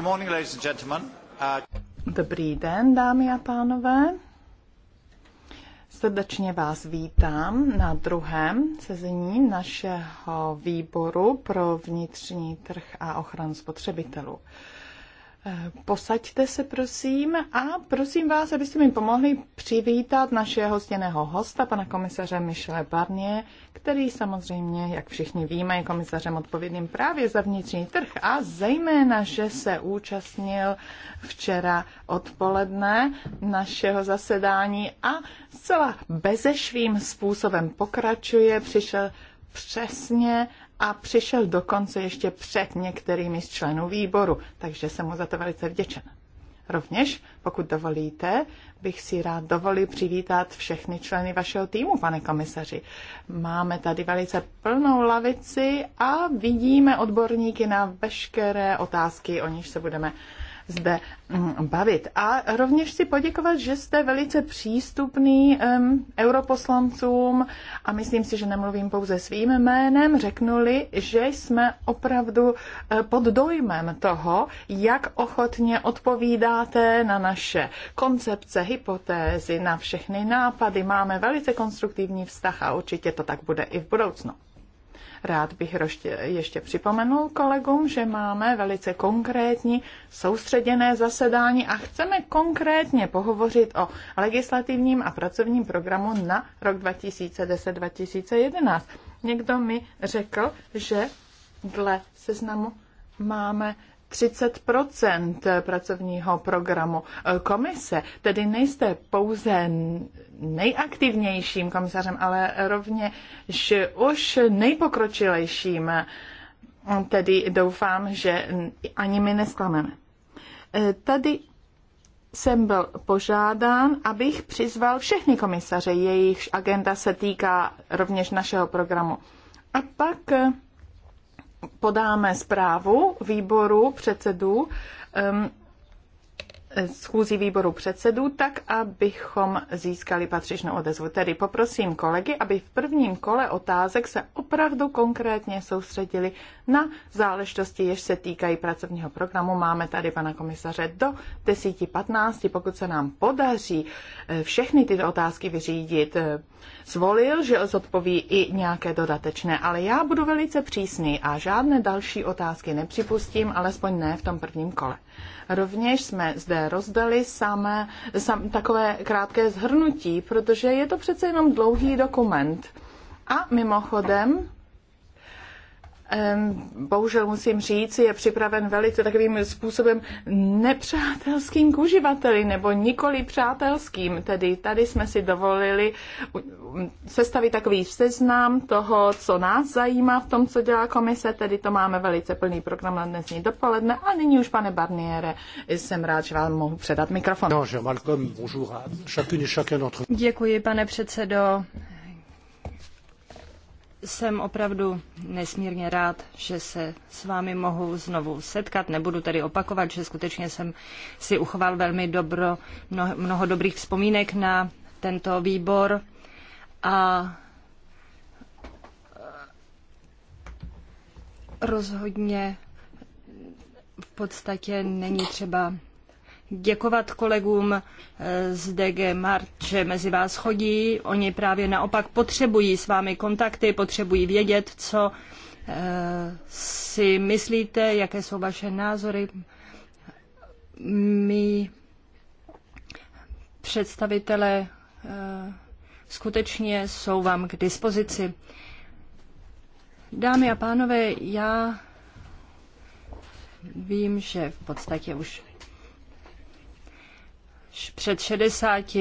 Uh, uh, Dobrý den, dámy a pánové. Srdečně vás vítám na druhém sezení našeho výboru pro vnitřní trh a ochranu spotřebitelů. Eh, posaďte se, prosím, a prosím vás, abyste mi pomohli přivítat našeho stěného hosta, pana komisaře Michele Barnier, který samozřejmě, jak všichni víme, je komisařem odpovědným právě za vnitřní trh a zejména, že se účastnil včera odpoledne našeho zasedání a zcela bezešvým způsobem pokračuje, přišel přesně a přišel dokonce ještě před některými z členů výboru, takže jsem mu za to velice vděčen. Rovněž, pokud dovolíte, bych si rád dovolil přivítat všechny členy vašeho týmu, pane komisaři. Máme tady velice plnou lavici a vidíme odborníky na veškeré otázky, o níž se budeme uh, zde mm, bavit. A rovněž si poděkovat, že jste velice přístupný um, europoslancům a myslím si, že nemluvím pouze svým jménem, řeknuli, že jsme opravdu uh, pod dojmem toho, jak ochotně odpovídáte na naše koncepce, hypotézy, na všechny nápady. Máme velice konstruktivní vztah a určitě to tak bude i v budoucnu. Rád bych ještě připomenul kolegům, že máme velice konkrétní soustředěné zasedání a chceme konkrétně pohovořit o legislativním a pracovním programu na rok 2010-2011. Někdo mi řekl, že dle seznamu máme 30 pracovního programu e, komise. Tedy nejste pouze nejaktivnějším komisařem, ale rovněž už nejpokročilejším. Tedy doufám, že ani my nesklameme. E, tady jsem byl požádán, abych přizval všechny komisaře, jejichž agenda se týká rovněž našeho programu. A pak podáme zprávu výboru předsedů um, schůzí výboru předsedů, tak abychom získali patřičnou odezvu. Tedy poprosím kolegy, aby v prvním kole otázek se opravdu konkrétně soustředili na záležitosti, jež se týkají pracovního programu. Máme tady pana komisaře do 10.15. Pokud se nám podaří eh, všechny tyto otázky vyřídit, eh, zvolil, že zodpoví i nějaké dodatečné, ale já budu velice přísný a žádné další otázky nepřipustím, alespoň ne v tom prvním kole. Rovněž jsme zde rozdali samé, sam, takové krátké zhrnutí, protože je to přece jenom dlouhý dokument. A mimochodem, Ehm, bohužel musím říct, je připraven velice takovým způsobem nepřátelským k uživateli, nebo nikoli přátelským. Tedy tady jsme si dovolili sestavit takový seznam toho, co nás zajímá v tom, co dělá komise, tedy to máme velice plný program na dnesní dopoledne. A nyní už, pane Barniere, jsem rád, že vám mohu předat mikrofon. No, Děkuji, pane předsedo jsem opravdu nesmírně rád, že se s vámi mohu znovu setkat. Nebudu tedy opakovat, že skutečně jsem si uchoval velmi dobro, mnoho dobrých vzpomínek na tento výbor a eh, rozhodně v podstatě není třeba děkovat kolegům eh, z DG Mart, že mezi vás chodí. Oni právě naopak potřebují s vámi kontakty, potřebují vědět, co eh, si myslíte, jaké jsou vaše názory. My představitelé eh, skutečně jsou vám k dispozici. Dámy a pánové, já vím, že v podstatě už před 60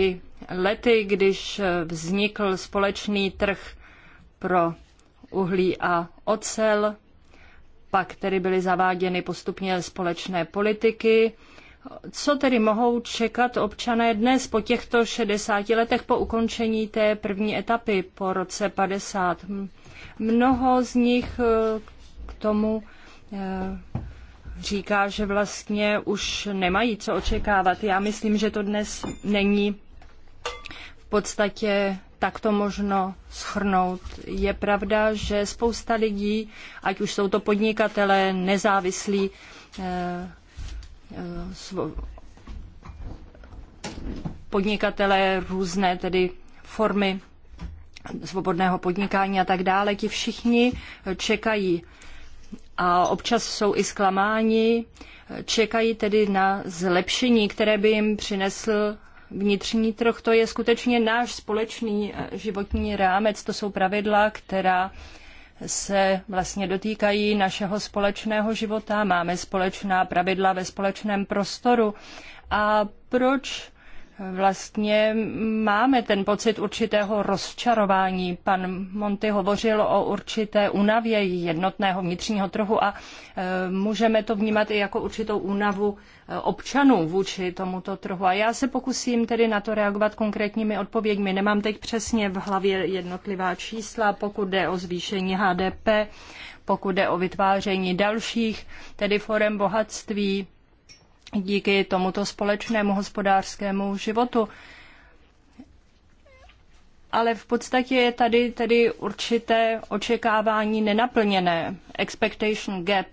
lety, když eh, vznikl společný trh pro uhlí a ocel, pak tedy byly zaváděny postupně společné politiky. Co tedy mohou čekat občané dnes po těchto 60 letech po ukončení té první etapy po roce 50? Mnoho z nich eh, k tomu eh, říká, že vlastně už nemají co očekávat. Já myslím, že to dnes není v podstatě takto možno schrnout. Je pravda, že spousta lidí, ať už jsou to podnikatelé, nezávislí, eh, eh, podnikatelé různé tedy formy svobodného podnikání a tak dále, ti všichni čekají a občas jsou i zklamáni, čekají tedy na zlepšení, které by jim přinesl vnitřní trh. To je skutečně náš společný eh, životní rámec, to jsou pravidla, která se vlastně dotýkají našeho společného života, máme společná pravidla ve společném prostoru. A proč vlastně máme ten pocit určitého rozčarování. Pan Monty hovořil o určité únavě jednotného vnitřního trhu a e, můžeme to vnímat i jako určitou únavu e, občanů vůči tomuto trhu. A já se pokusím tedy na to reagovat konkrétními odpověďmi. Nemám teď přesně v hlavě jednotlivá čísla, pokud jde o zvýšení HDP, pokud jde o vytváření dalších, tedy forem bohatství, díky tomuto společnému hospodářskému životu. Ale v podstatě je tady tedy určité očekávání nenaplněné, expectation gap,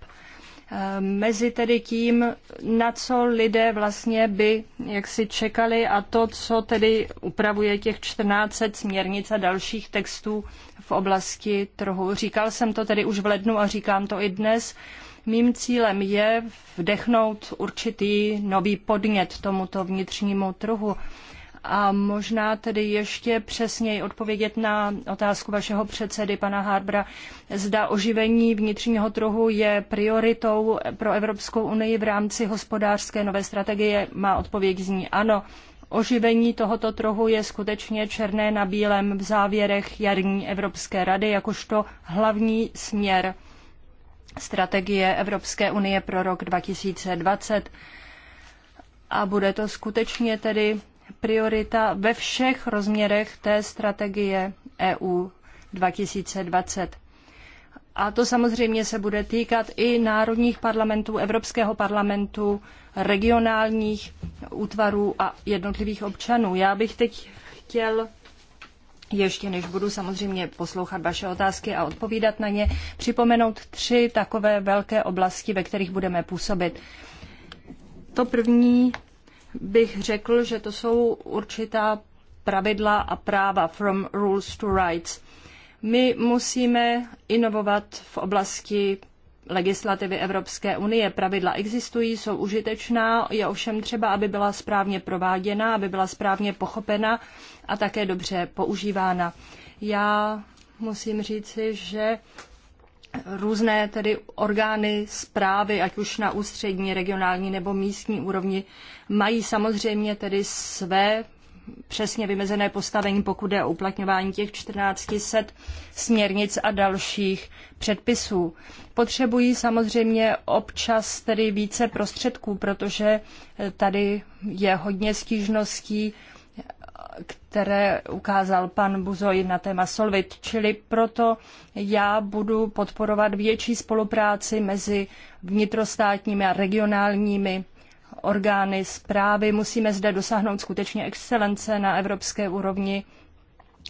eh, mezi tedy tím, na co lidé vlastně by jaksi čekali a to, co tedy upravuje těch 14 směrnic a dalších textů v oblasti trhu. Říkal jsem to tedy už v lednu a říkám to i dnes. Mým cílem je vdechnout určitý nový podnět tomuto vnitřnímu trhu. A možná tedy ještě přesněji odpovědět na otázku vašeho předsedy, pana Harbra. Zda oživení vnitřního trhu je prioritou pro Evropskou unii v rámci hospodářské nové strategie? Má odpověď zní ano. Oživení tohoto trhu je skutečně černé na bílém v závěrech jarní Evropské rady jakožto hlavní směr strategie Evropské unie pro rok 2020. A bude to skutečně tedy priorita ve všech rozměrech té strategie EU 2020. A to samozřejmě se bude týkat i národních parlamentů, Evropského parlamentu, regionálních útvarů a jednotlivých občanů. Já bych teď chtěl ještě než budu samozřejmě poslouchat vaše otázky a odpovídat na ně, připomenout tři takové velké oblasti, ve kterých budeme působit. To první bych řekl, že to jsou určitá pravidla a práva from rules to rights. My musíme inovovat v oblasti legislativy Evropské unie. Pravidla existují, jsou užitečná, je ovšem třeba, aby byla správně prováděna, aby byla správně pochopena a také dobře používána. Já musím říci, že různé tedy orgány zprávy, ať už na ústřední, regionální nebo místní úrovni, mají samozřejmě tedy své přesně vymezené postavení, pokud je o uplatňování těch 1400 směrnic a dalších předpisů. Potřebují samozřejmě občas tedy více prostředků, protože tady je hodně stížností které ukázal pan Buzoj na téma Solvit. Čili proto já budu podporovat větší spolupráci mezi vnitrostátními a regionálními orgány zprávy. Musíme zde dosáhnout skutečně excelence na evropské úrovni.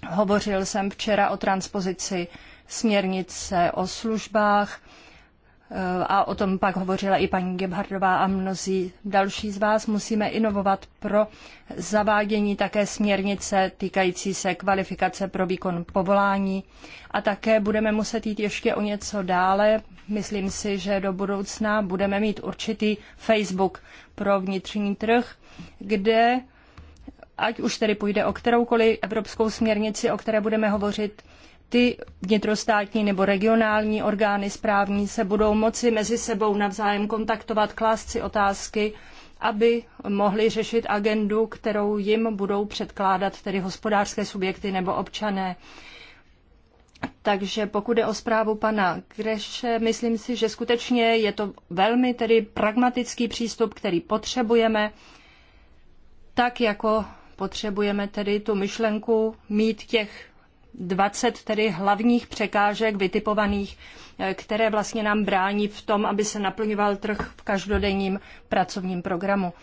Hovořil jsem včera o transpozici směrnice o službách a o tom pak hovořila i paní Gebhardová a mnozí další z vás, musíme inovovat pro zavádění také směrnice týkající se kvalifikace pro výkon povolání a také budeme muset jít ještě o něco dále. Myslím si, že do budoucna budeme mít určitý Facebook pro vnitřní trh, kde ať už tedy půjde o kteroukoliv evropskou směrnici, o které budeme hovořit, ty vnitrostátní nebo regionální orgány správní se budou moci mezi sebou navzájem kontaktovat, klást si otázky, aby mohli řešit agendu, kterou jim budou předkládat tedy hospodářské subjekty nebo občané. Takže pokud je o zprávu pana Greše, myslím si, že skutečně je to velmi tedy pragmatický přístup, který potřebujeme, tak jako potřebujeme tedy tu myšlenku mít těch 20 tedy hlavních překážek vytipovaných, eh, které vlastně nám brání v tom, aby se naplňoval trh v každodenním pracovním programu.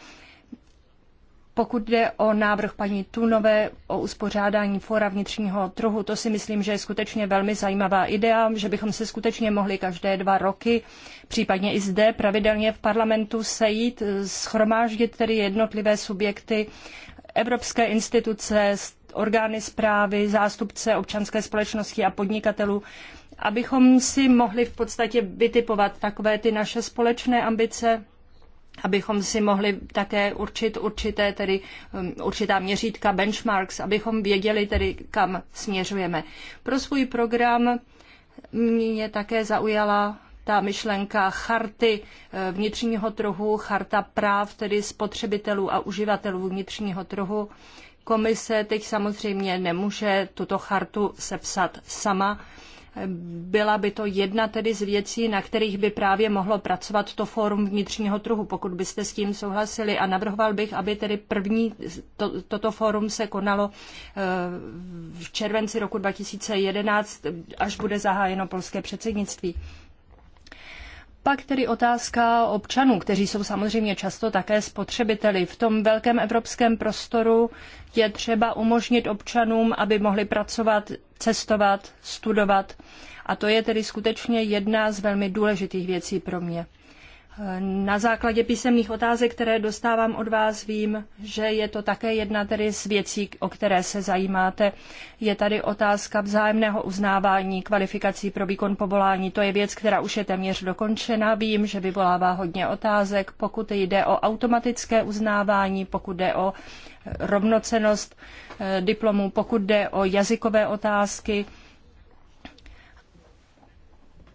Pokud jde o návrh paní Tunové o uspořádání fora vnitřního trhu, to si myslím, že je skutečně velmi zajímavá idea, že bychom se skutečně mohli každé dva roky, případně i zde pravidelně v parlamentu sejít, eh, schromáždit tedy jednotlivé subjekty, evropské instituce, orgány zprávy, zástupce občanské společnosti a podnikatelů, abychom si mohli v podstatě vytipovat takové ty naše společné ambice, abychom si mohli také určit určité, tedy um, určitá měřítka, benchmarks, abychom věděli tedy, kam směřujeme. Pro svůj program mě také zaujala ta myšlenka charty eh, vnitřního trhu, charta práv tedy spotřebitelů a uživatelů vnitřního trhu Komise teď samozřejmě nemůže tuto chartu sepsat sama. Byla by to jedna tedy z věcí, na kterých by právě mohlo pracovat to fórum vnitřního trhu, pokud byste s tím souhlasili. A navrhoval bych, aby tedy první to, toto fórum se konalo eh, v červenci roku 2011, až bude zahájeno polské předsednictví pak tedy otázka občanů, kteří jsou samozřejmě často také spotřebiteli. V tom velkém evropském prostoru je třeba umožnit občanům, aby mohli pracovat, cestovat, studovat. A to je tedy skutečně jedna z velmi důležitých věcí pro mě. Na základě písemných otázek, které dostávám od vás, vím, že je to také jedna tedy z věcí, o které se zajímáte. Je tady otázka vzájemného uznávání kvalifikací pro výkon povolání. To je věc, která už je téměř dokončena. Vím, že vyvolává hodně otázek, pokud jde o automatické uznávání, pokud jde o eh, rovnocenost eh, diplomů, pokud jde o jazykové otázky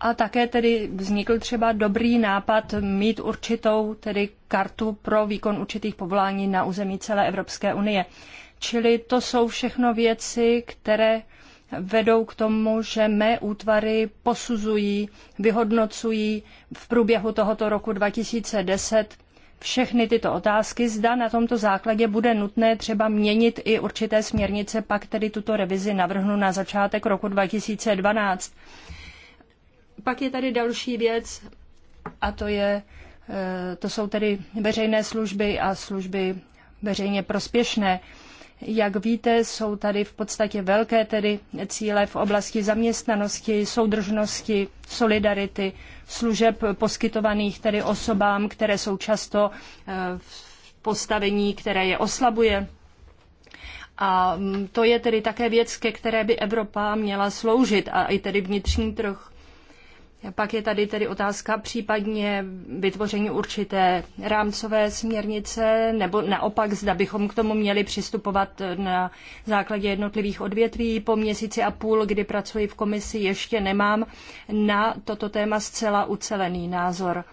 a také tedy vznikl třeba dobrý nápad mít určitou tedy kartu pro výkon určitých povolání na území celé Evropské unie. Čili to jsou všechno věci, které vedou k tomu, že mé útvary posuzují, vyhodnocují v průběhu tohoto roku 2010 všechny tyto otázky, zda na tomto základě bude nutné třeba měnit i určité směrnice, pak tedy tuto revizi navrhnu na začátek roku 2012. Pak je tady další věc a to, je, e, to jsou tedy veřejné služby a služby veřejně prospěšné. Jak víte, jsou tady v podstatě velké tedy cíle v oblasti zaměstnanosti, soudržnosti, solidarity, služeb poskytovaných tedy osobám, které jsou často e, v postavení, které je oslabuje. A mm, to je tedy také věc, ke které by Evropa měla sloužit a i tedy vnitřní trh pak je tady tedy otázka případně vytvoření určité rámcové směrnice, nebo naopak, zda bychom k tomu měli přistupovat na základě jednotlivých odvětví. Po měsíci a půl, kdy pracuji v komisi, ještě nemám na toto téma zcela ucelený názor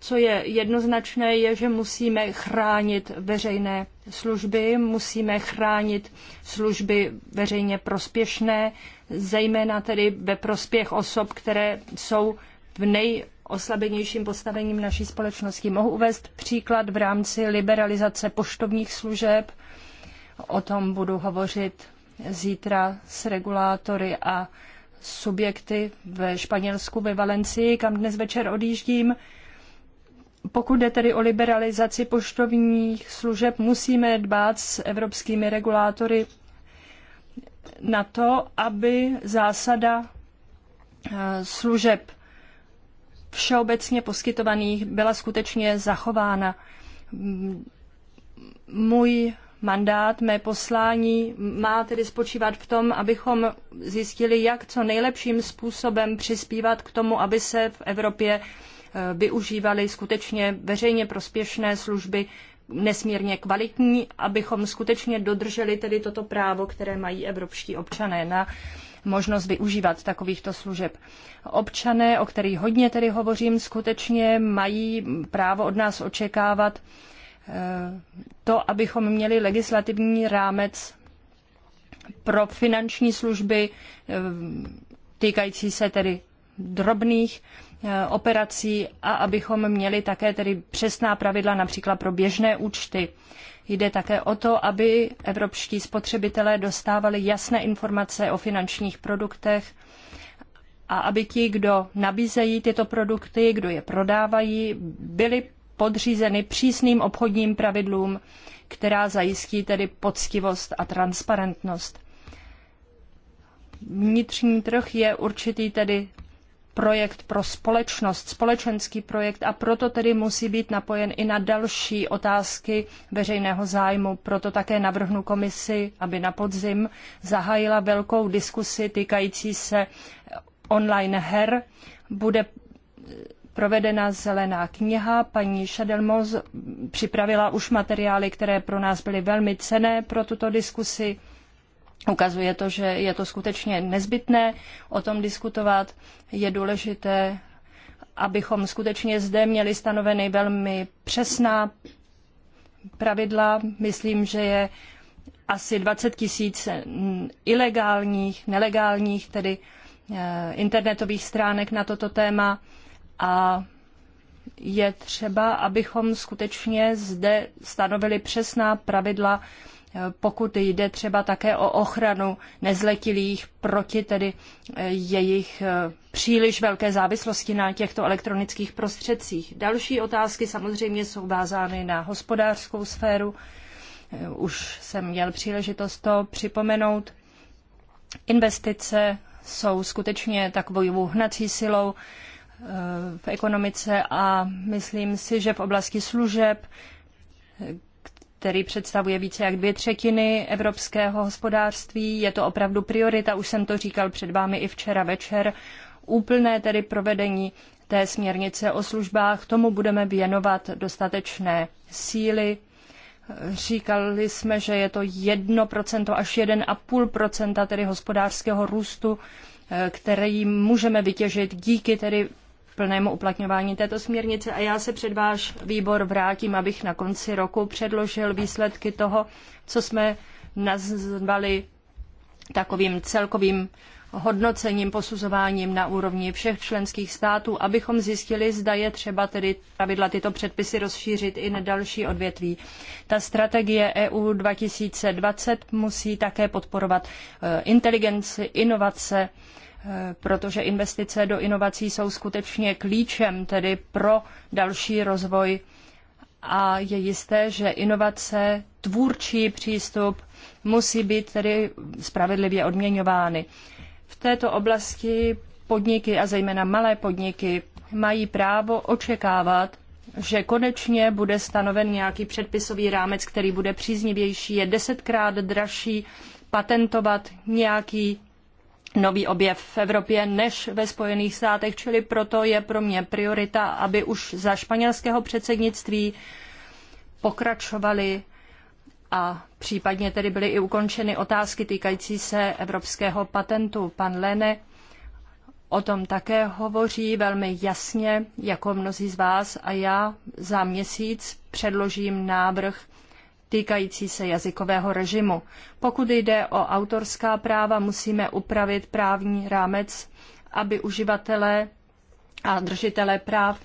co je jednoznačné, je, že musíme chránit veřejné služby, musíme chránit služby veřejně prospěšné, zejména tedy ve prospěch osob, které jsou v nejoslabenějším postavením naší společnosti. Mohu uvést příklad v rámci liberalizace poštovních služeb. O tom budu hovořit zítra s regulátory a subjekty ve Španělsku, ve Valencii, kam dnes večer odjíždím. Pokud jde tedy o liberalizaci poštovních služeb, musíme dbát s evropskými regulátory na to, aby zásada eh, služeb všeobecně poskytovaných byla skutečně zachována. Můj mandát, mé poslání má tedy spočívat v tom, abychom zjistili, jak co nejlepším způsobem přispívat k tomu, aby se v Evropě Eh, využívali skutečně veřejně prospěšné služby nesmírně kvalitní, abychom skutečně dodrželi tedy toto právo, které mají evropští občané na možnost využívat takovýchto služeb. Občané, o kterých hodně tedy hovořím, skutečně mají právo od nás očekávat eh, to, abychom měli legislativní rámec pro finanční služby eh, týkající se tedy drobných Eh, operací a abychom měli také tedy přesná pravidla například pro běžné účty. Jde také o to, aby evropští spotřebitelé dostávali jasné informace o finančních produktech a aby ti, kdo nabízejí tyto produkty, kdo je prodávají, byli podřízeny přísným obchodním pravidlům, která zajistí tedy poctivost a transparentnost. Vnitřní trh je určitý tedy projekt pro společnost, společenský projekt a proto tedy musí být napojen i na další otázky veřejného zájmu. Proto také navrhnu komisi, aby na podzim zahájila velkou diskusi týkající se online her. Bude provedena zelená kniha. Paní Šadelmoz připravila už materiály, které pro nás byly velmi cenné pro tuto diskusi. Ukazuje to, že je to skutečně nezbytné o tom diskutovat. Je důležité, abychom skutečně zde měli stanoveny velmi přesná pravidla. Myslím, že je asi 20 tisíc ilegálních, nelegálních, tedy eh, internetových stránek na toto téma a je třeba, abychom skutečně zde stanovili přesná pravidla pokud jde třeba také o ochranu nezletilých proti tedy eh, jejich eh, příliš velké závislosti na těchto elektronických prostředcích. Další otázky samozřejmě jsou vázány na hospodářskou sféru. Eh, už jsem měl příležitost to připomenout. Investice jsou skutečně takovou hnací silou v ekonomice a myslím si, že v oblasti služeb, který představuje více jak dvě třetiny evropského hospodářství. Je to opravdu priorita, už jsem to říkal před vámi i včera večer. Úplné tedy provedení té směrnice o službách, tomu budeme věnovat dostatečné síly. Říkali jsme, že je to 1% až 1,5% tedy hospodářského růstu, eh, který můžeme vytěžit díky tedy plnému uplatňování této směrnice a já se před váš výbor vrátím, abych na konci roku předložil výsledky toho, co jsme nazvali takovým celkovým hodnocením, posuzováním na úrovni všech členských států, abychom zjistili, zda je třeba tedy pravidla tyto předpisy rozšířit i na další odvětví. Ta strategie EU 2020 musí také podporovat eh, inteligenci, inovace, protože investice do inovací jsou skutečně klíčem tedy pro další rozvoj a je jisté, že inovace, tvůrčí přístup musí být tedy spravedlivě odměňovány. V této oblasti podniky a zejména malé podniky mají právo očekávat, že konečně bude stanoven nějaký předpisový rámec, který bude příznivější, je desetkrát dražší patentovat nějaký nový objev v Evropě než ve Spojených státech, čili proto je pro mě priorita, aby už za španělského předsednictví pokračovali a případně tedy byly i ukončeny otázky týkající se evropského patentu. Pan Lene o tom také hovoří velmi jasně, jako mnozí z vás a já za měsíc předložím návrh týkající se jazykového režimu. Pokud jde o autorská práva, musíme upravit právní rámec, aby uživatelé a držitelé práv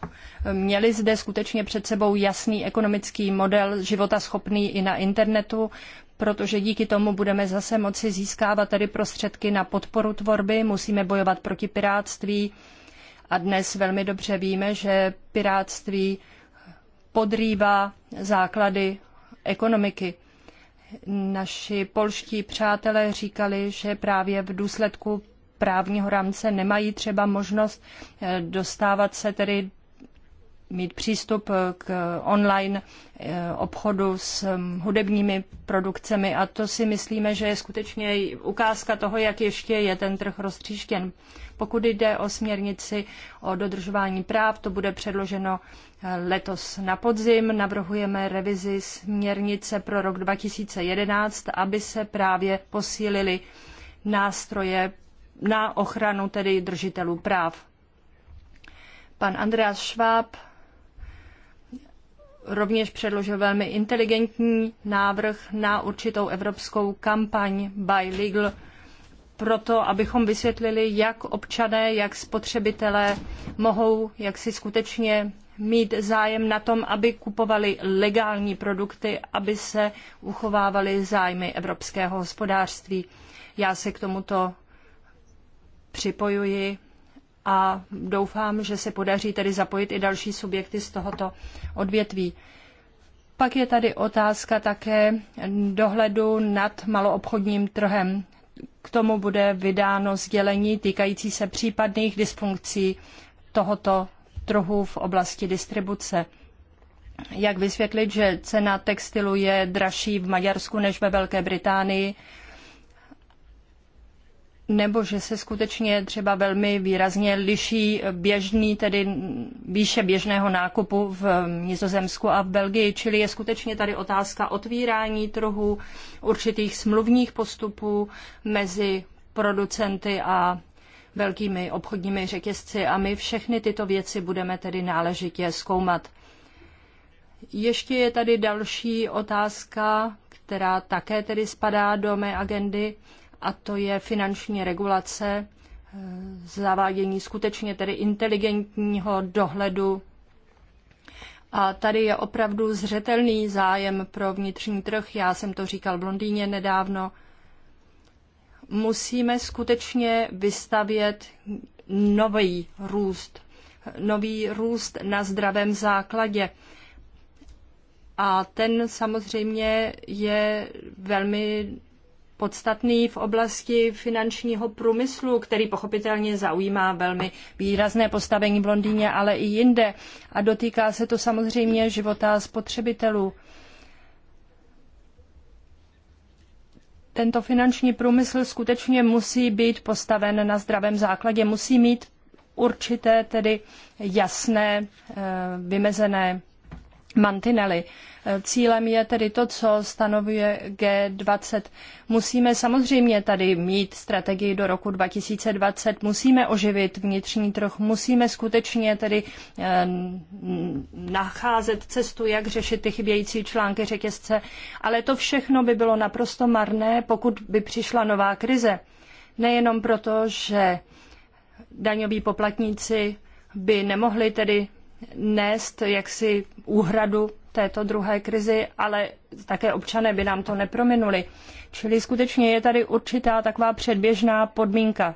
měli zde skutečně před sebou jasný ekonomický model života schopný i na internetu, protože díky tomu budeme zase moci získávat tedy prostředky na podporu tvorby, musíme bojovat proti pirátství a dnes velmi dobře víme, že pirátství podrývá základy ekonomiky. Naši polští přátelé říkali, že právě v důsledku právního rámce nemají třeba možnost eh, dostávat se tedy mít přístup k online eh, obchodu s mm, hudebními produkcemi a to si myslíme, že je skutečně ukázka toho, jak ještě je ten trh roztříštěn. Pokud jde o směrnici o dodržování práv, to bude předloženo eh, letos na podzim. Navrhujeme revizi směrnice pro rok 2011, aby se právě posílili nástroje na ochranu tedy držitelů práv. Pan Andreas Schwab rovněž předložil velmi inteligentní návrh na určitou evropskou kampaň by legal proto, abychom vysvětlili, jak občané, jak spotřebitelé mohou jak si skutečně mít zájem na tom, aby kupovali legální produkty, aby se uchovávaly zájmy evropského hospodářství. Já se k tomuto připojuji a doufám, že se podaří tedy zapojit i další subjekty z tohoto odvětví. Pak je tady otázka také dohledu nad maloobchodním trhem. K tomu bude vydáno sdělení týkající se případných dysfunkcí tohoto trhu v oblasti distribuce. Jak vysvětlit, že cena textilu je dražší v Maďarsku než ve Velké Británii nebo že se skutečně třeba velmi výrazně liší běžný, tedy výše běžného nákupu v Nizozemsku a v Belgii. Čili je skutečně tady otázka otvírání trhu, určitých smluvních postupů mezi producenty a velkými obchodními řetězci a my všechny tyto věci budeme tedy náležitě zkoumat. Ještě je tady další otázka, která také tedy spadá do mé agendy a to je finanční regulace, eh, zavádění skutečně tedy inteligentního dohledu. A tady je opravdu zřetelný zájem pro vnitřní trh. Já jsem to říkal v Londýně nedávno. Musíme skutečně vystavět nový růst, nový růst na zdravém základě. A ten samozřejmě je velmi podstatný v oblasti finančního průmyslu, který pochopitelně zaujímá velmi výrazné postavení v Londýně, ale i jinde. A dotýká se to samozřejmě života spotřebitelů. Tento finanční průmysl skutečně musí být postaven na zdravém základě, musí mít určité tedy jasné, eh, vymezené mantinely. Cílem je tedy to, co stanovuje G20. Musíme samozřejmě tady mít strategii do roku 2020, musíme oživit vnitřní trh, musíme skutečně tedy eh, nacházet cestu, jak řešit ty chybějící články řetězce, ale to všechno by bylo naprosto marné, pokud by přišla nová krize. Nejenom proto, že daňoví poplatníci by nemohli tedy nést jaksi úhradu této druhé krizi, ale také občané by nám to neprominuli. Čili skutečně je tady určitá taková předběžná podmínka,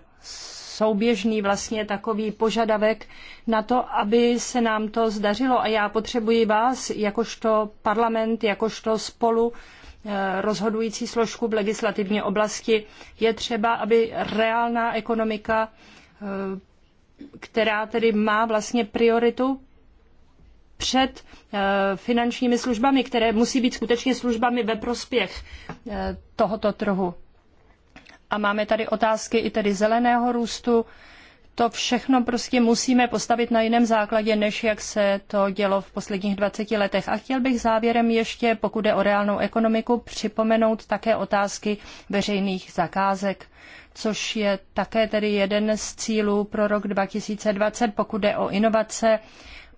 souběžný vlastně takový požadavek na to, aby se nám to zdařilo. A já potřebuji vás, jakožto parlament, jakožto spolu eh, rozhodující složku v legislativní oblasti. Je třeba, aby reálná ekonomika, eh, která tedy má vlastně prioritu před eh, finančními službami, které musí být skutečně službami ve prospěch eh, tohoto trhu. A máme tady otázky i tedy zeleného růstu. To všechno prostě musíme postavit na jiném základě, než jak se to dělo v posledních 20 letech. A chtěl bych závěrem ještě, pokud jde o reálnou ekonomiku, připomenout také otázky veřejných zakázek což je také tedy jeden z cílů pro rok 2020, pokud jde o inovace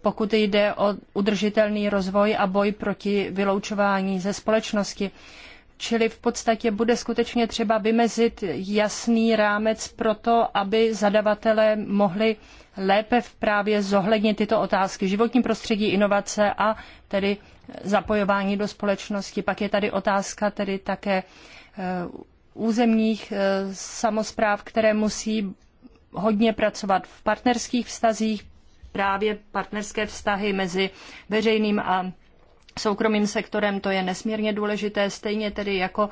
pokud jde o udržitelný rozvoj a boj proti vyloučování ze společnosti. Čili v podstatě bude skutečně třeba vymezit jasný rámec pro to, aby zadavatelé mohli lépe v právě zohlednit tyto otázky. Životní prostředí, inovace a tedy zapojování do společnosti. Pak je tady otázka tedy také eh, územních eh, samozpráv, které musí hodně pracovat v partnerských vztazích, právě partnerské vztahy mezi veřejným a soukromým sektorem, to je nesmírně důležité, stejně tedy jako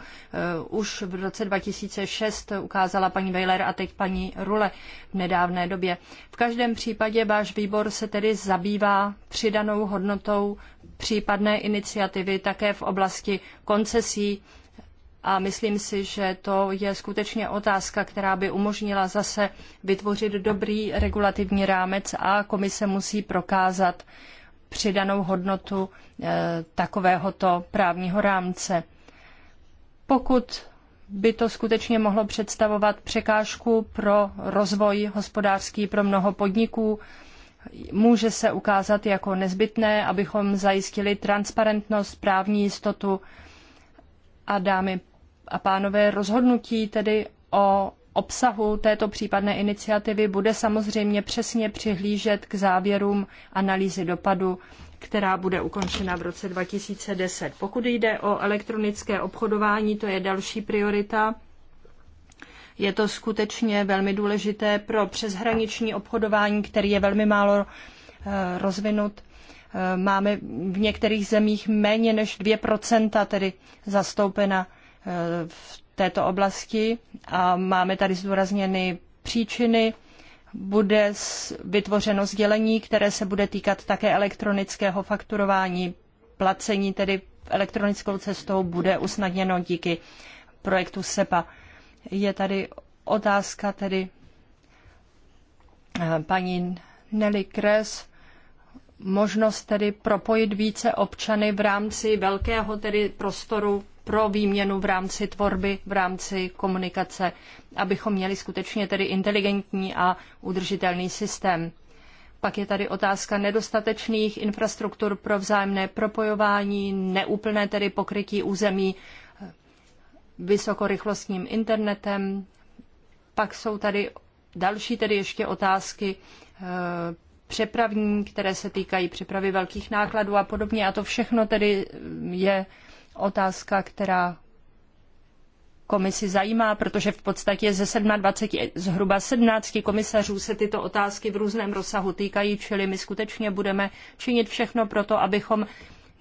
uh, už v roce 2006 ukázala paní Weiler a teď paní Rule v nedávné době. V každém případě váš výbor se tedy zabývá přidanou hodnotou případné iniciativy také v oblasti koncesí a myslím si, že to je skutečně otázka, která by umožnila zase vytvořit dobrý regulativní rámec a komise musí prokázat přidanou hodnotu eh, takovéhoto právního rámce. Pokud by to skutečně mohlo představovat překážku pro rozvoj hospodářský pro mnoho podniků, může se ukázat jako nezbytné, abychom zajistili transparentnost, právní jistotu a dámy a pánové, rozhodnutí tedy o obsahu této případné iniciativy bude samozřejmě přesně přihlížet k závěrům analýzy dopadu, která bude ukončena v roce 2010. Pokud jde o elektronické obchodování, to je další priorita. Je to skutečně velmi důležité pro přeshraniční obchodování, který je velmi málo eh, rozvinut. Eh, máme v některých zemích méně než 2%, tedy zastoupena v této oblasti a máme tady zdůrazněny příčiny. Bude vytvořeno sdělení, které se bude týkat také elektronického fakturování. Placení tedy elektronickou cestou bude usnadněno díky projektu SEPA. Je tady otázka tedy eh, paní Nelly Kres, možnost tedy propojit více občany v rámci velkého tedy prostoru pro výměnu v rámci tvorby, v rámci komunikace, abychom měli skutečně tedy inteligentní a udržitelný systém. Pak je tady otázka nedostatečných infrastruktur pro vzájemné propojování, neúplné tedy pokrytí území vysokorychlostním internetem. Pak jsou tady další tedy ještě otázky eh, přepravní, které se týkají přepravy velkých nákladů a podobně. A to všechno tedy je otázka, která komisi zajímá, protože v podstatě ze 27, zhruba 17 komisařů se tyto otázky v různém rozsahu týkají, čili my skutečně budeme činit všechno pro to, abychom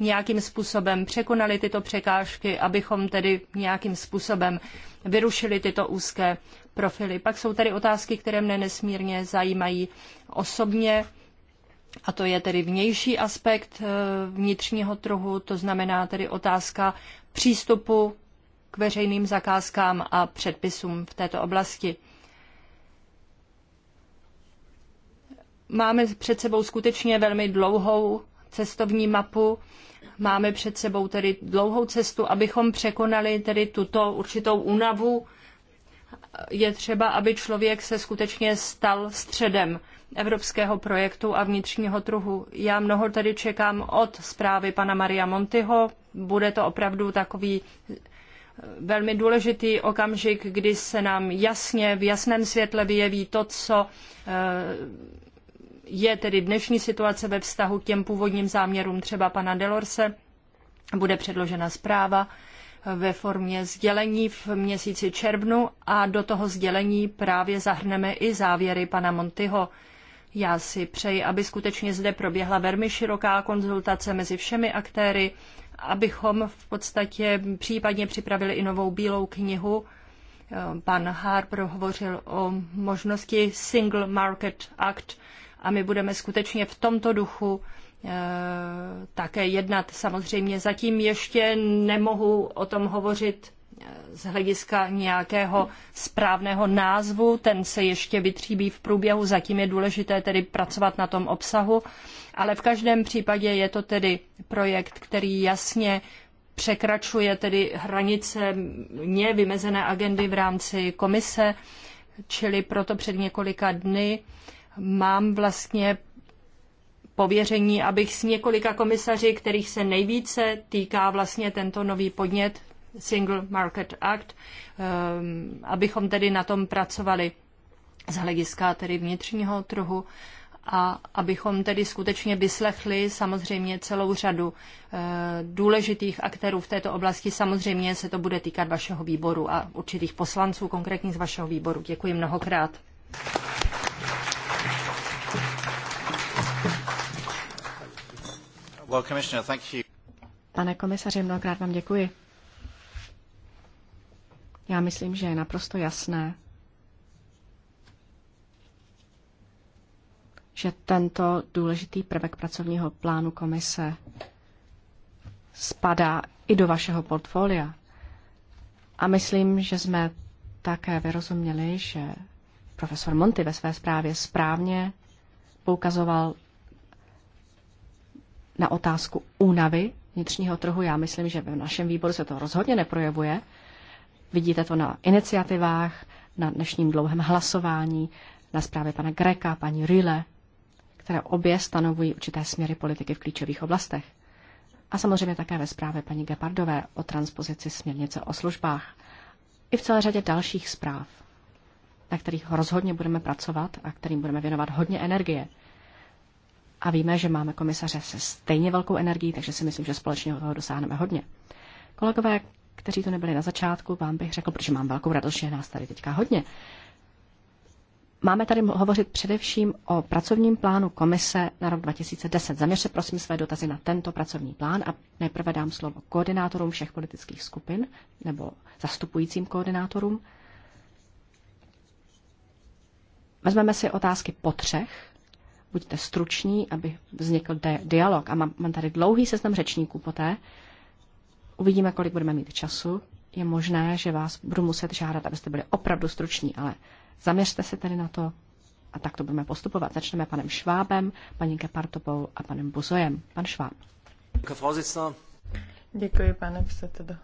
nějakým způsobem překonali tyto překážky, abychom tedy nějakým způsobem vyrušili tyto úzké profily. Pak jsou tady otázky, které mne nesmírně zajímají osobně a to je tedy vnější aspekt eh, vnitřního trhu, to znamená tedy otázka přístupu k veřejným zakázkám a předpisům v této oblasti. Máme před sebou skutečně velmi dlouhou cestovní mapu, máme před sebou tedy dlouhou cestu, abychom překonali tedy tuto určitou únavu. Je třeba, aby člověk se skutečně stal středem evropského projektu a vnitřního trhu. Já mnoho tedy čekám od zprávy pana Maria Montyho. Bude to opravdu takový eh, velmi důležitý okamžik, kdy se nám jasně, v jasném světle vyjeví to, co eh, je tedy dnešní situace ve vztahu k těm původním záměrům třeba pana Delorse. Bude předložena zpráva eh, ve formě sdělení v měsíci červnu a do toho sdělení právě zahrneme i závěry pana Montyho. Já si přeji, aby skutečně zde proběhla velmi široká konzultace mezi všemi aktéry, abychom v podstatě případně připravili i novou bílou knihu. Eh, pan Harper hovořil o možnosti Single Market Act a my budeme skutečně v tomto duchu eh, také jednat. Samozřejmě zatím ještě nemohu o tom hovořit Eh, z hlediska nějakého správného názvu, ten se ještě vytříbí v průběhu, zatím je důležité tedy pracovat na tom obsahu, ale v každém případě je to tedy projekt, který jasně překračuje tedy hranice mě vymezené agendy v rámci komise, čili proto před několika dny mám vlastně pověření, abych s několika komisaři, kterých se nejvíce týká vlastně tento nový podnět, Single Market Act, ehm, abychom tedy na tom pracovali z hlediska tedy vnitřního trhu a abychom tedy skutečně vyslechli samozřejmě celou řadu eh, důležitých aktérů v této oblasti. Samozřejmě se to bude týkat vašeho výboru a určitých poslanců, konkrétně z vašeho výboru. Děkuji mnohokrát. Pane komisaři, mnohokrát vám děkuji. Já myslím, že je naprosto jasné, že tento důležitý prvek pracovního plánu komise spadá i do vašeho portfolia. A myslím, že jsme také vyrozuměli, že profesor Monty ve své zprávě správně poukazoval na otázku únavy vnitřního trhu. Já myslím, že v našem výboru se to rozhodně neprojevuje, Vidíte to na iniciativách, na dnešním dlouhém hlasování, na zprávě pana Greka, paní Rille, které obě stanovují určité směry politiky v klíčových oblastech. A samozřejmě také ve zprávě paní Gepardové o transpozici směrnice o službách. I v celé řadě dalších zpráv, na kterých rozhodně budeme pracovat a kterým budeme věnovat hodně energie. A víme, že máme komisaře se stejně velkou energií, takže si myslím, že společně toho dosáhneme hodně. Kolegové, kteří to nebyli na začátku, vám bych řekl, protože mám velkou radost, že nás tady teďka hodně. Máme tady hovořit především o pracovním plánu komise na rok 2010. Zaměřte prosím své dotazy na tento pracovní plán a nejprve dám slovo koordinátorům všech politických skupin nebo zastupujícím koordinátorům. Vezmeme si otázky po třech. Buďte struční, aby vznikl dialog. A mám, tady dlouhý seznam řečníků poté. Uvidíme, kolik budeme mít času. Je možné, že vás budu muset žádat, abyste byli opravdu struční, ale zaměřte se tedy na to a tak to budeme postupovat. Začneme panem Švábem, paní Kepartopou a panem Buzojem. Pan Šváb. Děkuji, pane předsedo.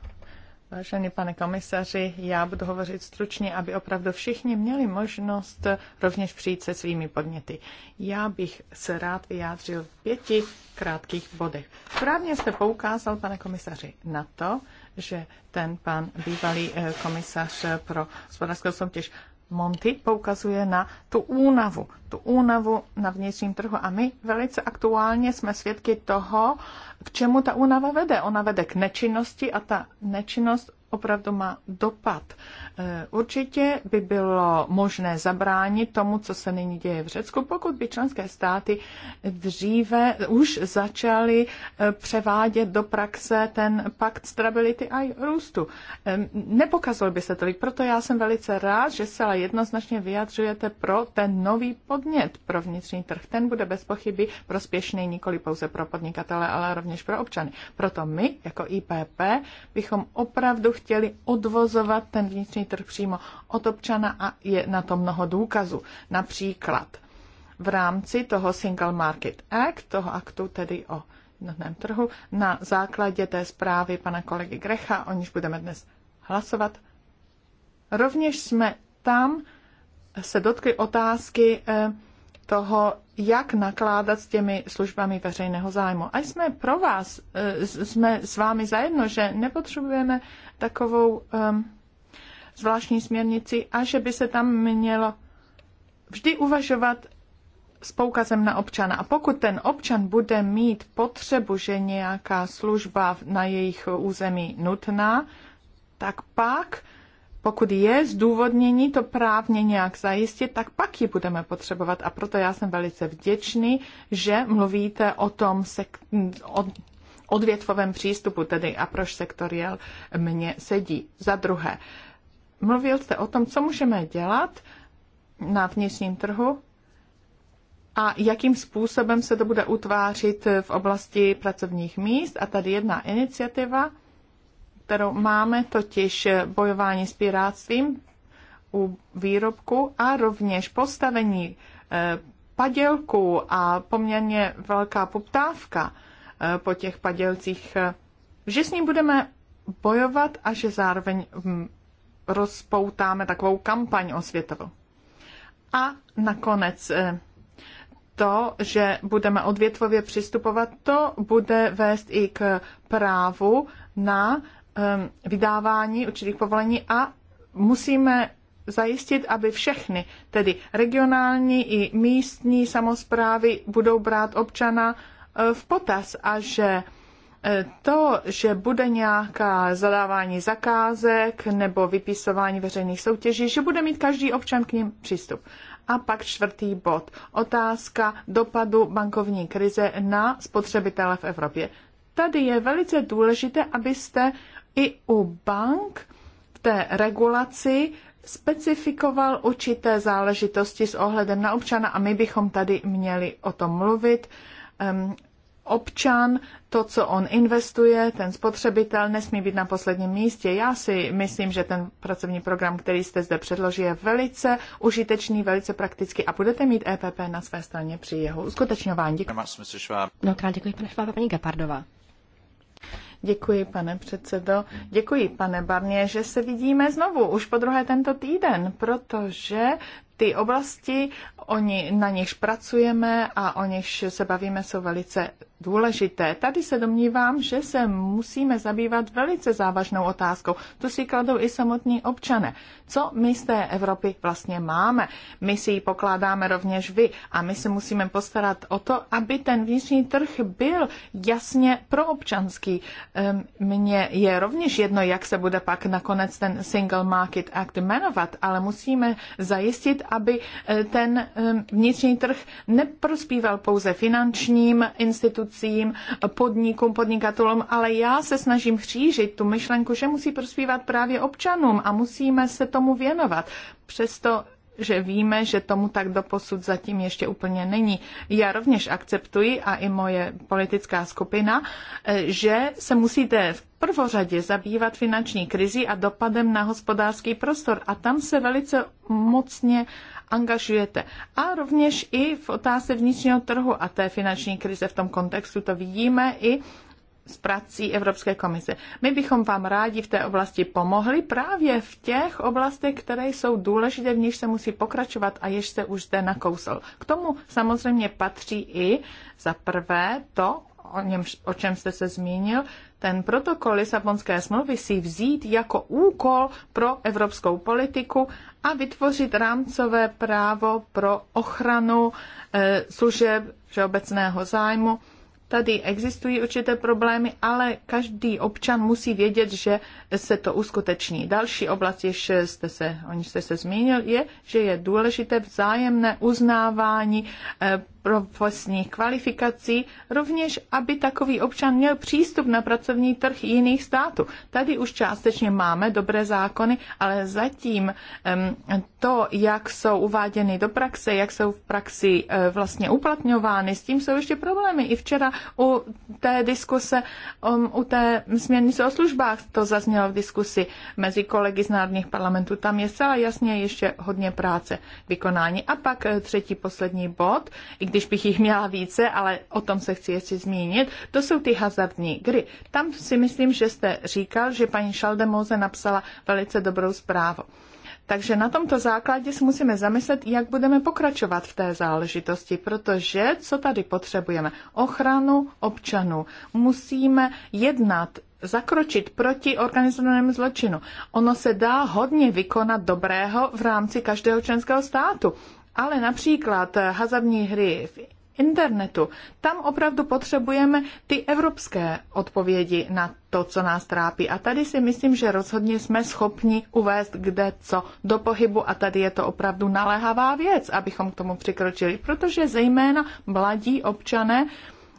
Vážený pane komisaři, já budu hovořit stručně, aby opravdu všichni měli možnost rovněž přijít se svými podněty. Já bych se rád vyjádřil v pěti krátkých bodech. Správně jste poukázal, pane komisaři, na to, že ten pan bývalý eh, komisař eh, pro hospodářskou soutěž Monty poukazuje na tu únavu, tu únavu na vnitřním trhu. A my velice aktuálně jsme svědky toho, k čemu ta únava vede. Ona vede k nečinnosti a ta nečinnost opravdu má dopad Eh, určitě by bylo možné zabránit tomu, co se nyní děje v Řecku, pokud by členské státy dříve už začaly eh, převádět do praxe ten pakt stability a růstu. Eh, Nepokazoval by se tolik, proto já jsem velice rád, že se ale jednoznačně vyjadřujete pro ten nový podnět pro vnitřní trh. Ten bude bez pochyby prospěšný nikoli pouze pro podnikatele, ale rovněž pro občany. Proto my, jako IPP, bychom opravdu chtěli odvozovat ten vnitřní trh přímo od občana a je na to mnoho důkazů. Například v rámci toho Single Market Act, toho aktu tedy o jednotném trhu, na základě té zprávy pana kolegy Grecha, o níž budeme dnes hlasovat, rovněž jsme tam se dotkli otázky eh, toho, jak nakládat s těmi službami veřejného zájmu. A jsme pro vás, eh, jsme s vámi zajedno, že nepotřebujeme takovou um, zvláštní směrnici a že by se tam mělo vždy uvažovat s poukazem na občana. A pokud ten občan bude mít potřebu, že nějaká služba na jejich území nutná, tak pak, pokud je zdůvodnění to právně nějak zajistit, tak pak ji budeme potřebovat. A proto já jsem velice vděčný, že mluvíte o tom se, o odvětvovém přístupu, tedy a proč sektoriel mně sedí. Za druhé, mluvil jste o tom, co můžeme dělat na vnitřním trhu a jakým způsobem se to bude utvářit v oblasti pracovních míst. A tady jedna iniciativa, kterou máme, totiž bojování s piráctvím u výrobku a rovněž postavení eh, padělků a poměrně velká poptávka eh, po těch padělcích, eh, že s ním budeme bojovat a že zároveň hm, rozpoutáme takovou kampaň osvětovou. A nakonec eh, to, že budeme odvětvově přistupovat, to bude vést i k právu na ehm, vydávání určitých povolení a musíme zajistit, aby všechny, tedy regionální i místní samozprávy, budou brát občana eh, v potaz a že E, to, že bude nějaká zadávání zakázek nebo vypisování veřejných soutěží, že bude mít každý občan k ním přístup. A pak čtvrtý bod. Otázka dopadu bankovní krize na spotřebitele v Evropě. Tady je velice důležité, abyste i u bank v té regulaci specifikoval určité záležitosti s ohledem na občana a my bychom tady měli o tom mluvit. Ehm, občan, to, co on investuje, ten spotřebitel nesmí být na posledním místě. Já si myslím, že ten pracovní program, který jste zde předložil, je velice užitečný, velice praktický a budete mít EPP na své straně při jeho uskutečňování. Děkuji. krát děkuji, pane Švába, paní Gepardová. Děkuji, pane předsedo. Děkuji, pane Barně, že se vidíme znovu už po druhé tento týden, protože ty oblasti, oni, na nichž pracujeme a o nichž se bavíme, jsou velice důležité. Tady se domnívám, že se musíme zabývat velice závažnou otázkou. Tu si kladou i samotní občané. Co my z té Evropy vlastně máme? My si ji pokládáme rovněž vy a my se musíme postarat o to, aby ten vnitřní trh byl jasně proobčanský. Ehm, mně je rovněž jedno, jak se bude pak nakonec ten Single Market Act jmenovat, ale musíme zajistit, aby eh, ten eh, vnitřní trh neprospíval pouze finančním institucím, podnikům, podnikatelům, ale já se snažím křížit tu myšlenku, že musí prospívat právě občanům a musíme se tomu věnovat. Přesto že víme, že tomu tak doposud zatím ještě úplně není. Já rovněž akceptuji a i moje politická skupina, eh, že se musíte v prvořadě zabývat finanční krizi a dopadem na hospodářský prostor a tam se velice mocně angažujete. A rovněž i v otázce vnitřního trhu a té finanční krize v tom kontextu to vidíme i s prací Evropské komise. My bychom vám rádi v té oblasti pomohli právě v těch oblastech, které jsou důležité, v nich se musí pokračovat a jež se už zde nakousl. K tomu samozřejmě patří i za prvé to, o, něm, o čem jste se zmínil, ten protokol Lisabonské smlouvy si vzít jako úkol pro evropskou politiku a vytvořit rámcové právo pro ochranu e, služeb všeobecného zájmu Tady existují určité problémy, ale každý občan musí vědět, že se to uskuteční. Další oblast, jež jste se, o níž jste se zmínil, je, že je důležité vzájemné uznávání eh, profesních kvalifikací, rovněž aby takový občan měl přístup na pracovní trh jiných států. Tady už částečně máme dobré zákony, ale zatím to, jak jsou uváděny do praxe, jak jsou v praxi e, vlastně uplatňovány, s tím jsou ještě problémy. I včera u té diskuse, um, u té směrnice o službách to zaznělo v diskusi mezi kolegy z národních parlamentů. Tam je zcela jasně ještě hodně práce vykonání. A pak e, třetí poslední bod, když bych jich měla více, ale o tom se chci ještě zmínit, to jsou ty hazardní hry. Tam si myslím, že jste říkal, že paní Šaldemoze napsala velice dobrou zprávu. Takže na tomto základě si musíme zamyslet, jak budeme pokračovat v té záležitosti, protože co tady potřebujeme? Ochranu občanů. Musíme jednat zakročit proti organizovanému zločinu. Ono se dá hodně vykonat dobrého v rámci každého členského státu. Ale například eh, hazardní hry v internetu, tam opravdu potřebujeme ty evropské odpovědi na to, co nás trápí. A tady si myslím, že rozhodně jsme schopni uvést kde co do pohybu a tady je to opravdu naléhavá věc, abychom k tomu přikročili, protože zejména mladí občané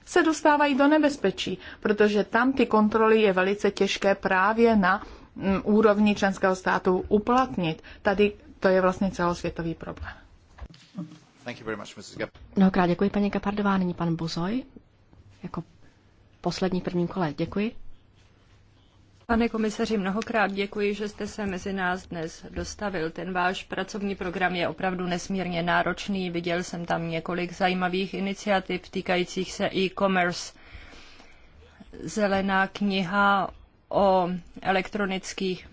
se dostávají do nebezpečí, protože tam ty kontroly je velice těžké právě na mm, úrovni členského státu uplatnit. Tady to je vlastně celosvětový problém. Mnohokrát děkuji, paní Kapardová. Nyní pan Buzoj jako poslední v prvním kole. Děkuji. Pane komisaři, mnohokrát děkuji, že jste se mezi nás dnes dostavil. Ten váš pracovní program je opravdu nesmírně náročný. Viděl jsem tam několik zajímavých iniciativ týkajících se e-commerce. Zelená kniha o elektronických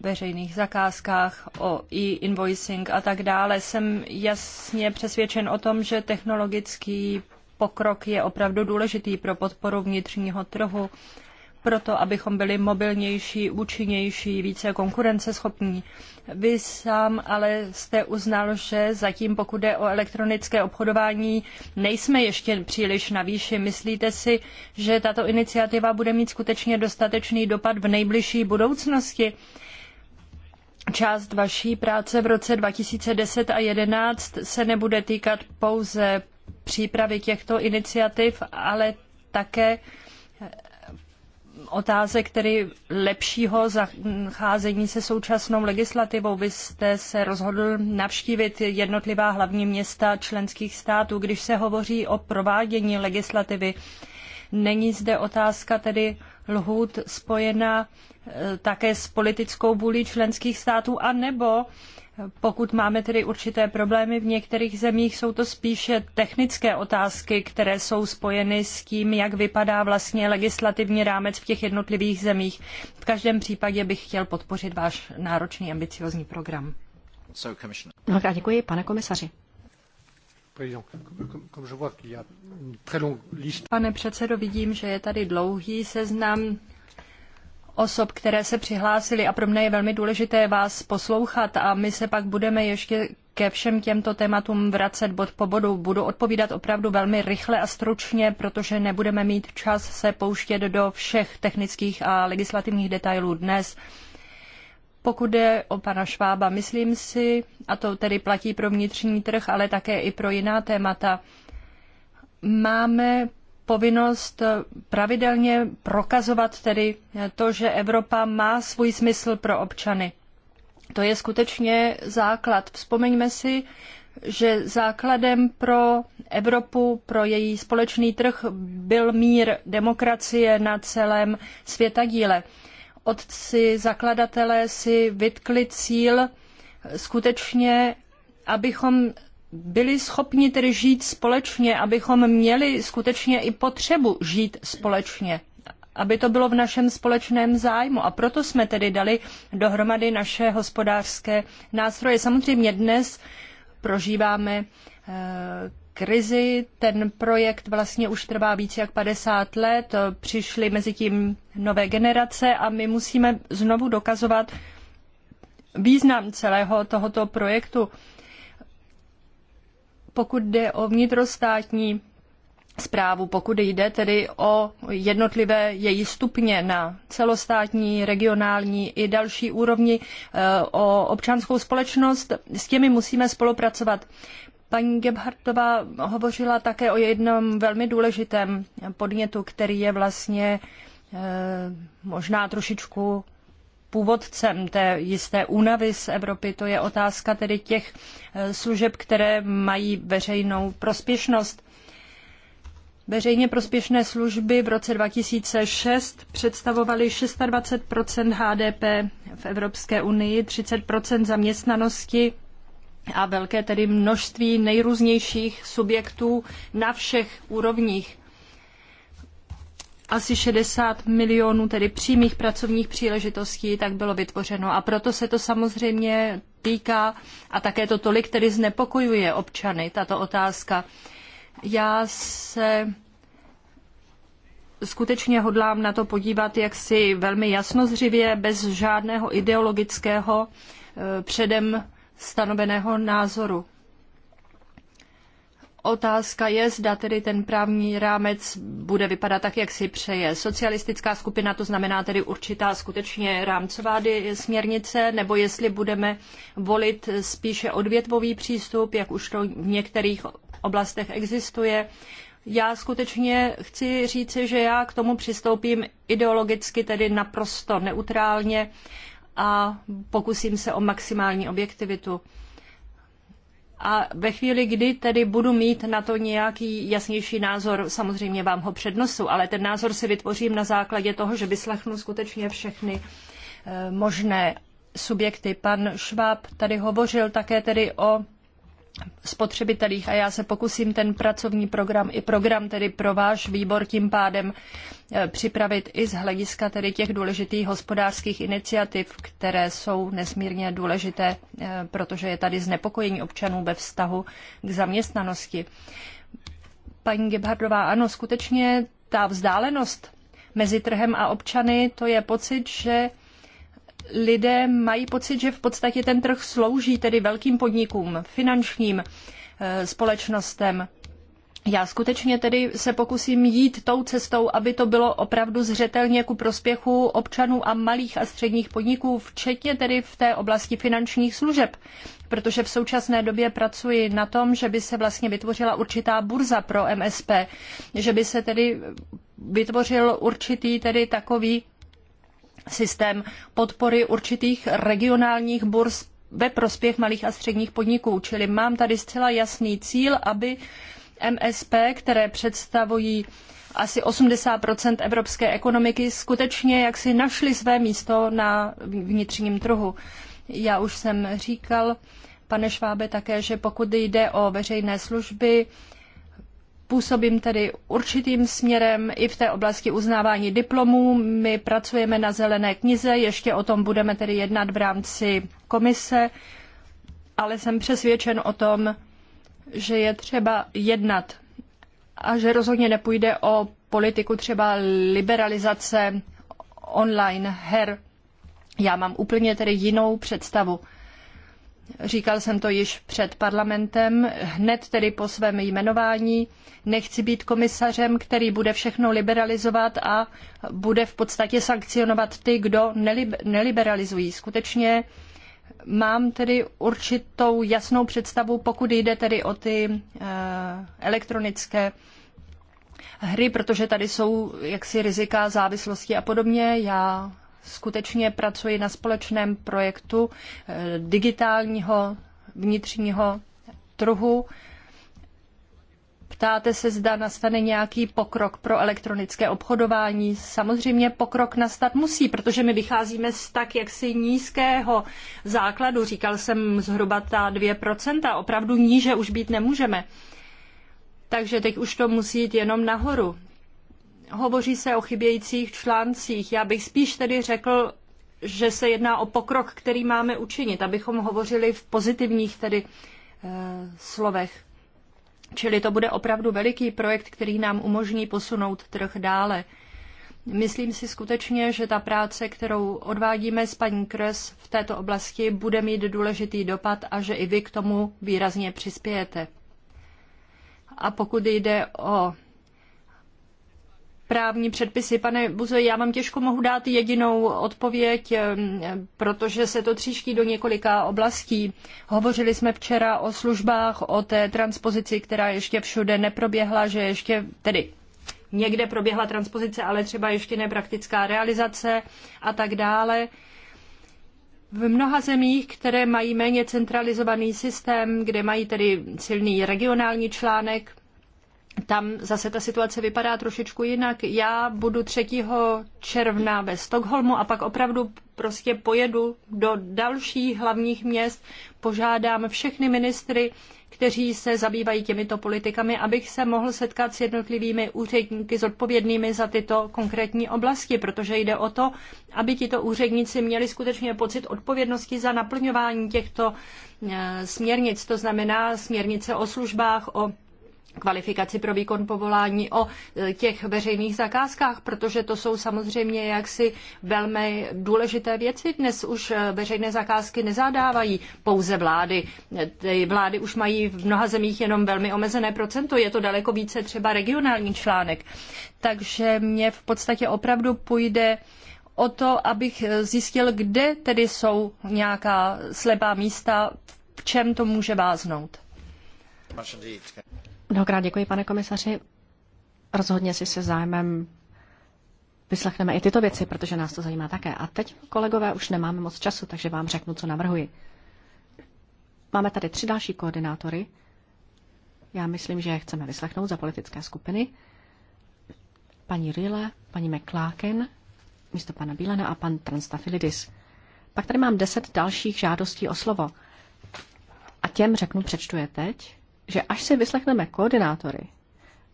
veřejných zakázkách, o e-invoicing a tak dále. Jsem jasně přesvědčen o tom, že technologický pokrok je opravdu důležitý pro podporu vnitřního trhu, proto abychom byli mobilnější, účinnější, více konkurenceschopní. Vy sám ale jste uznal, že zatím, pokud jde o elektronické obchodování, nejsme ještě příliš na výši. Myslíte si, že tato iniciativa bude mít skutečně dostatečný dopad v nejbližší budoucnosti? část vaší práce v roce 2010 a 2011 se nebude týkat pouze přípravy těchto iniciativ, ale také otázek tedy lepšího zacházení se současnou legislativou. Vy jste se rozhodl navštívit jednotlivá hlavní města členských států. Když se hovoří o provádění legislativy, není zde otázka tedy lhůt spojena eh, také s politickou vůlí členských států, anebo pokud máme tedy určité problémy v některých zemích, jsou to spíše technické otázky, které jsou spojeny s tím, jak vypadá vlastně legislativní rámec v těch jednotlivých zemích. V každém případě bych chtěl podpořit váš náročný ambiciozní program. So, děkuji, pane komisaři. Pane předsedo, vidím, že je tady dlouhý seznam osob, které se přihlásily a pro mě je velmi důležité vás poslouchat a my se pak budeme ještě ke všem těmto tématům vracet bod po bodu. Budu odpovídat opravdu velmi rychle a stručně, protože nebudeme mít čas se pouštět do všech technických a legislativních detailů dnes. Pokud je o pana Švába, myslím si, a to tedy platí pro vnitřní trh, ale také i pro jiná témata, máme povinnost pravidelně prokazovat tedy to, že Evropa má svůj smysl pro občany. To je skutečně základ. Vzpomeňme si, že základem pro Evropu, pro její společný trh byl mír demokracie na celém světadíle. díle otci zakladatelé si vytkli cíl skutečně, abychom byli schopni tedy žít společně, abychom měli skutečně i potřebu žít společně, aby to bylo v našem společném zájmu. A proto jsme tedy dali dohromady naše hospodářské nástroje. Samozřejmě dnes prožíváme eh, krizi. Ten projekt vlastně už trvá více jak 50 let, přišly mezi tím nové generace a my musíme znovu dokazovat význam celého tohoto projektu. Pokud jde o vnitrostátní zprávu, pokud jde tedy o jednotlivé její stupně na celostátní, regionální i další úrovni, eh, o občanskou společnost, s těmi musíme spolupracovat. Paní Gebhardtová hovořila také o jednom velmi důležitém podnětu, který je vlastně eh, možná trošičku původcem té jisté únavy z Evropy. To je otázka tedy těch eh, služeb, které mají veřejnou prospěšnost. Veřejně prospěšné služby v roce 2006 představovaly 26 HDP v Evropské unii, 30 zaměstnanosti a velké tedy množství nejrůznějších subjektů na všech úrovních. Asi 60 milionů tedy přímých pracovních příležitostí tak bylo vytvořeno a proto se to samozřejmě týká a také to tolik tedy znepokojuje občany, tato otázka. Já se skutečně hodlám na to podívat jaksi velmi jasnozřivě, bez žádného ideologického eh, předem stanoveného názoru. Otázka je, zda tedy ten právní rámec bude vypadat tak, jak si přeje socialistická skupina, to znamená tedy určitá skutečně rámcová směrnice, nebo jestli budeme volit spíše odvětvový přístup, jak už to v některých oblastech existuje. Já skutečně chci říci, že já k tomu přistoupím ideologicky, tedy naprosto neutrálně a pokusím se o maximální objektivitu. A ve chvíli, kdy tedy budu mít na to nějaký jasnější názor, samozřejmě vám ho přednosu, ale ten názor si vytvořím na základě toho, že vyslechnu skutečně všechny eh, možné subjekty. Pan Šváb tady hovořil také tedy o spotřebitelích a já se pokusím ten pracovní program i program tedy pro váš výbor tím pádem eh, připravit i z hlediska tedy těch důležitých hospodářských iniciativ, které jsou nesmírně důležité, eh, protože je tady znepokojení občanů ve vztahu k zaměstnanosti. Paní Gebhardová, ano, skutečně ta vzdálenost mezi trhem a občany, to je pocit, že lidé mají pocit, že v podstatě ten trh slouží tedy velkým podnikům, finančním eh, společnostem. Já skutečně tedy se pokusím jít tou cestou, aby to bylo opravdu zřetelně ku prospěchu občanů a malých a středních podniků, včetně tedy v té oblasti finančních služeb. Protože v současné době pracuji na tom, že by se vlastně vytvořila určitá burza pro MSP, že by se tedy vytvořil určitý tedy takový systém podpory určitých regionálních burz ve prospěch malých a středních podniků. Čili mám tady zcela jasný cíl, aby MSP, které představují asi 80 evropské ekonomiky, skutečně jaksi našly své místo na vnitřním trhu. Já už jsem říkal, pane Švábe, také, že pokud jde o veřejné služby, Působím tedy určitým směrem i v té oblasti uznávání diplomů. My pracujeme na zelené knize, ještě o tom budeme tedy jednat v rámci komise, ale jsem přesvědčen o tom, že je třeba jednat a že rozhodně nepůjde o politiku třeba liberalizace online her. Já mám úplně tedy jinou představu. Říkal jsem to již před parlamentem, hned tedy po svém jmenování. Nechci být komisařem, který bude všechno liberalizovat a bude v podstatě sankcionovat ty, kdo neliberalizují. Skutečně mám tedy určitou jasnou představu, pokud jde tedy o ty eh, elektronické hry, protože tady jsou jaksi rizika závislosti a podobně. Já skutečně pracuji na společném projektu eh, digitálního vnitřního trhu. Ptáte se, zda nastane nějaký pokrok pro elektronické obchodování. Samozřejmě pokrok nastat musí, protože my vycházíme z tak jaksi nízkého základu. Říkal jsem zhruba ta 2%, opravdu níže už být nemůžeme. Takže teď už to musí jít jenom nahoru hovoří se o chybějících článcích. Já bych spíš tedy řekl, že se jedná o pokrok, který máme učinit, abychom hovořili v pozitivních tedy e, slovech. Čili to bude opravdu veliký projekt, který nám umožní posunout trh dále. Myslím si skutečně, že ta práce, kterou odvádíme s paní Kres v této oblasti, bude mít důležitý dopad a že i vy k tomu výrazně přispějete. A pokud jde o právní předpisy. Pane Buzo, já vám těžko mohu dát jedinou odpověď, eh, protože se to tříští do několika oblastí. Hovořili jsme včera o službách, o té transpozici, která ještě všude neproběhla, že ještě tedy někde proběhla transpozice, ale třeba ještě nepraktická realizace a tak dále. V mnoha zemích, které mají méně centralizovaný systém, kde mají tedy silný regionální článek, tam zase ta situace vypadá trošičku jinak. Já budu 3. června ve Stockholmu a pak opravdu prostě pojedu do dalších hlavních měst, požádám všechny ministry, kteří se zabývají těmito politikami, abych se mohl setkat s jednotlivými úředníky zodpovědnými za tyto konkrétní oblasti, protože jde o to, aby tito úředníci měli skutečně pocit odpovědnosti za naplňování těchto eh, směrnic, to znamená směrnice o službách, o kvalifikaci pro výkon povolání o e, těch veřejných zakázkách, protože to jsou samozřejmě jaksi velmi důležité věci. Dnes už e, veřejné zakázky nezadávají pouze vlády. E, ty vlády už mají v mnoha zemích jenom velmi omezené procento, je to daleko více třeba regionální článek. Takže mě v podstatě opravdu půjde o to, abych zjistil, kde tedy jsou nějaká slepá místa, v čem to může váznout. Mnohokrát děkuji, pane komisaři. Rozhodně si se zájmem vyslechneme i tyto věci, protože nás to zajímá také. A teď, kolegové, už nemáme moc času, takže vám řeknu, co navrhuji. Máme tady tři další koordinátory. Já myslím, že je chceme vyslechnout za politické skupiny. Paní Rille, paní McClarken, místo pana Bílena a pan Transtafilidis. Pak tady mám deset dalších žádostí o slovo. A těm řeknu, přečtu je teď že až si vyslechneme koordinátory,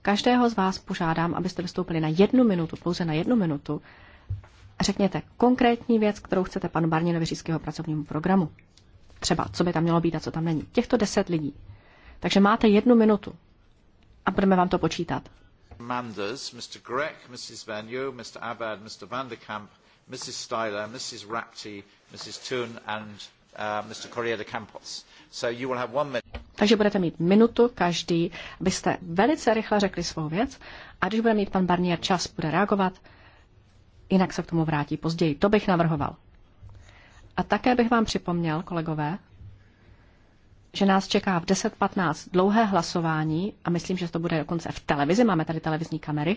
každého z vás požádám, abyste vystoupili na jednu minutu, pouze na jednu minutu, a řekněte konkrétní věc, kterou chcete panu Barninovi říct k jeho pracovnímu programu. Třeba, co by tam mělo být a co tam není. Těchto deset lidí. Takže máte jednu minutu a budeme vám to počítat. Manders, Mr. Grech, Mrs. Van Yu, Mr. Abad, Mr. Van de Kamp, Mrs. Styler, Mrs. Rapti, Mrs. Toon and uh, Mr. Correa de Campos. So you will have one minute. Takže budete mít minutu každý, abyste velice rychle řekli svou věc a když bude mít pan Barnier čas, bude reagovat, jinak se k tomu vrátí později. To bych navrhoval. A také bych vám připomněl, kolegové, že nás čeká v 10.15 dlouhé hlasování a myslím, že to bude dokonce v televizi, máme tady televizní kamery.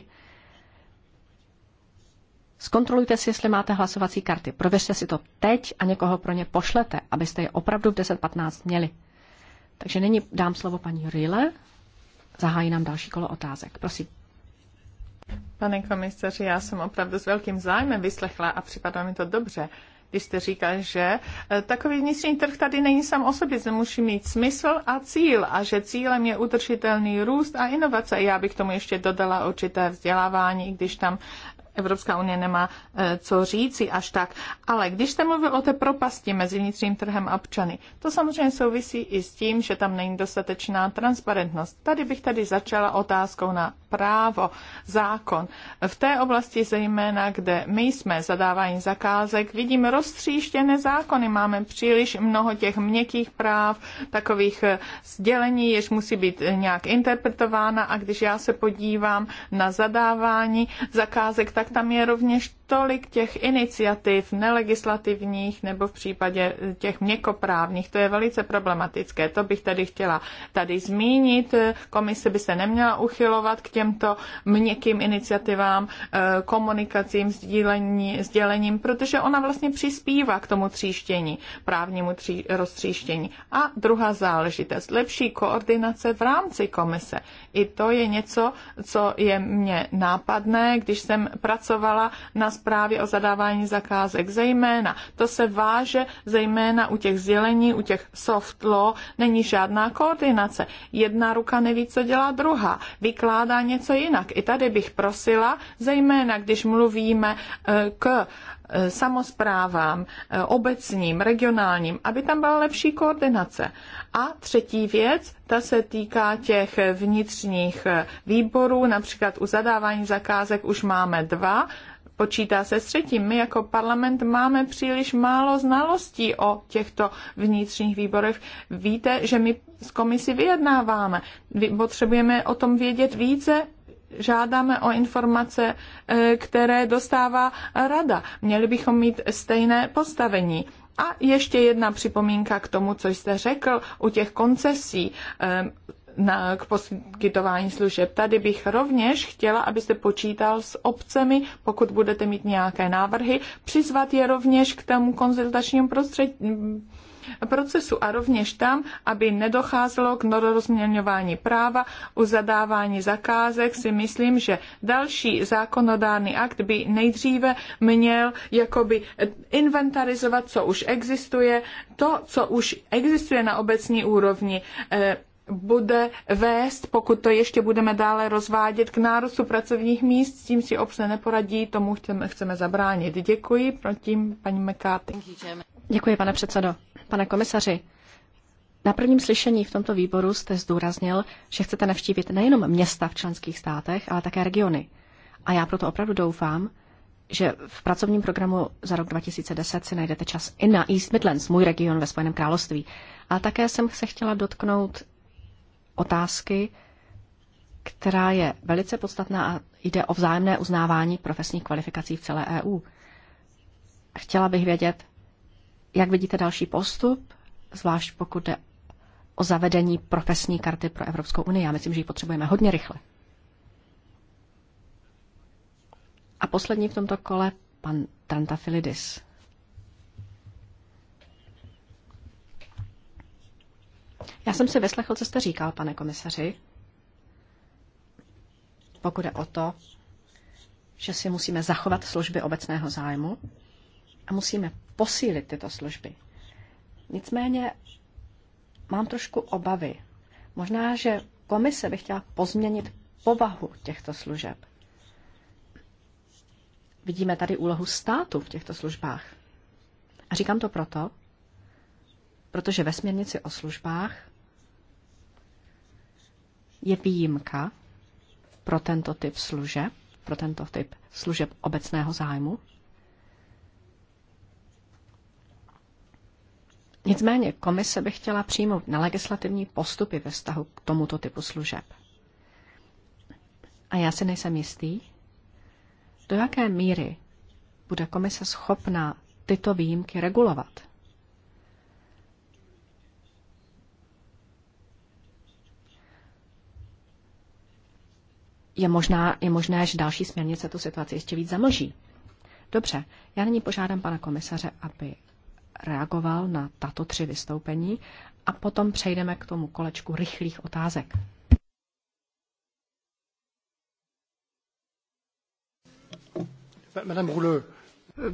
Zkontrolujte si, jestli máte hlasovací karty. Prověřte si to teď a někoho pro ně pošlete, abyste je opravdu v 10.15 měli. Takže nyní dám slovo paní Rile. Zahájí nám další kolo otázek. Prosím. Pane komisaři, já jsem opravdu s velkým zájmem vyslechla a připadá mi to dobře, když jste říkal, že eh, takový vnitřní trh tady není sám o sobě, že musí mít smysl a cíl a že cílem je udržitelný růst a inovace. Já bych tomu ještě dodala určité vzdělávání, když tam Evropská unie nemá eh, co říci až tak. Ale když jste mluvil o té propasti mezi vnitřním trhem a občany, to samozřejmě souvisí i s tím, že tam není dostatečná transparentnost. Tady bych tady začala otázkou na právo, zákon. V té oblasti zejména, kde my jsme zadávání zakázek, vidím roztříštěné zákony. Máme příliš mnoho těch měkkých práv, takových eh, sdělení, jež musí být eh, nějak interpretována a když já se podívám na zadávání zakázek, tak tak tam je rovněž tolik těch iniciativ nelegislativních nebo v případě těch měkoprávních. To je velice problematické. To bych tady chtěla tady zmínit. Komise by se neměla uchylovat k těmto měkkým iniciativám, eh, komunikacím, sdílení, sdělením, protože ona vlastně přispívá k tomu tříštění, právnímu tří, roztříštění. A druhá záležitost, lepší koordinace v rámci komise. I to je něco, co je mně nápadné, když jsem pracovala na zprávě o zadávání zakázek zejména. To se váže zejména u těch sdělení, u těch soft law, není žádná koordinace. Jedna ruka neví, co dělá druhá. Vykládá něco jinak. I tady bych prosila, zejména když mluvíme eh, k eh, samozprávám, eh, obecním, regionálním, aby tam byla lepší koordinace. A třetí věc, ta se týká těch vnitřních výborů, například u zadávání zakázek už máme dva, počítá se s třetím. My jako parlament máme příliš málo znalostí o těchto vnitřních výborech. Víte, že my s komisí vyjednáváme. Potřebujeme o tom vědět více, žádáme o informace, e, které dostává rada. Měli bychom mít stejné postavení. A ještě jedna připomínka k tomu, co jste řekl u těch koncesí. Ehm, na, k poskytování služeb. Tady bych rovněž chtěla, abyste počítal s obcemi, pokud budete mít nějaké návrhy, přizvat je rovněž k tomu konzultačnímu prostředí procesu a rovněž tam, aby nedocházelo k rozměňování práva u zadávání zakázek, si myslím, že další zákonodárný akt by nejdříve měl jakoby inventarizovat, co už existuje, to, co už existuje na obecní úrovni, eh, bude vést, pokud to ještě budeme dále rozvádět k nárůstu pracovních míst, s tím si obce neporadí, tomu chceme, chceme zabránit. Děkuji, protím paní Mekáty. Děkuji, pane předsedo. Pane komisaři, na prvním slyšení v tomto výboru jste zdůraznil, že chcete navštívit nejenom města v členských státech, ale také regiony. A já proto opravdu doufám, že v pracovním programu za rok 2010 si najdete čas i na East Midlands, můj region ve Spojeném království. A také jsem se chtěla dotknout otázky, která je velice podstatná a jde o vzájemné uznávání profesních kvalifikací v celé EU. Chtěla bych vědět, jak vidíte další postup, zvlášť pokud jde o zavedení profesní karty pro Evropskou unii. Já myslím, že ji potřebujeme hodně rychle. A poslední v tomto kole pan Tantafilidis. Já jsem si vyslechl, co jste říkal, pane komisaři, pokud je o to, že si musíme zachovat služby obecného zájmu a musíme posílit tyto služby. Nicméně mám trošku obavy. Možná, že komise by chtěla pozměnit povahu těchto služeb. Vidíme tady úlohu státu v těchto službách. A říkám to proto, protože ve směrnici o službách je výjimka pro tento typ služeb, pro tento typ služeb obecného zájmu. Nicméně komise by chtěla přijmout legislativní postupy ve vztahu k tomuto typu služeb. A já si nejsem jistý, do jaké míry bude komise schopná tyto výjimky regulovat. je, možná, je možné, že další směrnice tu situaci ještě víc zamlží. Dobře, já nyní požádám pana komisaře, aby reagoval na tato tři vystoupení a potom přejdeme k tomu kolečku rychlých otázek. Madame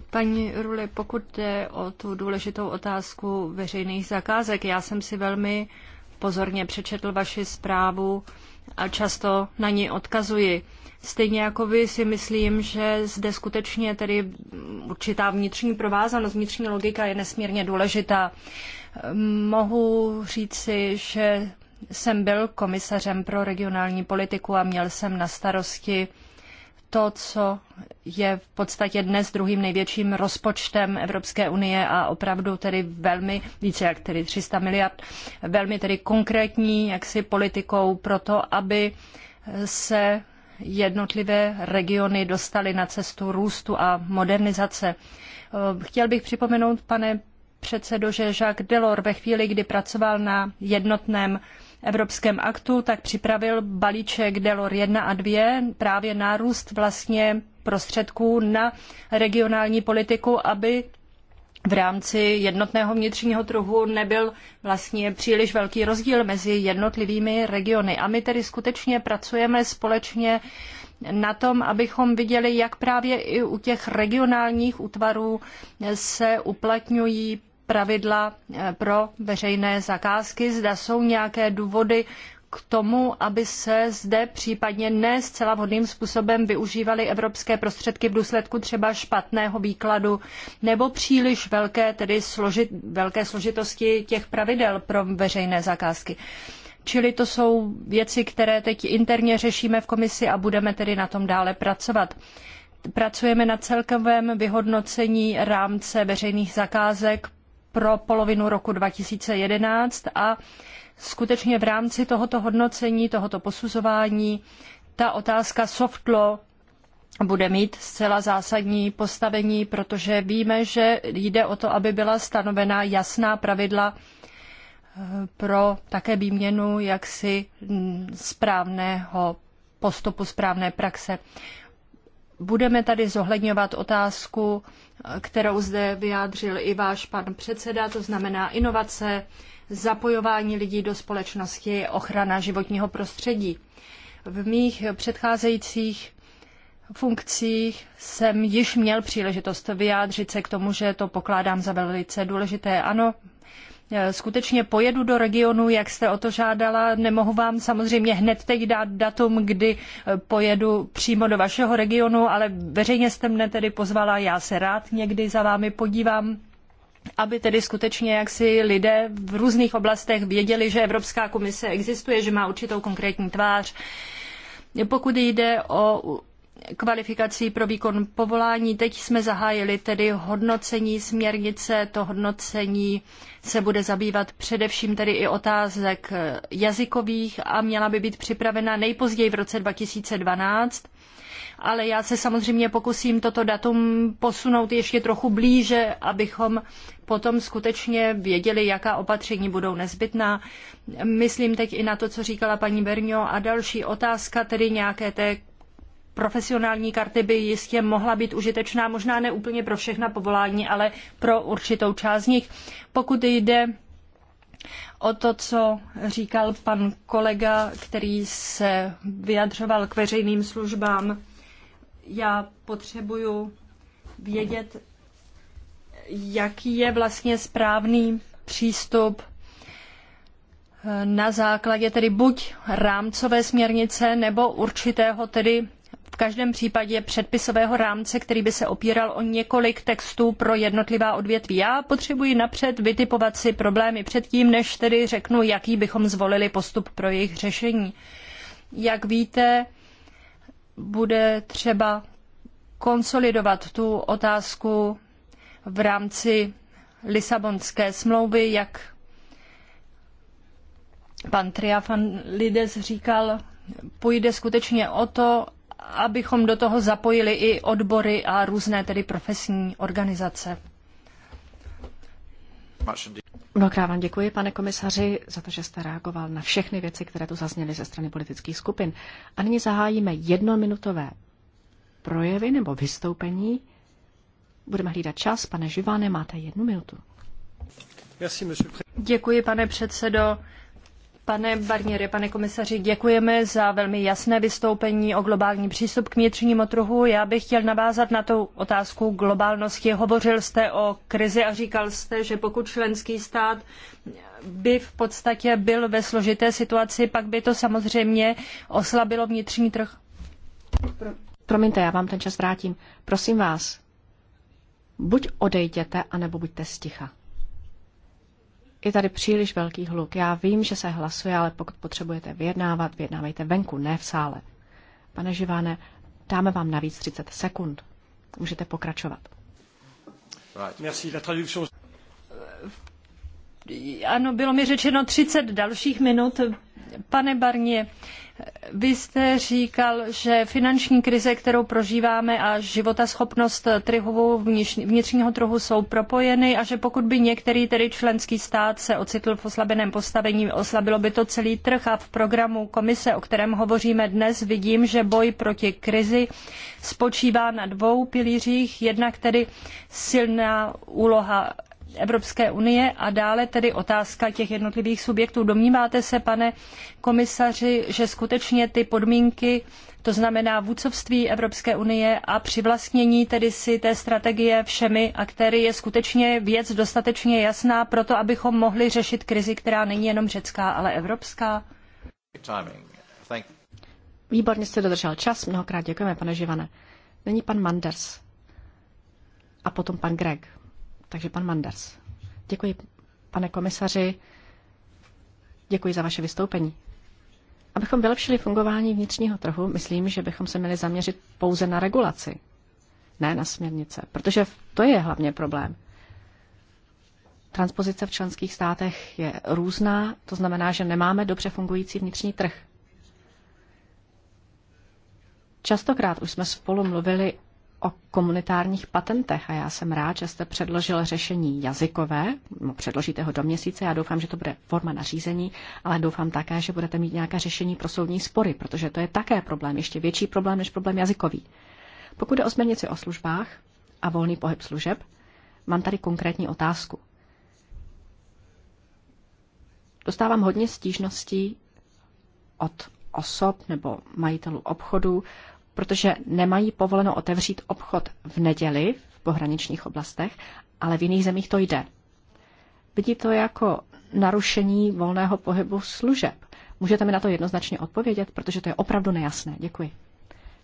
Paní Rule, pokud jde o tu důležitou otázku veřejných zakázek, já jsem si velmi pozorně přečetl vaši zprávu a často na ní odkazuji. Stejně jako vy si myslím, že zde skutečně tedy určitá vnitřní provázanost, vnitřní logika je nesmírně důležitá. Mohu říci, že jsem byl komisařem pro regionální politiku a měl jsem na starosti to, co je v podstatě dnes druhým největším rozpočtem Evropské unie a opravdu tedy velmi, více jak tedy 300 miliard, velmi tedy konkrétní jaksi politikou pro to, aby se jednotlivé regiony dostaly na cestu růstu a modernizace. Chtěl bych připomenout, pane předsedo, že Jacques Delors ve chvíli, kdy pracoval na jednotném evropském aktu, tak připravil balíček DELOR 1 a 2 právě nárůst vlastně prostředků na regionální politiku, aby v rámci jednotného vnitřního trhu nebyl vlastně příliš velký rozdíl mezi jednotlivými regiony. A my tedy skutečně pracujeme společně na tom, abychom viděli, jak právě i u těch regionálních útvarů se uplatňují pravidla eh, pro veřejné zakázky. Zda jsou nějaké důvody k tomu, aby se zde případně ne zcela vhodným způsobem využívaly evropské prostředky v důsledku třeba špatného výkladu nebo příliš velké, tedy složit, velké složitosti těch pravidel pro veřejné zakázky. Čili to jsou věci, které teď interně řešíme v komisi a budeme tedy na tom dále pracovat. Pracujeme na celkovém vyhodnocení rámce veřejných zakázek pro polovinu roku 2011 a skutečně v rámci tohoto hodnocení, tohoto posuzování, ta otázka soft law bude mít zcela zásadní postavení, protože víme, že jde o to, aby byla stanovena jasná pravidla eh, pro také výměnu jaksi mm, správného postupu, správné praxe. Budeme tady zohledňovat otázku kterou zde vyjádřil i váš pan předseda, to znamená inovace, zapojování lidí do společnosti, ochrana životního prostředí. V mých předcházejících funkcích jsem již měl příležitost vyjádřit se k tomu, že to pokládám za velice důležité. Ano, skutečně pojedu do regionu, jak jste o to žádala. Nemohu vám samozřejmě hned teď dát datum, kdy eh, pojedu přímo do vašeho regionu, ale veřejně jste mne tedy pozvala. Já se rád někdy za vámi podívám aby tedy skutečně jaksi lidé v různých oblastech věděli, že Evropská komise existuje, že má určitou konkrétní tvář. Pokud jde o kvalifikací pro výkon povolání. Teď jsme zahájili tedy hodnocení směrnice. To hodnocení se bude zabývat především tedy i otázek jazykových a měla by být připravena nejpozději v roce 2012 ale já se samozřejmě pokusím toto datum posunout ještě trochu blíže, abychom potom skutečně věděli, jaká opatření budou nezbytná. Myslím teď i na to, co říkala paní Berňo a další otázka, tedy nějaké té profesionální karty by jistě mohla být užitečná, možná ne úplně pro všechna povolání, ale pro určitou část z nich. Pokud jde o to, co říkal pan kolega, který se vyjadřoval k veřejným službám, já potřebuju vědět, jaký je vlastně správný přístup eh, na základě tedy buď rámcové směrnice nebo určitého tedy v každém případě předpisového rámce, který by se opíral o několik textů pro jednotlivá odvětví. Já potřebuji napřed vytipovat si problémy předtím, než tedy řeknu, jaký bychom zvolili postup pro jejich řešení. Jak víte, bude třeba konsolidovat tu otázku v rámci Lisabonské smlouvy, jak pan Triafan Lides říkal, půjde skutečně o to, abychom do toho zapojili i odbory a různé tedy profesní organizace. Mnohokrát vám děkuji, pane komisaři, za to, že jste reagoval na všechny věci, které tu zazněly ze strany politických skupin. A nyní zahájíme jednominutové projevy nebo vystoupení. Budeme hlídat čas. Pane Živáne, máte jednu minutu. Děkuji, pane předsedo. Pane Barniere, pane komisaři, děkujeme za velmi jasné vystoupení o globální přístup k vnitřnímu trhu. Já bych chtěl navázat na tu otázku globálnosti. Hovořil jste o krizi a říkal jste, že pokud členský stát by v podstatě byl ve složité situaci, pak by to samozřejmě oslabilo vnitřní trh. Promiňte, já vám ten čas vrátím. Prosím vás, buď odejděte, anebo buďte sticha. Je tady příliš velký hluk. Já vím, že se hlasuje, ale pokud potřebujete vyjednávat, vyjednávejte venku, ne v sále. Pane Živáne, dáme vám navíc 30 sekund. Můžete pokračovat. Ano, bylo mi řečeno 30 dalších minut Pane Barnier, vy jste říkal, že finanční krize, kterou prožíváme a životaschopnost trhu, vnitřního trhu jsou propojeny a že pokud by některý tedy členský stát se ocitl v oslabeném postavení, oslabilo by to celý trh a v programu komise, o kterém hovoříme dnes, vidím, že boj proti krizi spočívá na dvou pilířích. Jednak tedy silná úloha Evropské unie a dále tedy otázka těch jednotlivých subjektů. Domníváte se, pane komisaři, že skutečně ty podmínky, to znamená vůdcovství Evropské unie a přivlastnění tedy si té strategie všemi aktéry je skutečně věc dostatečně jasná pro to, abychom mohli řešit krizi, která není jenom řecká, ale evropská? Výborně jste dodržel čas, mnohokrát děkujeme, pane Živane. Není pan Manders a potom pan Greg. Takže pan Manders. Děkuji, pane komisaři. Děkuji za vaše vystoupení. Abychom vylepšili fungování vnitřního trhu, myslím, že bychom se měli zaměřit pouze na regulaci, ne na směrnice, protože to je hlavně problém. Transpozice v členských státech je různá, to znamená, že nemáme dobře fungující vnitřní trh. Častokrát už jsme spolu mluvili o komunitárních patentech a já jsem rád, že jste předložil řešení jazykové, no, předložíte ho do měsíce, já doufám, že to bude forma nařízení, ale doufám také, že budete mít nějaké řešení pro soudní spory, protože to je také problém, ještě větší problém než problém jazykový. Pokud jde o směrnici o službách a volný pohyb služeb, mám tady konkrétní otázku. Dostávám hodně stížností od osob nebo majitelů obchodu, protože nemají povoleno otevřít obchod v neděli v pohraničních oblastech, ale v jiných zemích to jde. Vidí to jako narušení volného pohybu služeb. Můžete mi na to jednoznačně odpovědět, protože to je opravdu nejasné. Děkuji.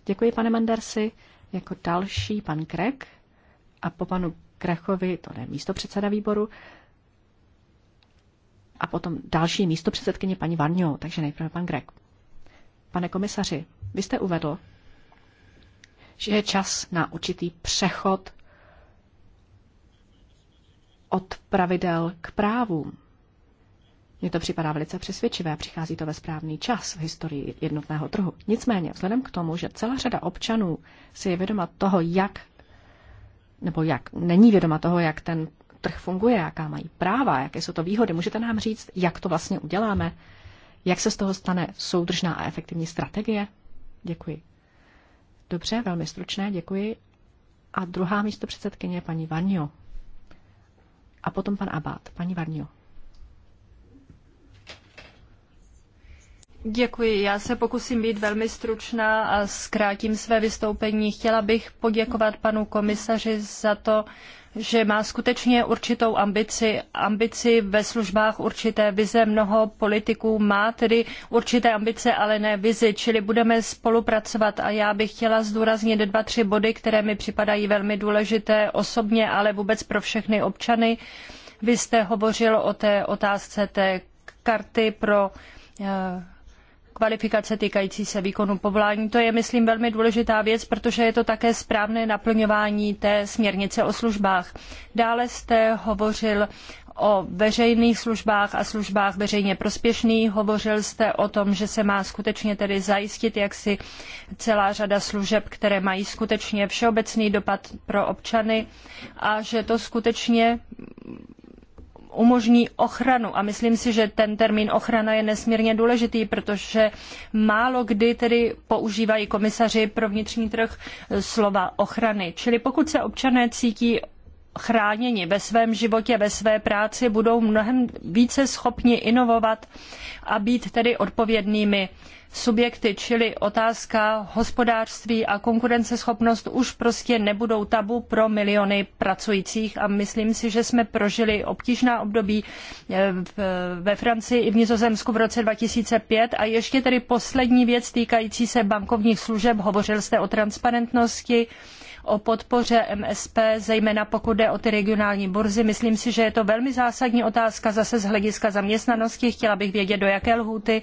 Děkuji, pane Mandersi. Jako další pan Krek a po panu Krechovi, to je místo předseda výboru, a potom další místo předsedkyně paní Varňou, takže nejprve pan Grek. Pane komisaři, vy jste uvedl, že je čas na určitý přechod od pravidel k právům. Mně to připadá velice přesvědčivé, přichází to ve správný čas v historii jednotného trhu. Nicméně, vzhledem k tomu, že celá řada občanů si je vědoma toho, jak nebo jak není vědoma toho, jak ten trh funguje, jaká mají práva, jaké jsou to výhody, můžete nám říct, jak to vlastně uděláme, jak se z toho stane soudržná a efektivní strategie? Děkuji. Dobře, velmi stručné, děkuji. A druhá místo předsedkyně je paní Varnio. A potom pan Abát. Paní Varnio. Děkuji. Já se pokusím být velmi stručná a zkrátím své vystoupení. Chtěla bych poděkovat panu komisaři za to, že má skutečně určitou ambici, ambici ve službách určité vize. Mnoho politiků má tedy určité ambice, ale ne vizi, čili budeme spolupracovat a já bych chtěla zdůraznit dva, tři body, které mi připadají velmi důležité osobně, ale vůbec pro všechny občany. Vy jste hovořil o té otázce té karty pro eh, kvalifikace týkající se výkonu povolání. To je, myslím, velmi důležitá věc, protože je to také správné naplňování té směrnice o službách. Dále jste hovořil o veřejných službách a službách veřejně prospěšných. Hovořil jste o tom, že se má skutečně tedy zajistit jaksi celá řada služeb, které mají skutečně všeobecný dopad pro občany a že to skutečně umožní ochranu. A myslím si, že ten termín ochrana je nesmírně důležitý, protože málo kdy tedy používají komisaři pro vnitřní trh slova ochrany. Čili pokud se občané cítí chráněni ve svém životě, ve své práci, budou mnohem více schopni inovovat a být tedy odpovědnými subjekty, čili otázka hospodářství a konkurenceschopnost už prostě nebudou tabu pro miliony pracujících a myslím si, že jsme prožili obtížná období eh, ve Francii i v Nizozemsku v roce 2005 a ještě tedy poslední věc týkající se bankovních služeb, hovořil jste o transparentnosti, o podpoře MSP, zejména pokud jde o ty regionální burzy. Myslím si, že je to velmi zásadní otázka zase z hlediska zaměstnanosti. Chtěla bych vědět, do jaké lhůty.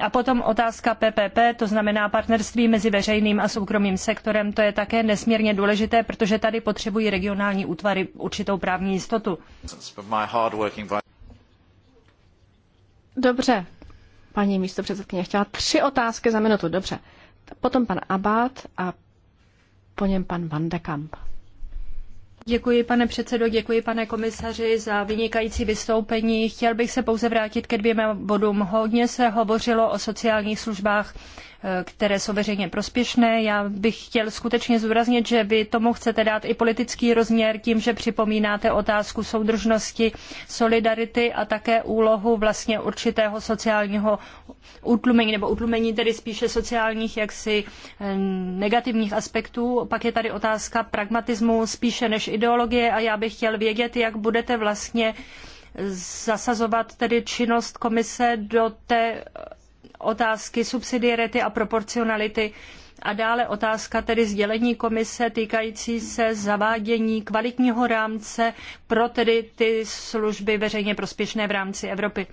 A potom otázka PPP, to znamená partnerství mezi veřejným a soukromým sektorem. To je také nesmírně důležité, protože tady potřebují regionální útvary určitou právní jistotu. Dobře, paní místo předsedkyně, chtěla tři otázky za minutu, dobře. Potom pan Abát a po něm pan Van de Kamp. Děkuji, pane předsedo, děkuji, pane komisaři, za vynikající vystoupení. Chtěl bych se pouze vrátit ke dvěma bodům. Hodně se hovořilo o sociálních službách které jsou veřejně prospěšné. Já bych chtěl skutečně zúraznit, že vy tomu chcete dát i politický rozměr tím, že připomínáte otázku soudržnosti, solidarity a také úlohu vlastně určitého sociálního utlumení nebo utlumení tedy spíše sociálních jaksi eh, negativních aspektů. Pak je tady otázka pragmatismu spíše než ideologie a já bych chtěl vědět, jak budete vlastně zasazovat tedy činnost komise do té otázky subsidiarity a proporcionality a dále otázka tedy sdělení komise týkající se zavádění kvalitního rámce pro tedy ty služby veřejně prospěšné v rámci Evropy.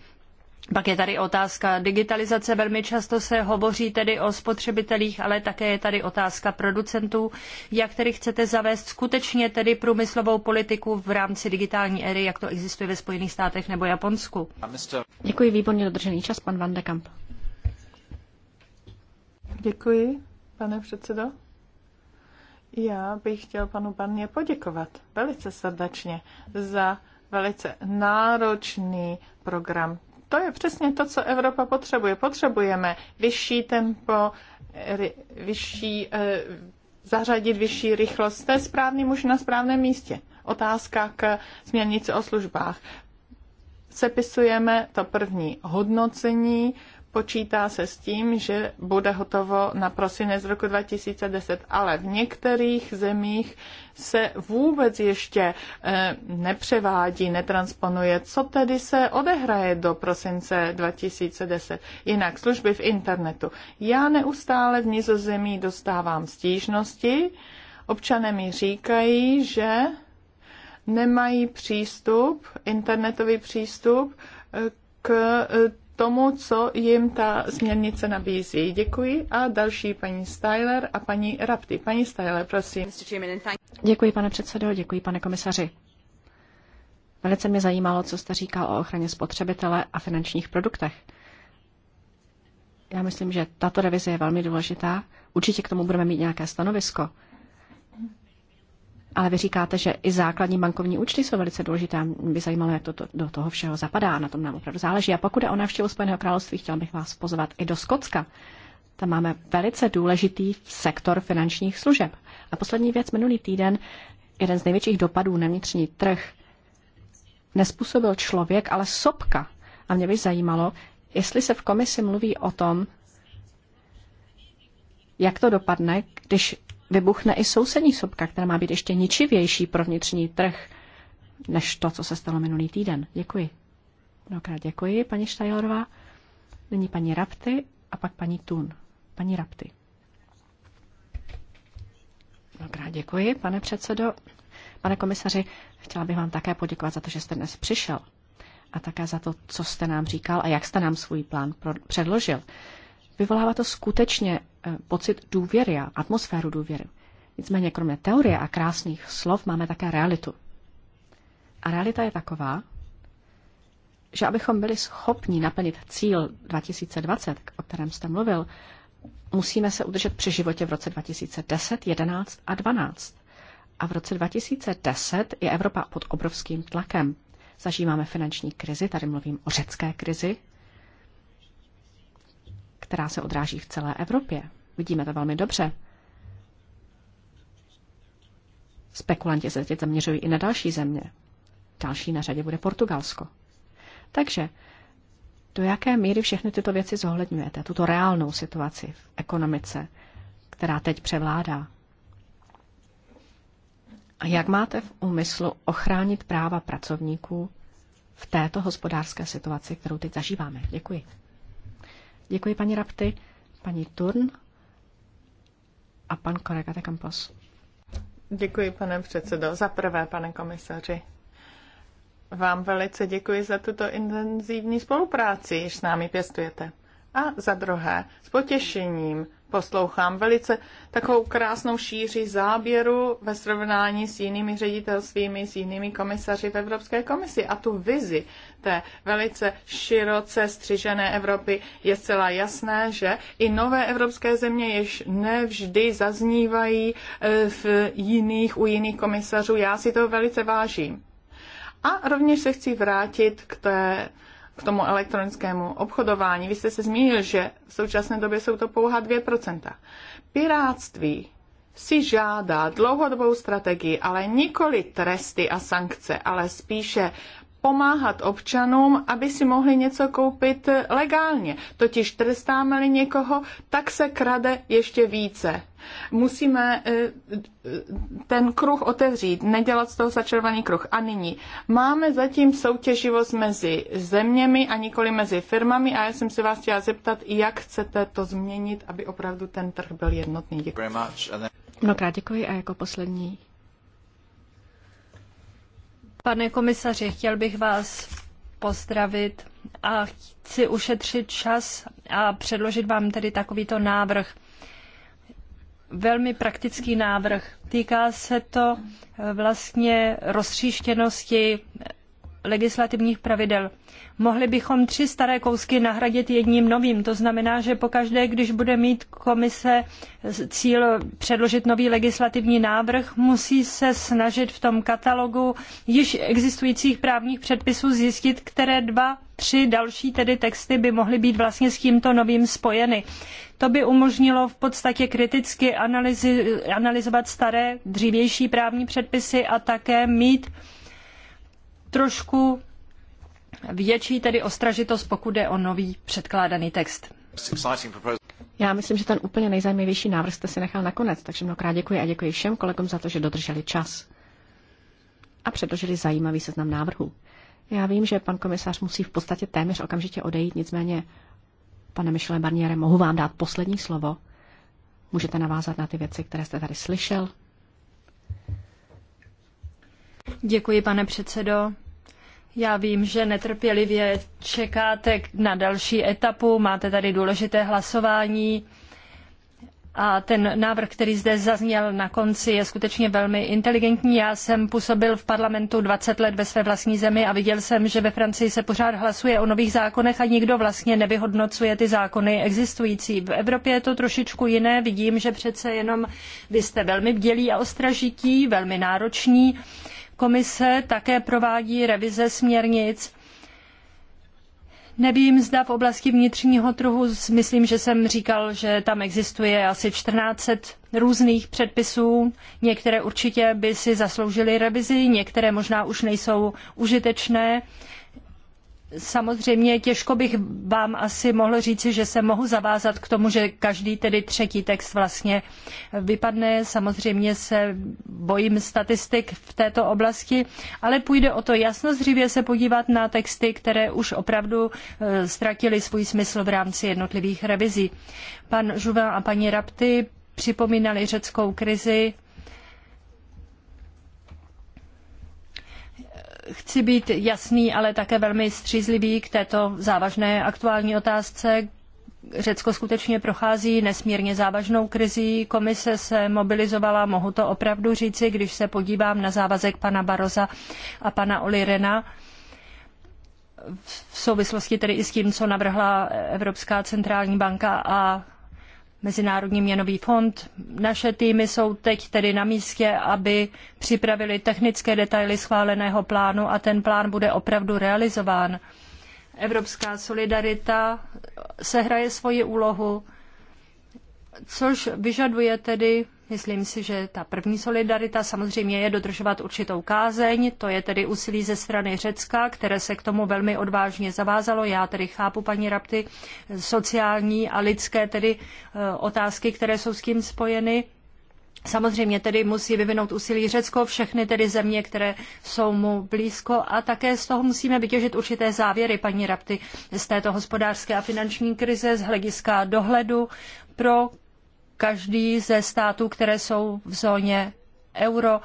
Pak je tady otázka digitalizace. Velmi často se hovoří tedy o spotřebitelích, ale také je tady otázka producentů. Jak tedy chcete zavést skutečně tedy průmyslovou politiku v rámci digitální éry, jak to existuje ve Spojených státech nebo Japonsku? Děkuji, výborně dodržený čas, pan Van de Kamp. Děkuji, pane předsedo. Já bych chtěl panu Barně poděkovat velice srdečně za velice náročný program. To je přesně to, co Evropa potřebuje. Potřebujeme vyšší tempo, vyšší, eh, zařadit vyšší rychlost. je správný muž na správném místě. Otázka k směrnici o službách. Sepisujeme to první hodnocení, počítá se s tím, že bude hotovo na prosinec roku 2010, ale v některých zemích se vůbec ještě eh, nepřevádí, netransponuje. Co tedy se odehraje do prosince 2010? Jinak služby v internetu. Já neustále v nizozemí dostávám stížnosti. Občané mi říkají, že nemají přístup, internetový přístup eh, k eh, tomu, co jim ta směrnice nabízí. Děkuji a další paní Styler a paní Rapti. Paní Styler, prosím. Děkuji, pane předsedo, děkuji, pane komisaři. Velice mě zajímalo, co jste říkal o ochraně spotřebitele a finančních produktech. Já myslím, že tato revize je velmi důležitá. Určitě k tomu budeme mít nějaké stanovisko. Ale vy říkáte, že i základní bankovní účty jsou velice důležité. Mě by zajímalo, jak to, to do toho všeho zapadá. Na tom nám opravdu záleží. A pokud je o návštěvu Spojeného království, chtěla bych vás pozvat i do Skotska. Tam máme velice důležitý sektor finančních služeb. A poslední věc, minulý týden jeden z největších dopadů na vnitřní trh nespůsobil člověk, ale sopka. A mě by zajímalo, jestli se v komisi mluví o tom, jak to dopadne, když vybuchne i sousední sopka, která má být ještě ničivější pro vnitřní trh, než to, co se stalo minulý týden. Děkuji. Mnohokrát děkuji, paní Štajlorová. Nyní paní Rapty a pak paní Tun. Paní Rapty. Mnohokrát děkuji, pane předsedo. Pane komisaři, chtěla bych vám také poděkovat za to, že jste dnes přišel a také za to, co jste nám říkal a jak jste nám svůj plán předložil. Vyvolává to skutečně Eh, pocit důvěry a atmosféru důvěry. Nicméně kromě teorie a krásných slov máme také realitu. A realita je taková, že abychom byli schopni naplnit cíl 2020, o kterém jste mluvil, musíme se udržet při životě v roce 2010, 11 a 12. A v roce 2010 je Evropa pod obrovským tlakem. Zažíváme finanční krizi, tady mluvím o řecké krizi, která se odráží v celé Evropě. Vidíme to velmi dobře. Spekulanti se teď zaměřují i na další země. Další na řadě bude Portugalsko. Takže do jaké míry všechny tyto věci zohledňujete, tuto reálnou situaci v ekonomice, která teď převládá? A jak máte v úmyslu ochránit práva pracovníků v této hospodářské situaci, kterou teď zažíváme? Děkuji. Děkuji paní Rapty, paní Turn a pan kolega de Campos. Děkuji, pane předsedo. Za prvé, pane komisaři, vám velice děkuji za tuto intenzivní spolupráci, již s námi pěstujete. A za druhé, s potěšením poslouchám velice takovou krásnou šíři záběru ve srovnání s jinými ředitelstvími, s jinými komisaři v Evropské komisi. A tu vizi té velice široce střižené Evropy je zcela jasné, že i nové evropské země jež nevždy zaznívají eh, v jiných, u jiných komisařů. Já si to velice vážím. A rovněž se chci vrátit k té k tomu elektronickému obchodování. Vy jste se zmínil, že v současné době jsou to pouhá 2%. Piráctví si žádá dlouhodobou strategii, ale nikoli tresty a sankce, ale spíše pomáhat občanům, aby si mohli něco koupit legálně. Totiž trestáme-li někoho, tak se krade ještě více. Musíme eh, ten kruh otevřít, nedělat z toho začervaný kruh. A nyní máme zatím soutěživost mezi zeměmi a nikoli mezi firmami a já jsem se vás chtěla zeptat, jak chcete to změnit, aby opravdu ten trh byl jednotný. Děkuji. Mnohokrát děkuji a jako poslední Pane komisaři, chtěl bych vás pozdravit a chci ušetřit čas a předložit vám tedy takovýto návrh. Velmi praktický návrh. Týká se to vlastně roztříštěnosti legislativních pravidel. Mohli bychom tři staré kousky nahradit jedním novým. To znamená, že pokaždé, když bude mít komise cíl předložit nový legislativní návrh, musí se snažit v tom katalogu již existujících právních předpisů zjistit, které dva, tři další tedy texty by mohly být vlastně s tímto novým spojeny. To by umožnilo v podstatě kriticky analyzi, analyzovat staré, dřívější právní předpisy a také mít trošku větší tedy ostražitost, pokud jde o nový předkládaný text. Já myslím, že ten úplně nejzajímavější návrh jste si nechal nakonec, takže mnohokrát děkuji a děkuji všem kolegům za to, že dodrželi čas a předložili zajímavý seznam návrhů. Já vím, že pan komisař musí v podstatě téměř okamžitě odejít, nicméně, pane Michele Barniere, mohu vám dát poslední slovo. Můžete navázat na ty věci, které jste tady slyšel Děkuji, pane předsedo. Já vím, že netrpělivě čekáte na další etapu, máte tady důležité hlasování a ten návrh, který zde zazněl na konci, je skutečně velmi inteligentní. Já jsem působil v parlamentu 20 let ve své vlastní zemi a viděl jsem, že ve Francii se pořád hlasuje o nových zákonech a nikdo vlastně nevyhodnocuje ty zákony existující. V Evropě je to trošičku jiné. Vidím, že přece jenom vy jste velmi bdělí a ostražití, velmi nároční. Komise také provádí revize směrnic. Nevím, zda v oblasti vnitřního trhu, myslím, že jsem říkal, že tam existuje asi 1400 různých předpisů. Některé určitě by si zasloužily revizi, některé možná už nejsou užitečné. Samozřejmě těžko bych vám asi mohl říci, že se mohu zavázat k tomu, že každý tedy třetí text vlastně vypadne. Samozřejmě se bojím statistik v této oblasti, ale půjde o to jasnozřivě se podívat na texty, které už opravdu eh, ztratily svůj smysl v rámci jednotlivých revizí. Pan žuva a paní Rapty připomínali řeckou krizi chci být jasný, ale také velmi střízlivý k této závažné aktuální otázce. Řecko skutečně prochází nesmírně závažnou krizí. Komise se mobilizovala, mohu to opravdu říci, když se podívám na závazek pana Baroza a pana Olirena v souvislosti tedy i s tím, co navrhla Evropská centrální banka a Mezinárodní měnový fond. Naše týmy jsou teď tedy na místě, aby připravili technické detaily schváleného plánu a ten plán bude opravdu realizován. Evropská solidarita sehraje svoji úlohu, což vyžaduje tedy Myslím si, že ta první solidarita samozřejmě je dodržovat určitou kázeň, to je tedy úsilí ze strany Řecka, které se k tomu velmi odvážně zavázalo. Já tedy chápu, paní Rapty, sociální a lidské tedy e, otázky, které jsou s tím spojeny. Samozřejmě tedy musí vyvinout úsilí Řecko, všechny tedy země, které jsou mu blízko a také z toho musíme vytěžit určité závěry, paní Rapty, z této hospodářské a finanční krize z hlediska dohledu pro každý ze států, které jsou v zóně euro,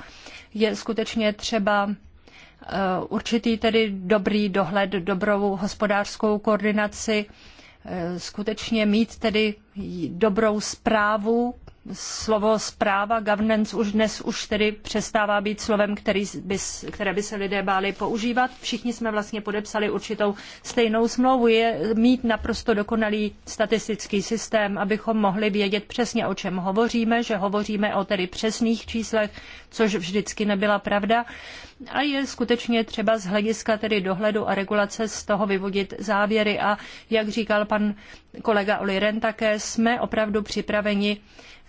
je skutečně třeba eh, určitý tedy dobrý dohled, dobrou hospodářskou koordinaci, eh, skutečně mít tedy dobrou zprávu slovo zpráva governance už dnes už tedy přestává být slovem, který by, které by se lidé báli používat. Všichni jsme vlastně podepsali určitou stejnou smlouvu. Je mít naprosto dokonalý statistický systém, abychom mohli vědět přesně, o čem hovoříme, že hovoříme o tedy přesných číslech, což vždycky nebyla pravda. A je skutečně třeba z hlediska tedy dohledu a regulace z toho vyvodit závěry. A jak říkal pan kolega Oli Ren, také jsme opravdu připraveni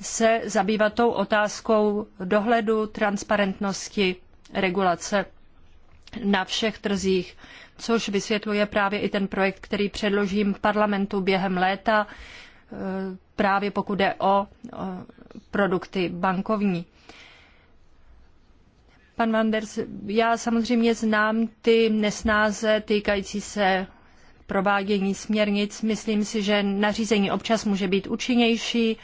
se zabývat tou otázkou dohledu, transparentnosti, regulace na všech trzích, což vysvětluje právě i ten projekt, který předložím parlamentu během léta, e, právě pokud jde o produkty bankovní. Pan Vanders, já samozřejmě znám ty nesnáze týkající se provádění směrnic. Myslím si, že nařízení občas může být účinnější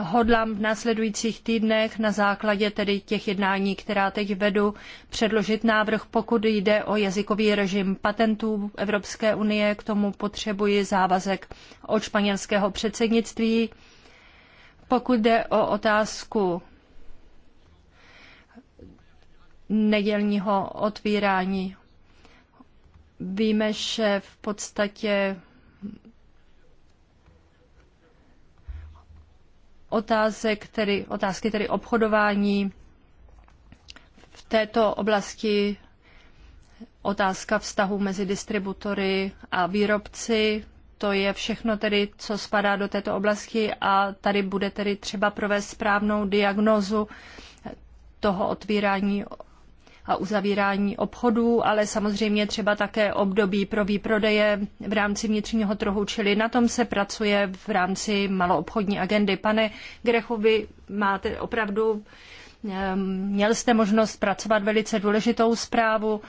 hodlám v následujících týdnech na základě tedy těch jednání, která teď vedu, předložit návrh, pokud jde o jazykový režim patentů Evropské unie. K tomu potřebuji závazek od španělského předsednictví. Pokud jde o otázku nedělního otvírání, víme, že v podstatě otázek, tedy otázky tedy obchodování v této oblasti otázka vztahu mezi distributory a výrobci, to je všechno tedy, co spadá do této oblasti a tady bude tedy třeba provést správnou diagnózu toho otvírání a uzavírání obchodů, ale samozřejmě třeba také období pro výprodeje v rámci vnitřního trhu, čili na tom se pracuje v rámci maloobchodní agendy. Pane Grechu, vy máte opravdu, eh, měl jste možnost pracovat velice důležitou zprávu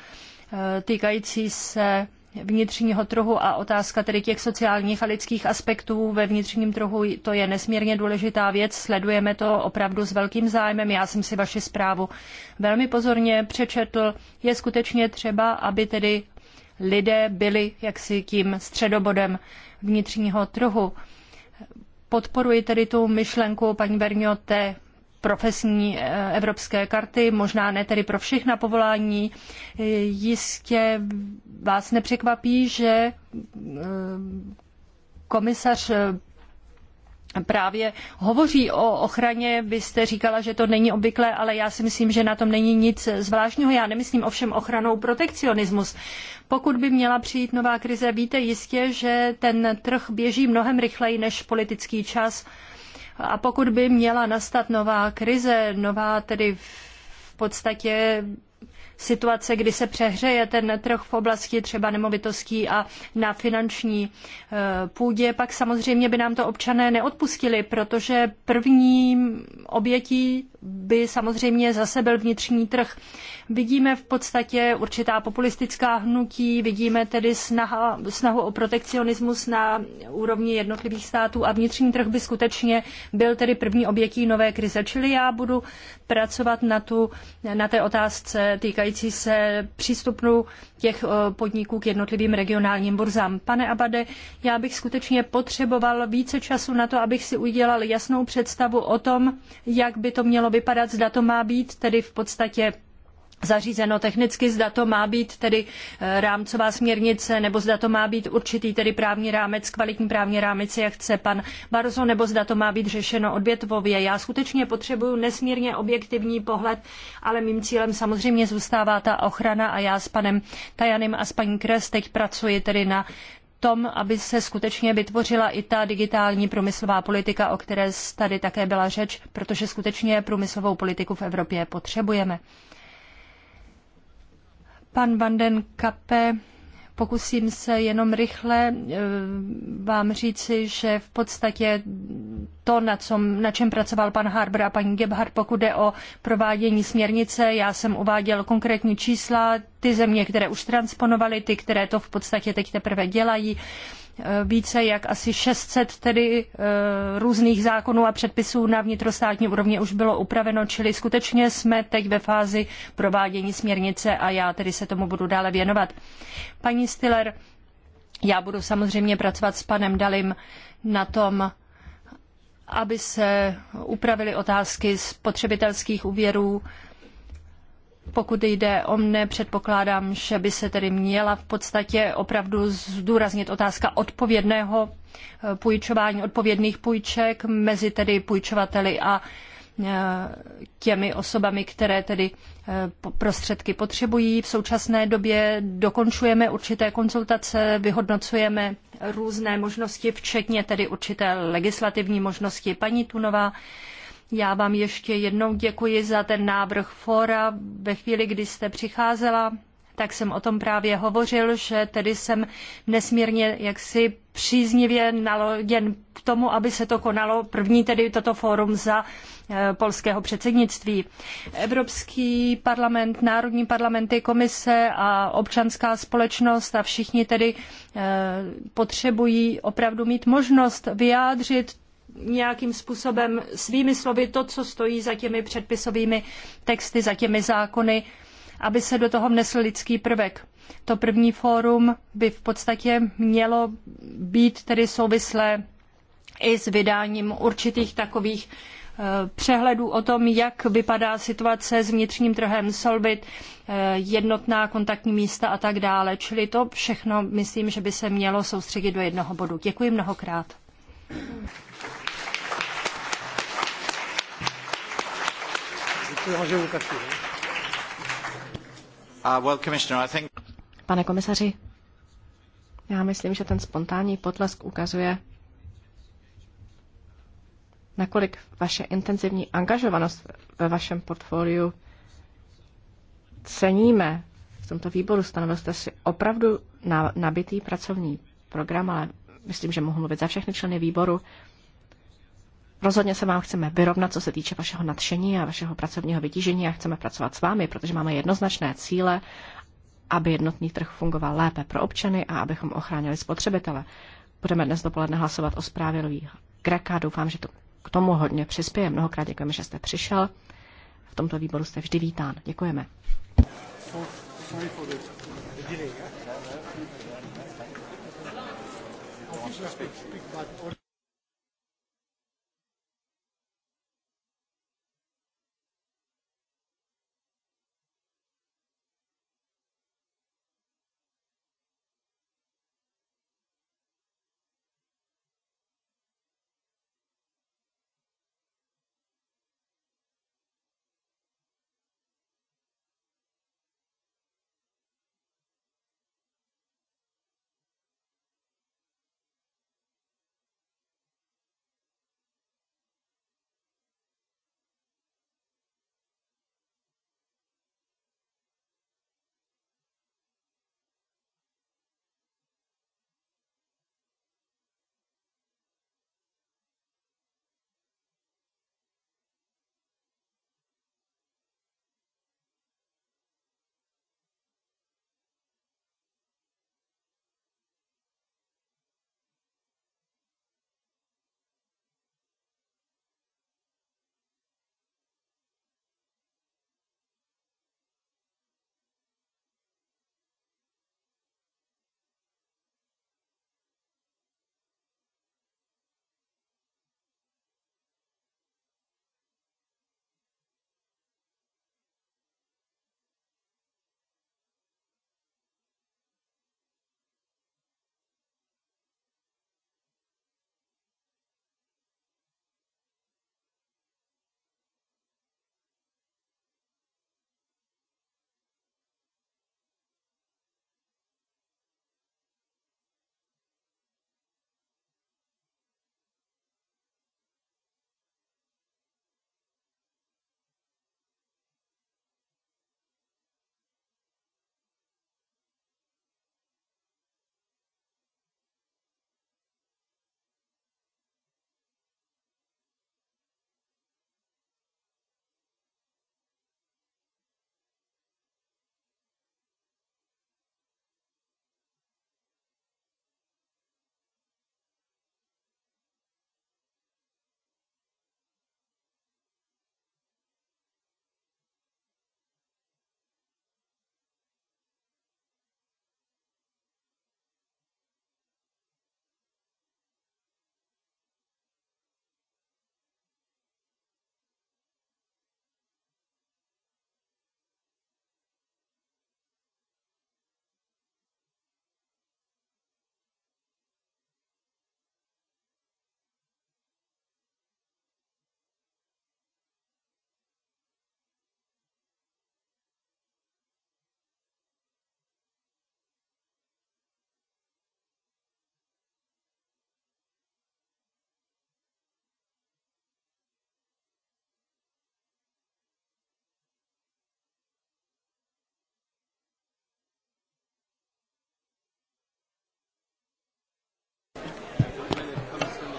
eh, týkající se vnitřního trhu a otázka tedy těch sociálních a lidských aspektů ve vnitřním trhu, to je nesmírně důležitá věc, sledujeme to opravdu s velkým zájmem. Já jsem si vaši zprávu velmi pozorně přečetl. Je skutečně třeba, aby tedy lidé byli jaksi tím středobodem vnitřního trhu. Podporuji tedy tu myšlenku paní Bernio té profesní eh, evropské karty, možná ne tedy pro všechna povolání. Eh, jistě vás nepřekvapí, že eh, komisař právě hovoří o ochraně. Vy jste říkala, že to není obvyklé, ale já si myslím, že na tom není nic zvláštního. Já nemyslím ovšem ochranou protekcionismus. Pokud by měla přijít nová krize, víte jistě, že ten trh běží mnohem rychleji než politický čas a pokud by měla nastat nová krize, nová tedy v podstatě situace, kdy se přehřeje ten trh v oblasti třeba nemovitostí a na finanční eh, půdě, pak samozřejmě by nám to občané neodpustili, protože první obětí by samozřejmě zase byl vnitřní trh. Vidíme v podstatě určitá populistická hnutí, vidíme tedy snaha, snahu o protekcionismus na úrovni jednotlivých států a vnitřní trh by skutečně byl tedy první obětí nové krize. Čili já budu pracovat na, tu, na té otázce týkající se přístupu těch eh, podniků k jednotlivým regionálním burzám. Pane Abade, já bych skutečně potřeboval více času na to, abych si udělal jasnou představu o tom, jak by to mělo vypadat, zda to má být tedy v podstatě zařízeno technicky, zda to má být tedy eh, rámcová směrnice, nebo zda to má být určitý tedy právní rámec, kvalitní právní rámec, jak chce pan Barzo, nebo zda to má být řešeno odvětvově. Já skutečně potřebuju nesmírně objektivní pohled, ale mým cílem samozřejmě zůstává ta ochrana a já s panem Tajanem a s paní Kres teď pracuji tedy na tom, aby se skutečně vytvořila i ta digitální průmyslová politika, o které tady také byla řeč, protože skutečně průmyslovou politiku v Evropě potřebujeme. Pan Van den Kappe Pokusím se jenom rychle eh, vám říci, že v podstatě to, na, co, na čem pracoval pan Harbour a paní Gebhardt, pokud jde o provádění směrnice, já jsem uváděl konkrétní čísla, ty země, které už transponovaly, ty, které to v podstatě teď teprve dělají. Eh, více jak asi 600 tedy eh, různých zákonů a předpisů na vnitrostátní úrovni už bylo upraveno, čili skutečně jsme teď ve fázi provádění směrnice a já tedy se tomu budu dále věnovat. Paní Stiller, já budu samozřejmě pracovat s panem Dalim na tom, aby se upravily otázky spotřebitelských úvěrů, pokud jde o mne, předpokládám, že by se tedy měla v podstatě opravdu zdůraznit otázka odpovědného eh, půjčování, odpovědných půjček mezi tedy půjčovateli a eh, těmi osobami, které tedy eh, prostředky potřebují. V současné době dokončujeme určité konzultace, vyhodnocujeme různé možnosti, včetně tedy určité legislativní možnosti. Paní Tunová já vám ještě jednou děkuji za ten návrh fora. Ve chvíli, kdy jste přicházela, tak jsem o tom právě hovořil, že tedy jsem nesmírně jaksi příznivě naloděn k tomu, aby se to konalo první tedy toto fórum za eh, polského předsednictví. Evropský parlament, národní parlamenty, komise a občanská společnost a všichni tedy eh, potřebují opravdu mít možnost vyjádřit nějakým způsobem svými slovy to, co stojí za těmi předpisovými texty, za těmi zákony, aby se do toho vnesl lidský prvek. To první fórum by v podstatě mělo být tedy souvislé i s vydáním určitých takových eh, přehledů o tom, jak vypadá situace s vnitřním trhem Solvit, eh, jednotná kontaktní místa a tak dále. Čili to všechno myslím, že by se mělo soustředit do jednoho bodu. Děkuji mnohokrát. Uh, Pane komisaři, já myslím, že ten spontánní potlesk ukazuje, nakolik vaše intenzivní angažovanost ve vašem portfoliu ceníme v tomto výboru. Stanovil jste si opravdu nabitý pracovní program, ale myslím, že mohu mluvit za všechny členy výboru. Rozhodně se vám chceme vyrovnat, co se týče vašeho nadšení a vašeho pracovního vytížení a chceme pracovat s vámi, protože máme jednoznačné cíle, aby jednotný trh fungoval lépe pro občany a abychom ochránili spotřebitele. Budeme dnes dopoledne hlasovat o zprávě Louis Greka. Doufám, že to k tomu hodně přispěje. Mnohokrát děkujeme, že jste přišel. V tomto výboru jste vždy vítán. Děkujeme.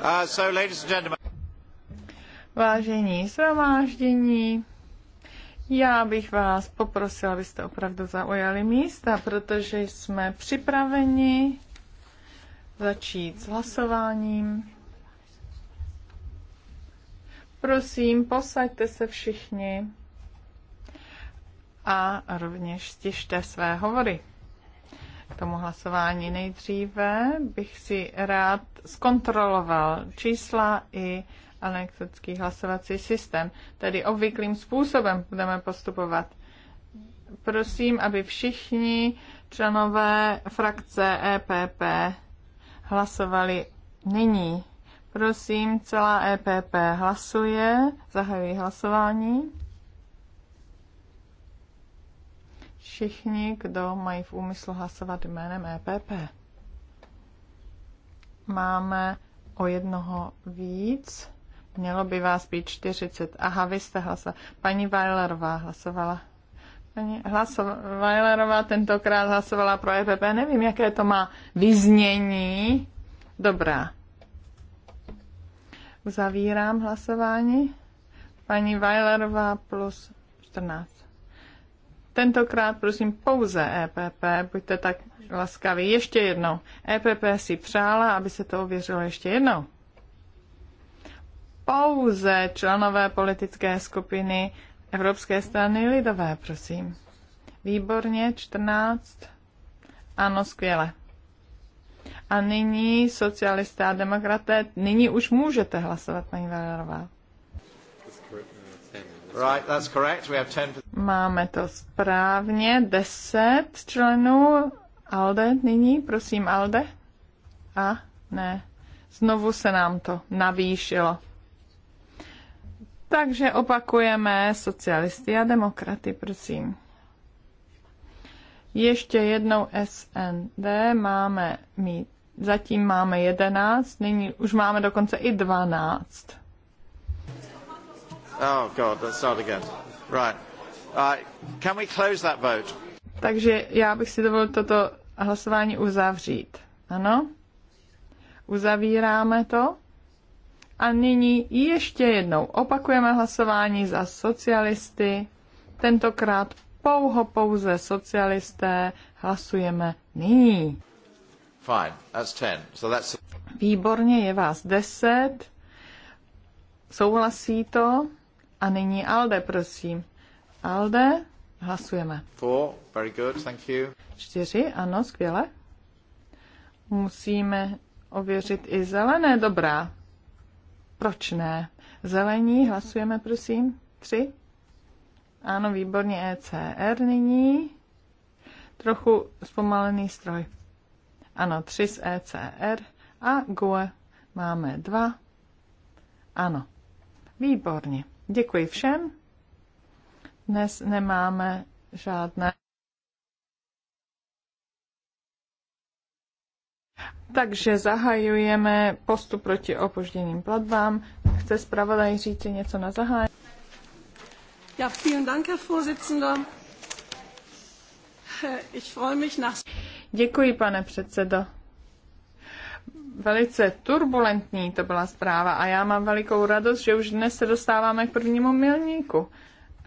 Uh, Vážení shromáždění, já bych vás poprosila, abyste opravdu zaujali místa, protože jsme připraveni začít s hlasováním. Prosím, posaďte se všichni a rovněž stište své hovory k tomu hlasování. Nejdříve bych si rád zkontroloval čísla i elektrický hlasovací systém. Tedy obvyklým způsobem budeme postupovat. Prosím, aby všichni členové frakce EPP hlasovali nyní. Prosím, celá EPP hlasuje. Zahajuji hlasování. všichni, kdo mají v úmyslu hlasovat jménem EPP. Máme o jednoho víc. Mělo by vás být 40. Aha, vy jste hlasovala. Paní Weilerová hlasovala. Paní hlasova, Weilerová tentokrát hlasovala pro EPP. Nevím, jaké to má vyznění. Dobrá. Uzavírám hlasování. Paní Weilerová plus 14. Tentokrát prosím pouze EPP, buďte tak laskaví. Ještě jednou. EPP si přála, aby se to ověřilo ještě jednou. Pouze členové politické skupiny Evropské strany lidové, prosím. Výborně, 14. Ano, skvěle. A nyní socialisté a demokraté, nyní už můžete hlasovat, paní Valerová. Right, that's correct. We have Máme to správně, deset členů. Alde nyní, prosím, Alde. A ne, znovu se nám to navýšilo. Takže opakujeme socialisty a demokraty, prosím. Ještě jednou SND máme mít. Zatím máme 11, nyní už máme dokonce i 12. Oh God, let's start again. Right. Uh, can we close that vote? Takže já bych si dovolil toto hlasování uzavřít. Ano? Uzavíráme to. A nyní ještě jednou opakujeme hlasování za socialisty. Tentokrát pouho pouze socialisté hlasujeme nyní. Fine, that's ten. So that's... Výborně, je vás deset. Souhlasí to? A nyní Alde, prosím. Alde, hlasujeme. Four, very good, thank you. Čtyři, ano, skvěle. Musíme ověřit i zelené, dobrá. Proč ne? Zelení, hlasujeme, prosím. Tři. Ano, výborně, ECR nyní. Trochu zpomalený stroj. Ano, tři z ECR a GUE máme dva. Ano, výborně. Děkuji všem. Dnes nemáme žádné. Takže zahajujeme postup proti opožděným platbám. Chce zpravodaj říct něco na zahájení? Ja, vielen Dank, Herr Vorsitzender. Ich freue mich nach... Děkuji, pane předsedo velice turbulentní to byla zpráva a já mám velikou radost, že už dnes se dostáváme k prvnímu milníku.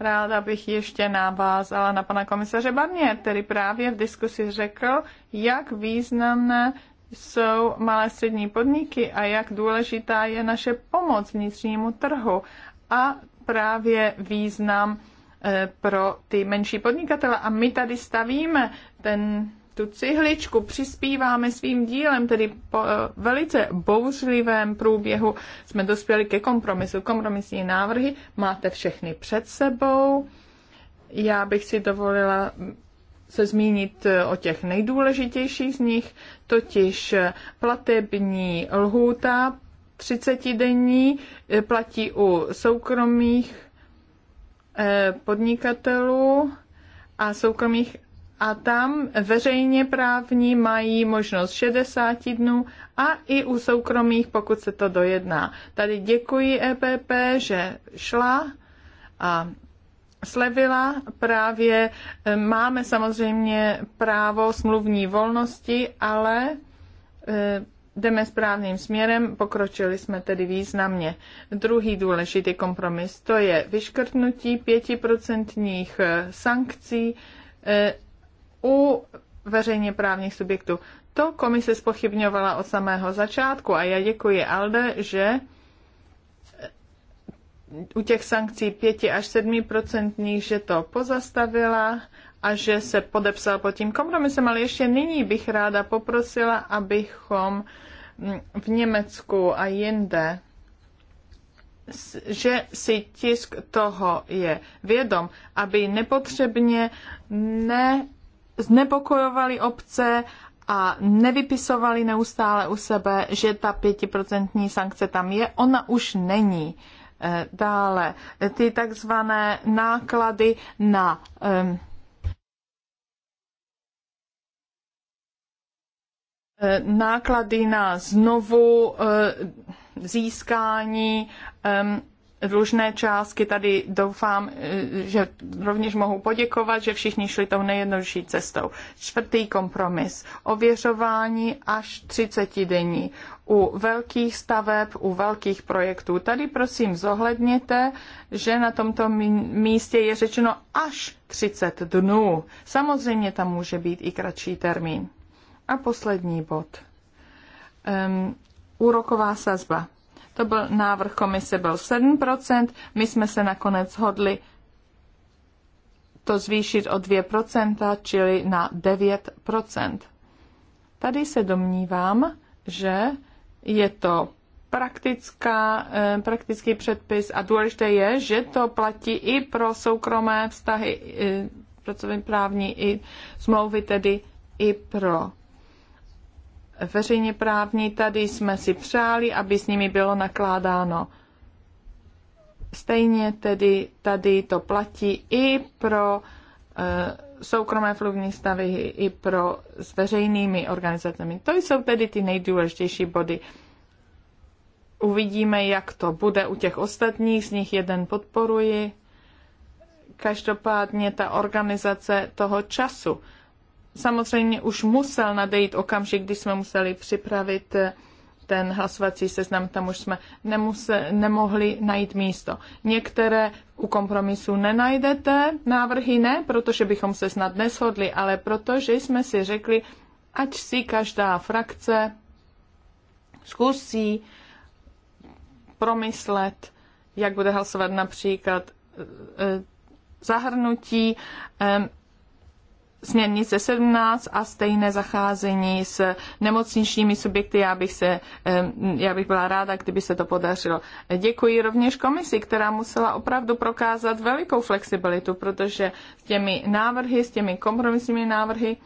Ráda bych ještě navázala na pana komisaře Barnier, který právě v diskusi řekl, jak významné jsou malé střední podniky a jak důležitá je naše pomoc vnitřnímu trhu a právě význam eh, pro ty menší podnikatele. A my tady stavíme ten tu cihličku přispíváme svým dílem, tedy po eh, velice bouřlivém průběhu jsme dospěli ke kompromisu. Kompromisní návrhy máte všechny před sebou. Já bych si dovolila se zmínit eh, o těch nejdůležitějších z nich, totiž eh, platební lhůta 30 denní platí u soukromých podnikatelů a soukromých a tam veřejně právní mají možnost 60 dnů a i u soukromých, pokud se to dojedná. Tady děkuji EPP, že šla a slevila právě. E, máme samozřejmě právo smluvní volnosti, ale e, jdeme správným směrem, pokročili jsme tedy významně. Druhý důležitý kompromis, to je vyškrtnutí pětiprocentních e, sankcí u veřejně právních subjektů. To komise spochybňovala od samého začátku a já děkuji Alde, že eh, u těch sankcí 5 až 7 procentních, že to pozastavila a že se podepsal pod tím kompromisem, ale ještě nyní bych ráda poprosila, abychom hm, v Německu a jinde že si tisk toho je vědom, aby nepotřebně ne znepokojovali obce a nevypisovali neustále u sebe, že ta pětiprocentní sankce tam je, ona už není. Eh, dále ty takzvané náklady na eh, náklady na znovu eh, získání dlužné částky. Tady doufám, eh, že rovněž mohu poděkovat, že všichni šli tou nejjednodušší cestou. Čtvrtý kompromis. Ověřování až 30 denní. U velkých staveb, u velkých projektů. Tady prosím zohledněte, že na tomto místě je řečeno až 30 dnů. Samozřejmě tam může být i kratší termín. A poslední bod. Um, úroková sazba to byl návrh komise byl 7%, my jsme se nakonec hodli to zvýšit o 2%, čili na 9%. Tady se domnívám, že je to praktická, eh, praktický předpis a důležité je, že to platí i pro soukromé vztahy eh, pracovní právní i smlouvy, tedy i pro veřejně právní, tady jsme si přáli, aby s nimi bylo nakládáno. Stejně tedy tady to platí i pro eh, soukromé fluvní stavy, i pro s veřejnými organizacemi. To jsou tedy ty nejdůležitější body. Uvidíme, jak to bude u těch ostatních, z nich jeden podporuji. Každopádně ta organizace toho času Samozřejmě už musel nadejít okamžik, kdy jsme museli připravit eh, ten hlasovací seznam, tam už jsme nemuse, nemohli najít místo. Některé u kompromisu nenajdete, návrhy ne, protože bychom se snad neshodli, ale protože jsme si řekli, ať si každá frakce zkusí promyslet, jak bude hlasovat například eh, eh, zahrnutí směrnice 17 a stejné zacházení s nemocničními subjekty. Já bych, se, já bych byla ráda, kdyby se to podařilo. Děkuji rovněž komisi, která musela opravdu prokázat velikou flexibilitu, protože s těmi návrhy, s těmi kompromisními návrhy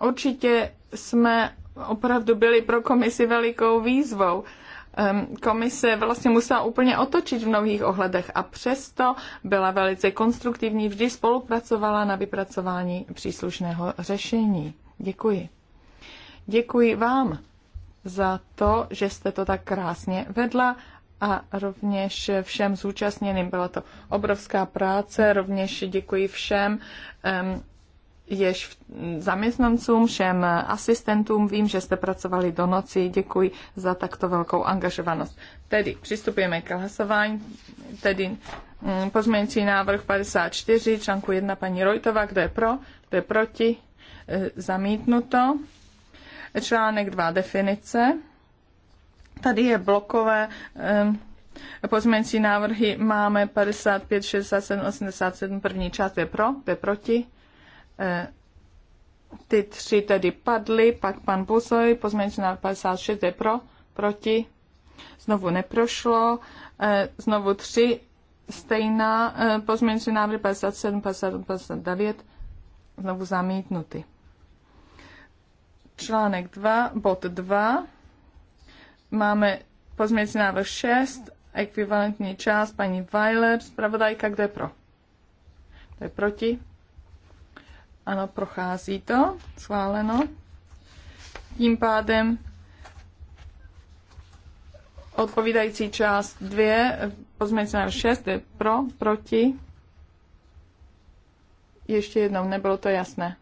určitě jsme opravdu byli pro komisi velikou výzvou komise vlastně musela úplně otočit v mnohých ohledech a přesto byla velice konstruktivní, vždy spolupracovala na vypracování příslušného řešení. Děkuji. Děkuji vám za to, že jste to tak krásně vedla a rovněž všem zúčastněným. Byla to obrovská práce, rovněž děkuji všem um, jež zaměstnancům, všem asistentům. Vím, že jste pracovali do noci. Děkuji za takto velkou angažovanost. Tedy přistupujeme k hlasování. Tedy mm, pozměňující návrh 54, článku 1, paní Rojtová, kdo je pro, kdo je proti, e, zamítnuto. Článek 2, definice. Tady je blokové pozměňující návrhy. Máme 55, 67, 87, první část, kdo je pro, kdo je proti, Eh, ty tři tedy padly, pak pan Buzoj, pozměňující na 56 je pro, proti, znovu neprošlo, eh, znovu tři stejná eh, pozměňující návrhy 57, 58, 59 znovu zamítnuty. Článek 2, bod 2. Máme pozměňující návrh 6, ekvivalentní část paní Weiler, zpravodajka, kde pro? To je proti? Ano, prochází to. Schváleno. Tím pádem odpovídající část 2, pozměňující návrh 6, je pro, proti. Ještě jednou, nebylo to jasné.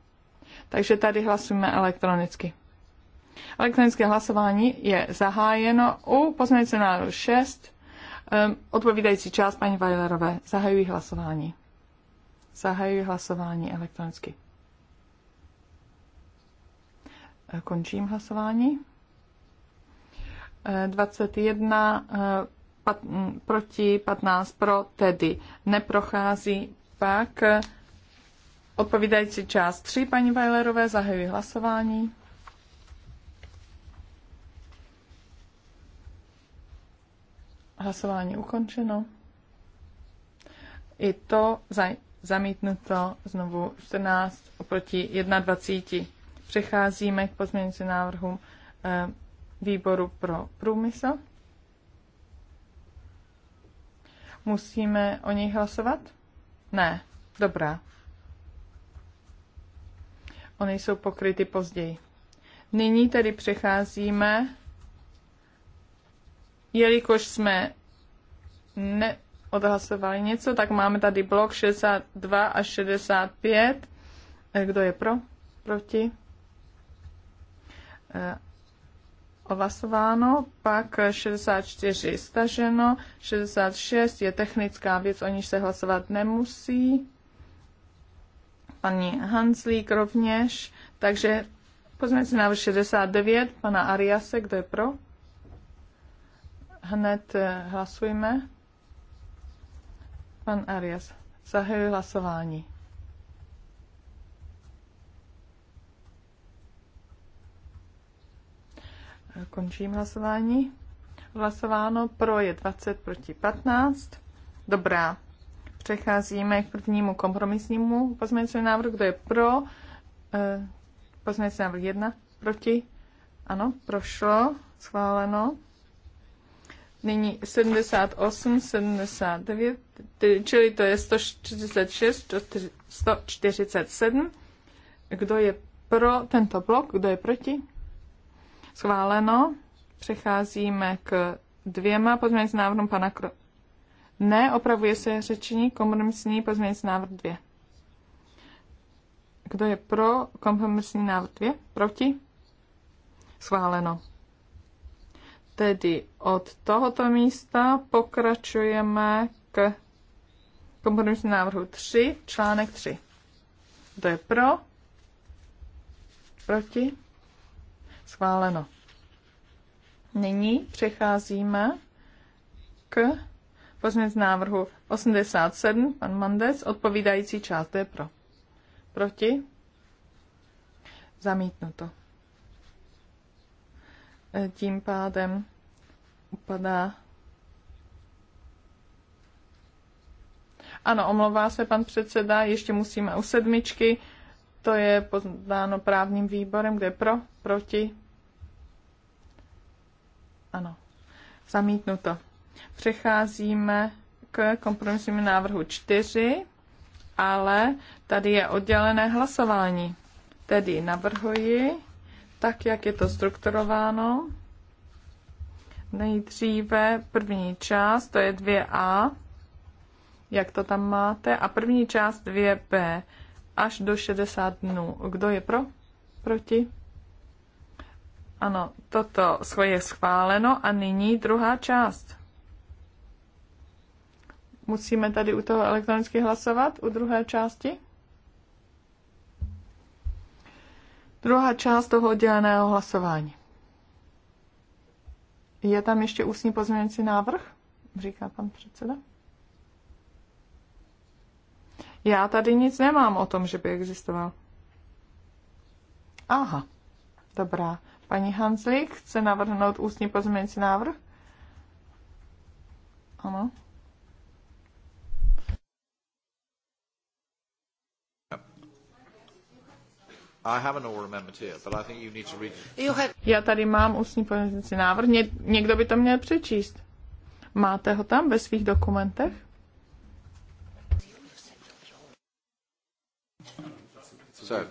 Takže tady hlasujeme elektronicky. Elektronické hlasování je zahájeno u pozměňujícího návrhu 6, ehm, odpovídající část paní Vajlerové. Zahajují hlasování. Zahajují hlasování elektronicky. Končím hlasování. 21 eh, eh, pat, mm, proti 15 pro, tedy neprochází. Pak eh, odpovídající část 3 paní Weilerové zahajuji hlasování. Hlasování ukončeno. I to zamítnuto znovu 14 oproti 21. Přecházíme k pozměňujícím návrhům eh, výboru pro průmysl. Musíme o něj hlasovat? Ne, dobrá. Ony jsou pokryty později. Nyní tedy přecházíme, jelikož jsme neodhlasovali něco, tak máme tady blok 62 až 65. Kdo je pro? Proti? Eh, ohlasováno, pak 64 staženo, 66 je technická věc, o níž se hlasovat nemusí. Paní Hanslík rovněž, takže pozměňující návrh 69 pana Ariase, kdo je pro? Hned eh, hlasujme. Pan Arias, zahajuji hlasování. Končím hlasování. Hlasováno pro je 20 proti 15. Dobrá. Přecházíme k prvnímu kompromisnímu pozměňovacímu návrhu, kdo je pro. Eh, pozměňovací návrh 1 proti. Ano, prošlo, schváleno. Nyní 78, 79, čili to je 146, 147. Kdo je pro tento blok, kdo je proti? Schváleno. Přecházíme k dvěma pozměňovacím návrhům pana Kro... Ne, opravuje se řečení kompromisní pozměňovací návrh 2. Kdo je pro kompromisní návrh 2? Proti? Schváleno. Tedy od tohoto místa pokračujeme k kompromisní návrhu 3, článek 3. Kdo je pro? Proti? Schváleno. Nyní přecházíme k pozměnit návrhu 87, pan Mandes, odpovídající část je pro. Proti? Zamítnuto. E, tím pádem upadá Ano, omlouvá se pan předseda, ještě musíme u sedmičky. To je poznáno právním výborem, kde pro, proti. Ano, zamítnuto. Přecházíme k kompromisnímu návrhu 4, ale tady je oddělené hlasování. Tedy navrhuji, tak jak je to strukturováno, nejdříve první část, to je 2a, jak to tam máte, a první část 2b až do 60 dnů. Kdo je pro? Proti? Ano, toto je schváleno a nyní druhá část. Musíme tady u toho elektronicky hlasovat, u druhé části. Druhá část toho odděleného hlasování. Je tam ještě ústní pozměňující návrh? Říká pan předseda. Já tady nic nemám o tom, že by existoval. Aha, dobrá. Paní Hanslík chce navrhnout ústní pozměňující návrh? Ano. Já tady mám ústní pozměňující návrh. Ně- někdo by to měl přečíst. Máte ho tam ve svých dokumentech? So,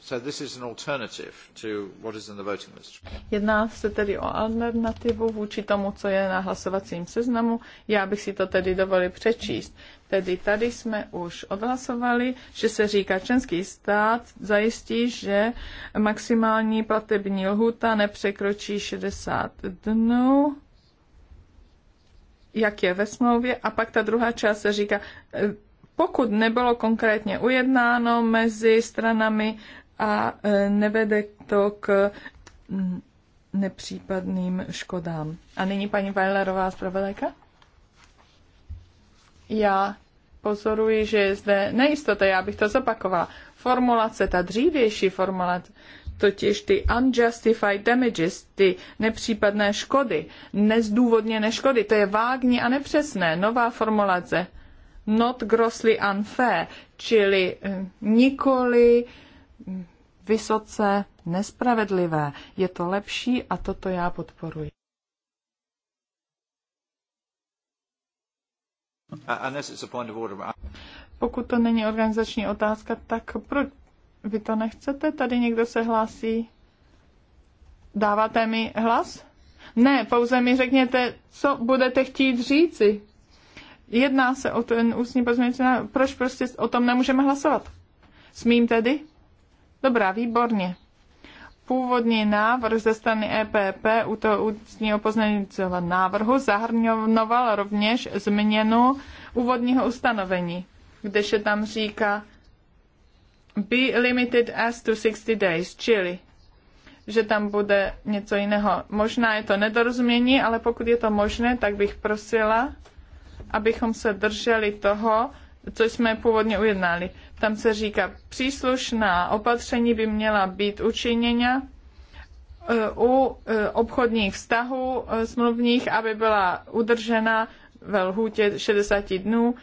so this is an alternative to what is in the voting list. Jedná se tedy o alternativu vůči tomu, co je na hlasovacím seznamu. Já bych si to tedy dovolil přečíst. Tedy tady jsme už odhlasovali, že se říká, členský stát zajistí, že maximální platební lhuta nepřekročí 60 dnů jak je ve smlouvě, a pak ta druhá část se říká, pokud nebylo konkrétně ujednáno mezi stranami a e, nevede to k nepřípadným škodám. A nyní paní Weilerová z Praveleka. Já pozoruji, že je zde nejistota, já bych to zopakovala. Formulace, ta dřívější formulace, totiž ty unjustified damages, ty nepřípadné škody, nezdůvodněné škody, to je vágní a nepřesné, nová formulace not grossly unfair, čili eh, nikoli hm, vysoce nespravedlivé. Je to lepší a toto já podporuji. Pokud to není organizační otázka, tak proč vy to nechcete? Tady někdo se hlásí. Dáváte mi hlas? Ne, pouze mi řekněte, co budete chtít říci. Jedná se o ten ústní pozměňovací návrh. Proč prostě o tom nemůžeme hlasovat? Smím tedy? Dobrá, výborně. Původní návrh ze strany EPP u toho ústního pozměňovacího návrhu zahrňoval rovněž změnu úvodního ustanovení, kde se tam říká be limited as to 60 days, čili že tam bude něco jiného. Možná je to nedorozumění, ale pokud je to možné, tak bych prosila, abychom se drželi toho, co jsme původně ujednali. Tam se říká, příslušná opatření by měla být učiněna eh, u eh, obchodních vztahů eh, smluvních, aby byla udržena ve lhůtě 60 dnů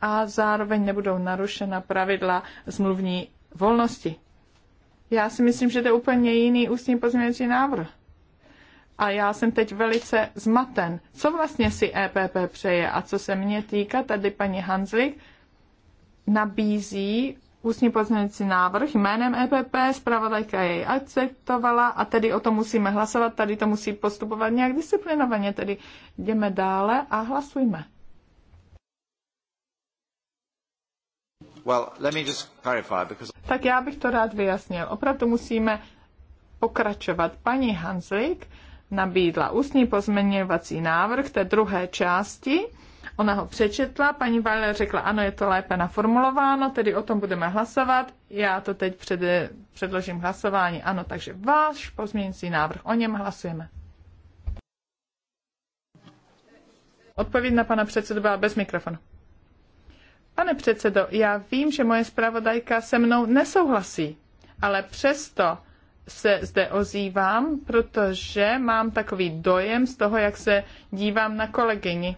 a zároveň nebudou narušena pravidla smluvní volnosti. Já si myslím, že to je úplně jiný ústní pozměňovací návrh a já jsem teď velice zmaten. Co vlastně si EPP přeje a co se mě týká, tady paní Hanzlik nabízí ústní pozměňující návrh jménem EPP, zpravodajka jej akceptovala a tedy o to musíme hlasovat, tady to musí postupovat nějak disciplinovaně, tedy jdeme dále a hlasujme. Well, let me just clarify, because... Tak já bych to rád vyjasnil. Opravdu musíme pokračovat. Paní Hanslik nabídla ústní pozměňovací návrh té druhé části. Ona ho přečetla, paní Vajle řekla, ano, je to lépe naformulováno, tedy o tom budeme hlasovat. Já to teď před, předložím hlasování. Ano, takže váš pozměňovací návrh, o něm hlasujeme. Odpověď na pana předsedu byla bez mikrofonu. Pane předsedo, já vím, že moje zpravodajka se mnou nesouhlasí, ale přesto se zde ozývám, protože mám takový dojem z toho, jak se dívám na kolegyni.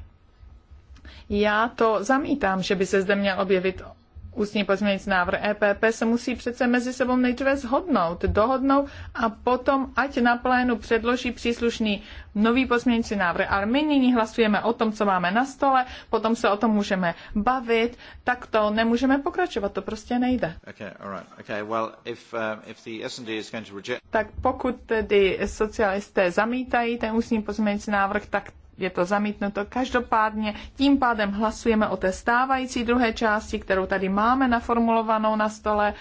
Já to zamítám, že by se zde měl objevit ústní pozměnit návrh EPP se musí přece mezi sebou nejdříve zhodnout, dohodnout a potom ať na plénu předloží příslušný nový pozměnící návrh. Ale my nyní hlasujeme o tom, co máme na stole, potom se o tom můžeme bavit, tak to nemůžeme pokračovat, to prostě nejde. Uh, tak pokud tedy socialisté zamítají ten ústní pozměnící návrh, tak je to zamítnuto. Každopádně tím pádem hlasujeme o té stávající druhé části, kterou tady máme naformulovanou na stole,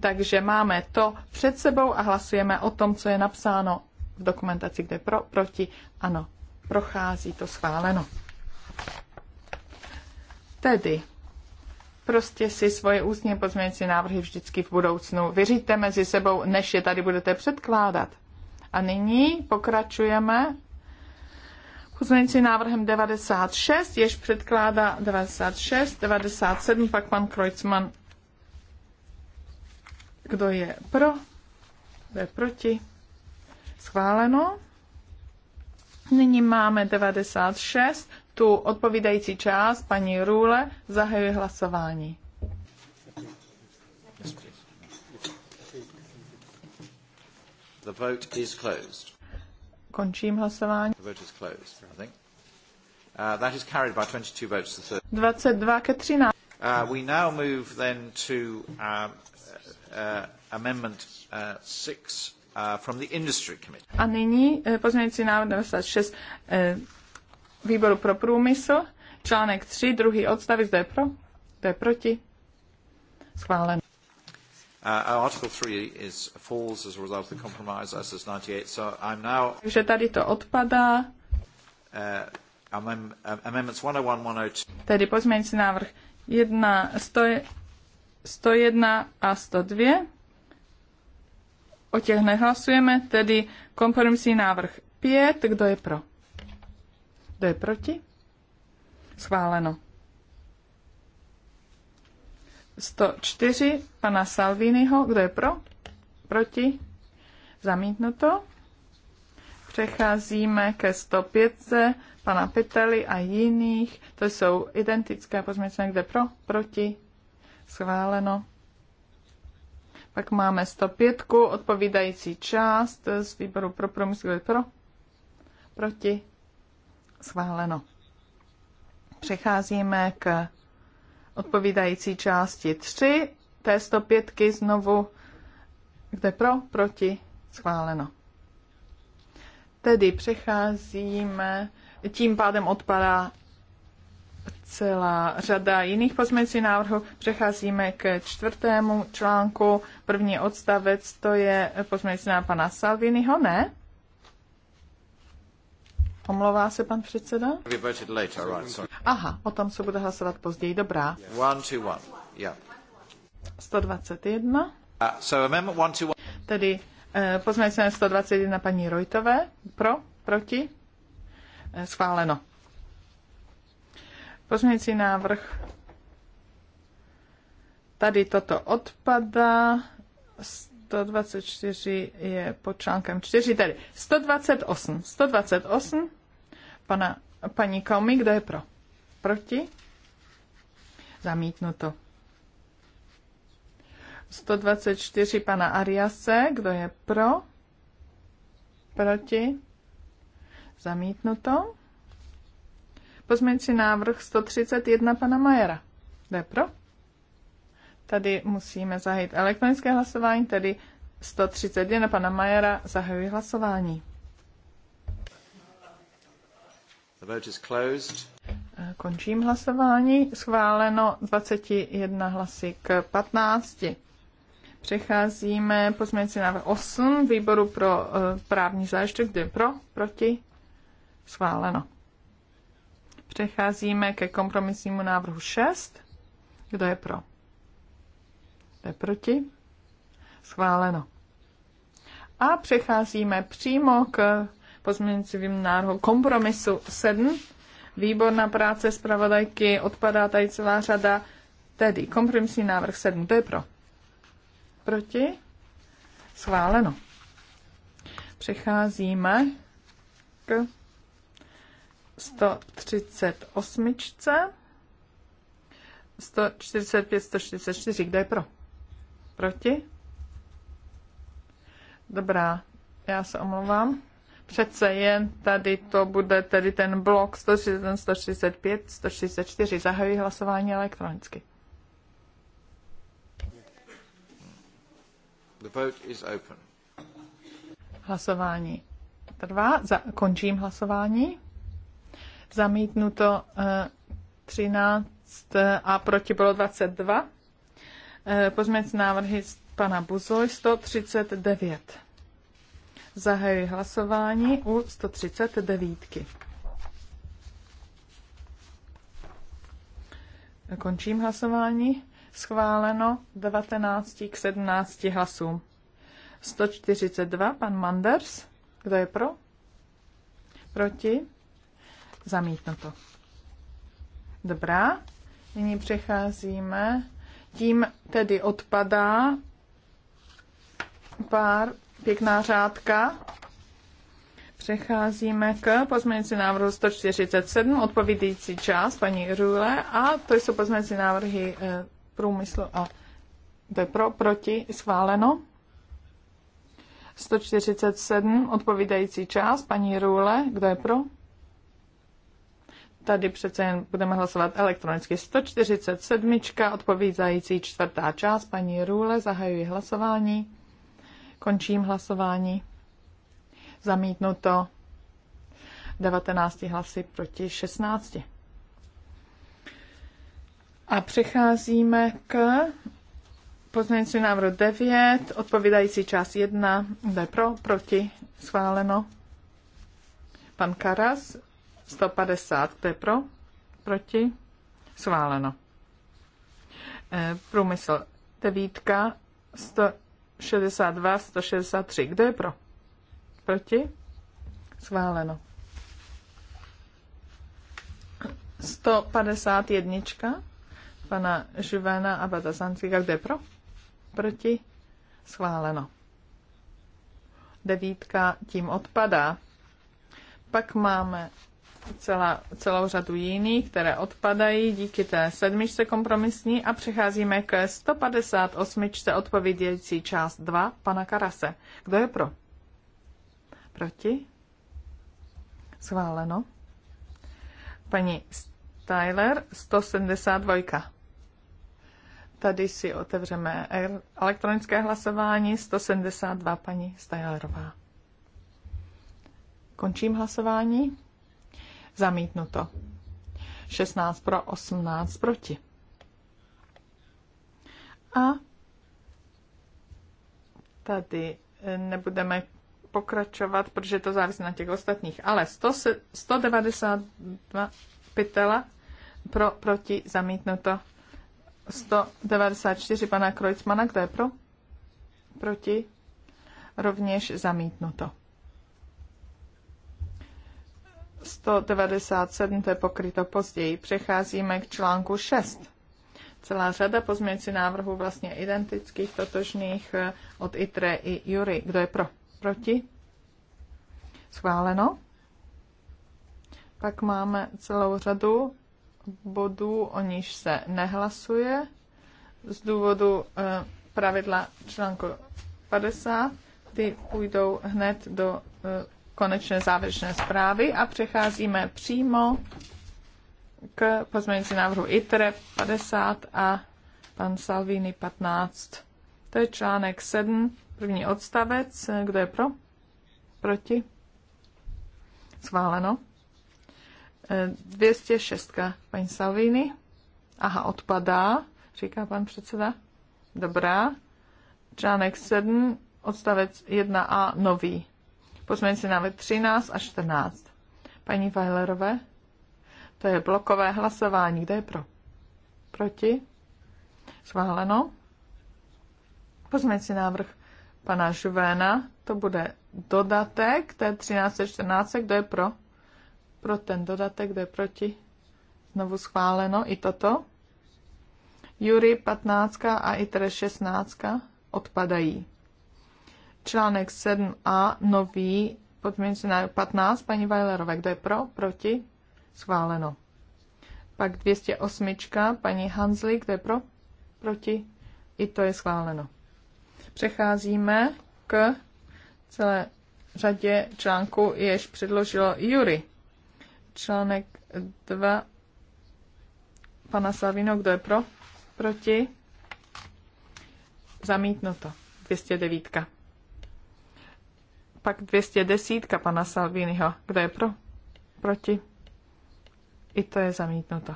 takže máme to před sebou a hlasujeme o tom, co je napsáno v dokumentaci, kde pro, proti, ano, prochází to schváleno. Tedy prostě si svoje ústně pozměňující návrhy vždycky v budoucnu vyříte mezi sebou, než je tady budete předkládat. A nyní pokračujeme pozměňující návrhem 96, jež předkládá 96, 97, pak pan Kreutzmann. Kdo je pro? Kdo je proti? Schváleno. Nyní máme 96, tu odpovídající část, paní Růle, zahajuje hlasování. The vote is closed. Končím hlasování. 22 uh, ke 13. Uh, we now move then to um, uh, uh, amendment 6 uh, uh, from the industry committee. A nyní pozměňující návrh 96 výboru pro průmysl, článek 3, druhý odstavec, kdo je pro, kdo je proti, schválen. Uh, article 3 is, falls as a result of the compromise, as is 98. So I'm now... Takže tady to odpadá. Uh, uh amendments 101, 102. Tedy pozměňující návrh 1, 101 a 102. O těch nehlasujeme, tedy kompromisní návrh 5. Kdo je pro? Kdo je proti? Schváleno. 104 pana Salviniho. Kdo je pro? Proti? Zamítnuto. Přecházíme ke 105 pana Pitely a jiných. To jsou identické pozměnce. Kde pro? Proti? Schváleno. Pak máme 105, odpovídající část z výboru pro průmysl. je pro? Proti? Schváleno. Přecházíme k odpovídající části 3 té 105 znovu, kde pro, proti, schváleno. Tedy přecházíme, tím pádem odpadá celá řada jiných pozměcí návrhů. Přecházíme k čtvrtému článku, první odstavec, to je pozměcí návrh pana Salviniho, ne? Omlouvá se pan předseda? Aha, o tom se bude hlasovat později. Dobrá. 121. Uh, Tedy eh, se na 121 paní Rojtové. Pro? Proti? Eh, schváleno. Pozměňující návrh. Tady toto odpadá. 124 je pod článkem 4, tedy 128. 128, pana, paní Komi, kdo je pro? Proti? Zamítnuto. 124 pana Ariase, kdo je pro? Proti? Zamítnuto. Pozměňující návrh 131 pana Majera. Kdo je pro? Tady musíme zahájit elektronické hlasování, tedy 131 pana Majera zahajuje hlasování. The vote is closed. Eh, končím hlasování. Schváleno 21 hlasy k 15. Přecházíme pozměňující návrh 8 výboru pro eh, právní záležitosti. kde je pro? Proti? Schváleno. Přecházíme ke kompromisnímu návrhu 6. Kdo je pro? Jste proti? Schváleno. A přecházíme přímo k pozměňujícím návrhu kompromisu 7. Výborná práce zpravodajky, odpadá tady celá řada. Tedy kompromisní návrh 7. to je pro? Proti? Schváleno. Přecházíme k 138. 145, 144. kde je pro? Proti? Dobrá, já se omlouvám. Přece jen tady to bude tedy ten blok 131, 135, 134. Zahajuji hlasování elektronicky. The vote is open. Hlasování trvá. Za, končím hlasování. Zamítnuto uh, eh, 13 eh, a proti bylo 22. Eh, pozměňovací návrhy pana Buzoj 139. Zahajuji hlasování u 139. Končím hlasování. Schváleno 19 k 17 hlasům. 142, pan Manders. Kdo je pro? Proti? Zamítnuto. Dobrá. Nyní přecházíme tím tedy odpadá pár pěkná řádka. Přecházíme k pozměňující návrhu 147, odpovídající část paní Rule, a to jsou pozměňující návrhy eh, průmyslu a jde pro, proti, schváleno. 147, odpovídající část paní Rule, kdo je pro? tady přece jen budeme hlasovat elektronicky. 147. odpovídající čtvrtá část. Paní Růle, zahajuji hlasování. Končím hlasování. Zamítnuto 19 hlasy proti 16. A přecházíme k pozměňující návrh 9, odpovídající část 1, jde pro, proti, schváleno. Pan Karas, 150, kdo je pro? Proti? Schváleno. Eh, průmysl devítka, 162, 163. Kdo je pro? Proti? Schváleno. 151. Pana Živena a Kdo je pro? Proti? Schváleno. Devítka tím odpadá. Pak máme celá, celou řadu jiných, které odpadají díky té sedmičce kompromisní a přecházíme k 158. odpovědějící část 2 pana Karase. Kdo je pro? Proti? Schváleno. Paní Styler 172. Tady si otevřeme elektronické hlasování 172 paní Stajlerová. Končím hlasování. Zamítnuto. 16 pro, 18 proti. A tady eh, nebudeme pokračovat, protože to závisí na těch ostatních. Ale 100, 192 pytela pro, proti zamítnuto. 194 pana Krojcmana, kdo je pro? Proti? Rovněž zamítnuto. 197, to je pokryto později. Přecházíme k článku 6. Celá řada pozměňující návrhů vlastně identických, totožných eh, od ITRE i Jury. Kdo je pro? Proti? Schváleno. Pak máme celou řadu bodů, o níž se nehlasuje z důvodu eh, pravidla článku 50. Ty půjdou hned do eh, konečné závěrečné zprávy a přecházíme přímo k pozměňující návrhu ITRE 50 a pan Salvini 15. To je článek 7, první odstavec. Kdo je pro? Proti? Schváleno. 206. Paní Salvini. Aha, odpadá, říká pan předseda. Dobrá. Článek 7, odstavec 1a, nový si návrh 13 a 14. Paní Weilerové, to je blokové hlasování. Kde je pro? Proti? Schváleno. si návrh pana Žuvéna, to bude dodatek, to je 13 a 14. Kdo je pro? Pro ten dodatek, Kde je proti? Znovu schváleno i toto. Jury 15 a ITR 16 odpadají. Článek 7a, nový podmínce na 15, paní Vajlerové, Kdo je pro? Proti? Schváleno. Pak 208, paní Hanzli, Kdo je pro? Proti? I to je schváleno. Přecházíme k celé řadě článků, jež předložilo Jury. Článek 2 pana Savino, kdo je pro? Proti? Zamítnuto. 209. Pak 210 pana Salviniho. Kdo je pro? Proti? I to je zamítnuto.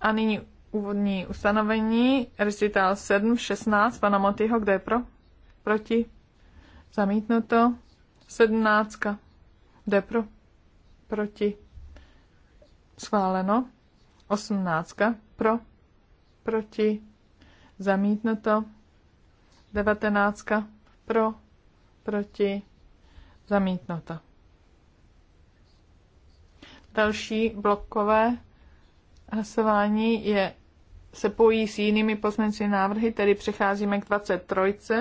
A nyní úvodní ustanovení, Recital 7, 16 pana Motyho. Kdo je pro? Proti? Zamítnuto. 17. Kdo je pro? Proti? Schváleno. 18. Pro? Proti? Zamítnuto. 19. Pro? proti, zamítnuto. Další blokové hlasování je, se pojí s jinými poslanci návrhy, tedy přecházíme k 23.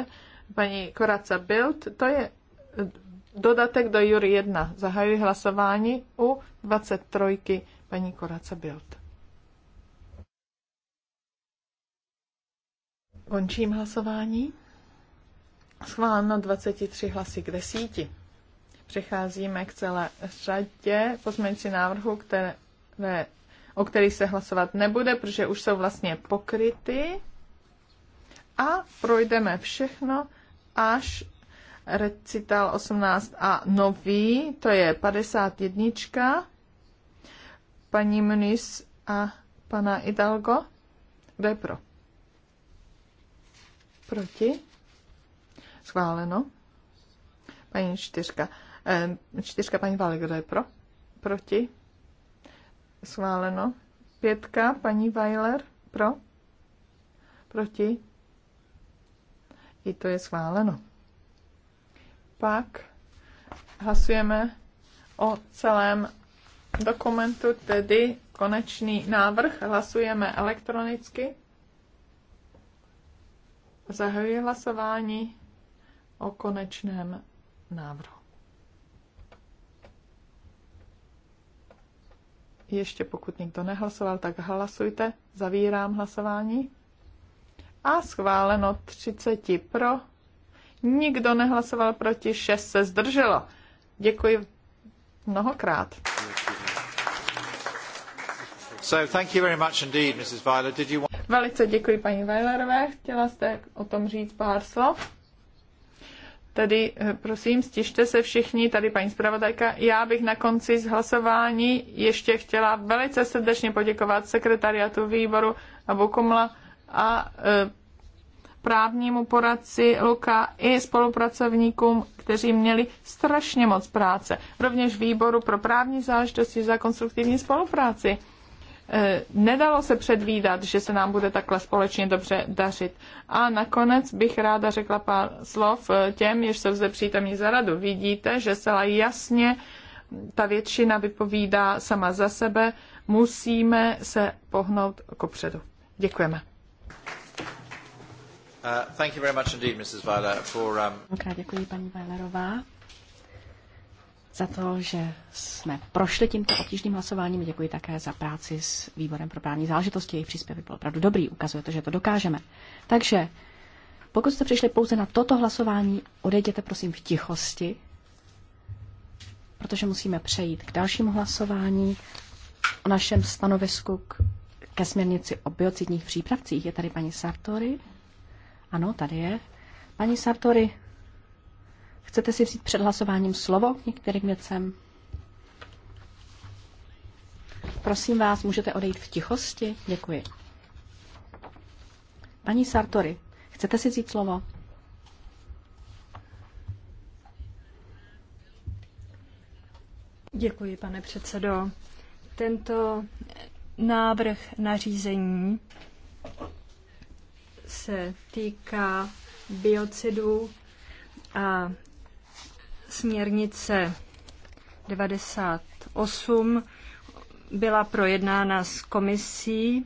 Paní Koraca Bild, to je eh, dodatek do Jury 1. Zahajuji hlasování u 23. paní Koraca Bild. Končím hlasování. Schváleno 23 hlasy k desíti. Přecházíme k celé řadě pozměňující návrhu, které, o kterých se hlasovat nebude, protože už jsou vlastně pokryty. A projdeme všechno až recital 18 a nový, to je 51. Paní Muniz a pana Hidalgo. Kdo je pro? Proti? Schváleno. Paní čtyřka. Eh, čtyřka paní Vále, kdo je pro? Proti? Schváleno. Pětka paní Weiler, pro? Proti? I to je schváleno. Pak hlasujeme o celém dokumentu, tedy konečný návrh. Hlasujeme elektronicky. Zahajuji hlasování o konečném návrhu. Ještě pokud nikdo nehlasoval, tak hlasujte. Zavírám hlasování. A schváleno 30 pro. Nikdo nehlasoval proti, 6 se zdrželo. Děkuji mnohokrát. So thank you very much indeed, Mrs. Weiler. Did you want... Velice děkuji paní Weilerové. Chtěla jste o tom říct pár slov? Tedy eh, prosím, stište se všichni, tady paní zpravodajka. Já bych na konci z hlasování ještě chtěla velice srdečně poděkovat sekretariatu výboru a Kumla a e, právnímu poradci Luka i spolupracovníkům, kteří měli strašně moc práce. Rovněž výboru pro právní záležitosti za konstruktivní spolupráci. Eh, nedalo se předvídat, že se nám bude takhle společně dobře dařit. A nakonec bych ráda řekla pár slov eh, těm, jež jsou zde přítomní za radu. Vidíte, že zcela jasně ta většina vypovídá sama za sebe. Musíme se pohnout kopředu. Děkujeme. Uh, thank you very much indeed, Mrs. Weiler, for, um... Děkuji paní Weilerová za to, že jsme prošli tímto obtížným hlasováním. Děkuji také za práci s výborem pro právní záležitosti. Jejich příspěvek byl opravdu dobrý, ukazuje to, že to dokážeme. Takže pokud jste přišli pouze na toto hlasování, odejděte prosím v tichosti, protože musíme přejít k dalšímu hlasování o našem stanovisku k, ke směrnici o biocidních přípravcích. Je tady paní Sartori? Ano, tady je. Paní Sartori, Chcete si vzít před hlasováním slovo k některým věcem? Prosím vás, můžete odejít v tichosti? Děkuji. Paní Sartori, chcete si vzít slovo? Děkuji, pane předsedo. Tento návrh nařízení se týká biocidů a Směrnice 98 byla projednána s komisí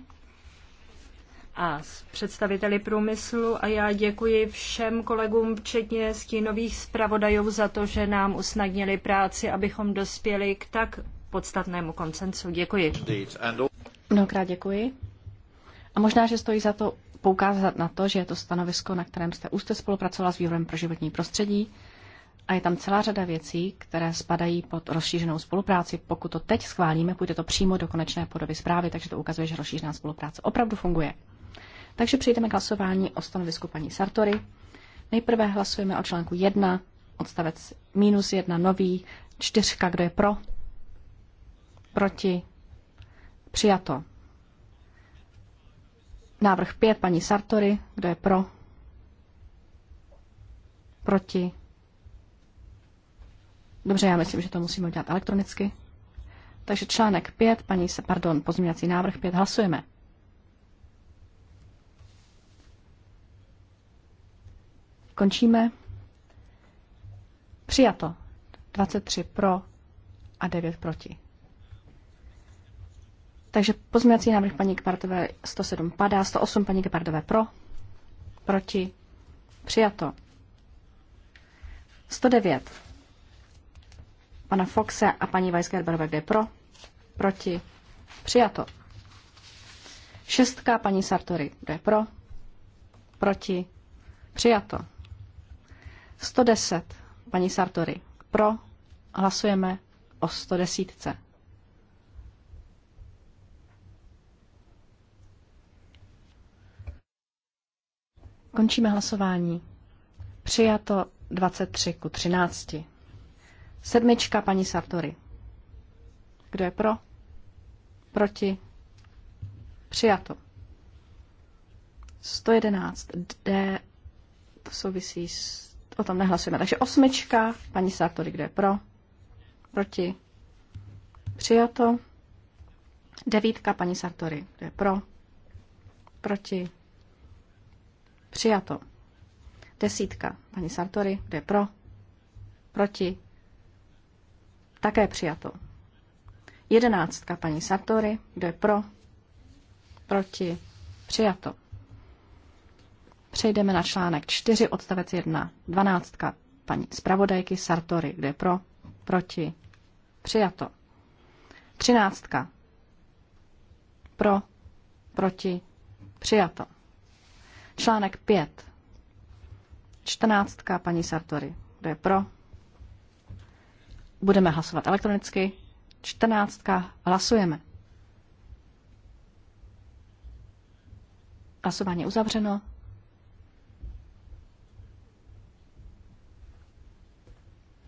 a s představiteli průmyslu a já děkuji všem kolegům, včetně stínových zpravodajů, za to, že nám usnadnili práci, abychom dospěli k tak podstatnému koncensu. Děkuji. Mnohokrát děkuji. A možná, že stojí za to poukázat na to, že je to stanovisko, na kterém jste úzce spolupracovala s výborem pro životní prostředí a je tam celá řada věcí, které spadají pod rozšířenou spolupráci. Pokud to teď schválíme, půjde to přímo do konečné podoby zprávy, takže to ukazuje, že rozšířená spolupráce opravdu funguje. Takže přejdeme k hlasování o stanovisku paní Sartory. Nejprve hlasujeme o článku 1, odstavec minus 1 nový, čtyřka, kdo je pro, proti, přijato. Návrh 5, paní Sartory, kdo je pro, proti, Dobře, já myslím, že to musíme udělat elektronicky. Takže článek 5, paní se, pardon, pozměňovací návrh 5, hlasujeme. Končíme. Přijato. 23 pro a 9 proti. Takže pozměňovací návrh paní Gepardové 107 padá, 108 paní Gepardové pro, proti, přijato. 109 pana Foxe a paní Weisgerberové, kde pro, proti, přijato. Šestka paní Sartory, kde pro, proti, přijato. 110 paní Sartory, pro, hlasujeme o 110. Končíme hlasování. Přijato 23 ku 13. Sedmička paní Sartory. Kdo je pro? Proti? Přijato. 111 D to souvisí s... O tom nehlasujeme. Takže osmička, paní Sartory, kdo je pro? Proti? Přijato. Devítka, paní Sartory, kdo je pro? Proti? Přijato. Desítka, paní Sartory, kdo je pro? Proti? Také přijato. Jedenáctka paní Sartory. Kdo je pro? Proti? Přijato. Přejdeme na článek 4, odstavec 1. Dvanáctka paní zpravodajky Sartory. Kdo je pro? Proti? Přijato. Třináctka. Pro? Proti? Přijato. Článek 5. Čtrnáctka paní Sartory. Kdo je pro? Budeme hlasovat elektronicky. Čtrnáctka. Hlasujeme. Hlasování uzavřeno.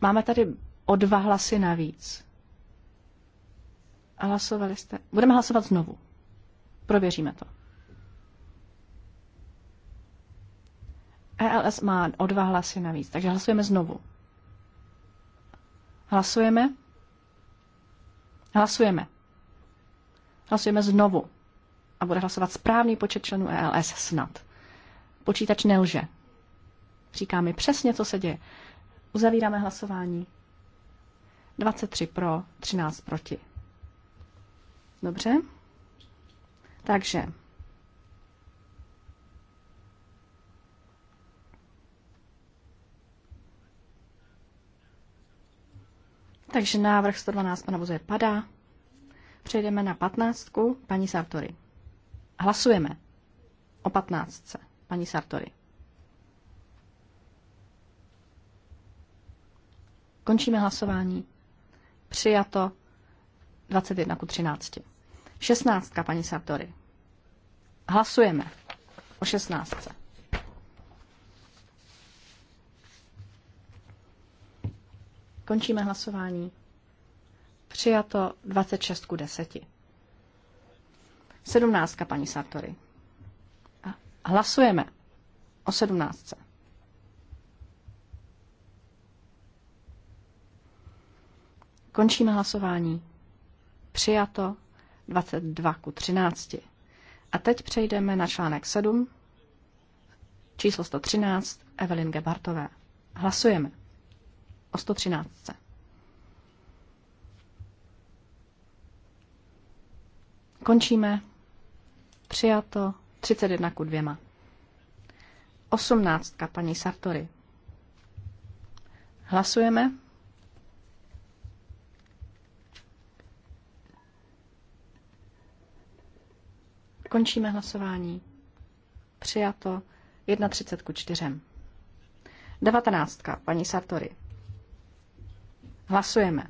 Máme tady o dva hlasy navíc. A hlasovali jste. Budeme hlasovat znovu. Prověříme to. ELS má o dva hlasy navíc, takže hlasujeme znovu. Hlasujeme. Hlasujeme. Hlasujeme znovu. A bude hlasovat správný počet členů ELS snad. Počítač nelže. Říká mi přesně, co se děje. Uzavíráme hlasování. 23 pro, 13 proti. Dobře. Takže Takže návrh 112 pana Buzeje padá. Přejdeme na 15. paní Sartory. Hlasujeme o 15. paní Sartory. Končíme hlasování. Přijato 21 ku 13. 16. paní Sartory. Hlasujeme o 16. Končíme hlasování. Přijato 26 k 10. 17. paní Sartory. A hlasujeme o 17. Končíme hlasování. Přijato 22 k 13. A teď přejdeme na článek 7, číslo 113, Evelyn Gebartové. Hlasujeme o 113. Končíme. Přijato 31 ku 2. 18. paní Sartory. Hlasujeme. Končíme hlasování. Přijato 31 ku 4. 19. paní Sartory. Hlasujeme.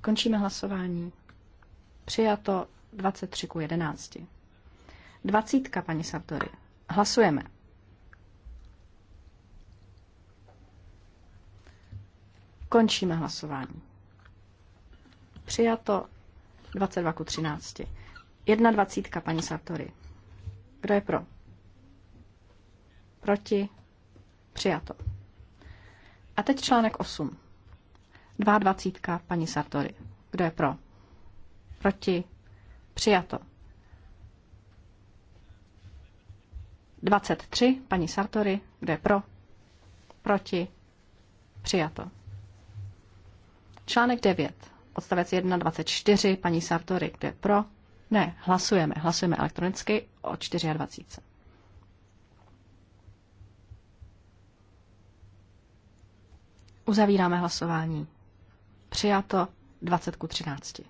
Končíme hlasování. Přijato 23 k 11. Dvacítka, paní Sartori. Hlasujeme. Končíme hlasování. Přijato 22 k 13. Jedna dvacítka, paní Sartori. Kdo je pro? proti, přijato. A teď článek 8. 22. paní Sartory. Kdo je pro? Proti, přijato. 23. paní Sartory. Kdo je pro? Proti, přijato. Článek 9. Odstavec 1, 24. Paní Sartory. Kdo je pro? Ne, hlasujeme. Hlasujeme elektronicky o 24. Uzavíráme hlasování. Přijato 20 ku 13.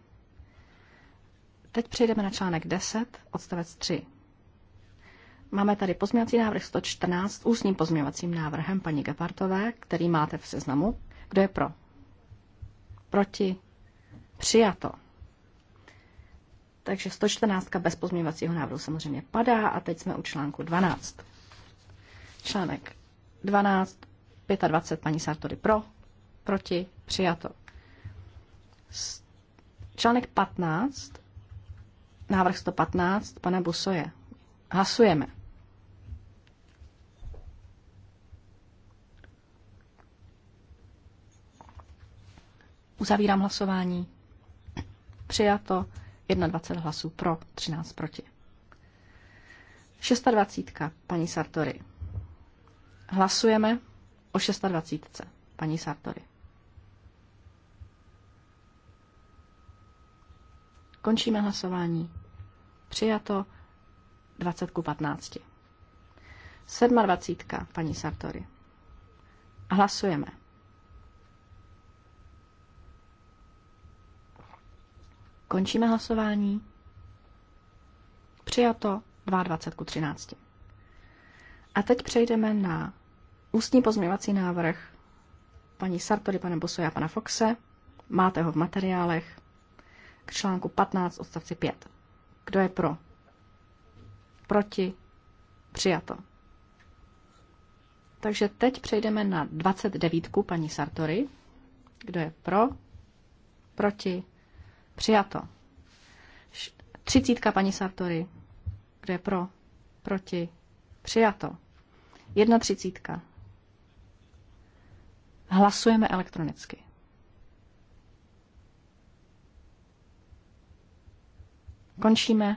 Teď přejdeme na článek 10, odstavec 3. Máme tady pozměňovací návrh 114 ústním pozměňovacím návrhem paní Gepartové, který máte v seznamu. Kdo je pro? Proti? Přijato. Takže 114 bez pozměňovacího návrhu samozřejmě padá a teď jsme u článku 12. Článek 12, 25 paní Sartory pro, proti, přijato. Článek 15, návrh 115 pana Busoje. Hlasujeme. Uzavírám hlasování. Přijato 21 hlasů pro, 13 proti. 26. paní Sartory. Hlasujeme o 26. paní Sartory. Končíme hlasování. Přijato 20 ku 15. 27. paní Sartory. Hlasujeme. Končíme hlasování. Přijato 22 ku 13. A teď přejdeme na Ústní pozměvací návrh paní Sartory, pana Bosoja a pana Foxe. Máte ho v materiálech k článku 15 odstavci 5. Kdo je pro? Proti? Přijato. Takže teď přejdeme na 29. paní Sartory. Kdo je pro? Proti? Přijato. 30. paní Sartory. Kdo je pro? Proti? Přijato. 31. Hlasujeme elektronicky. Končíme.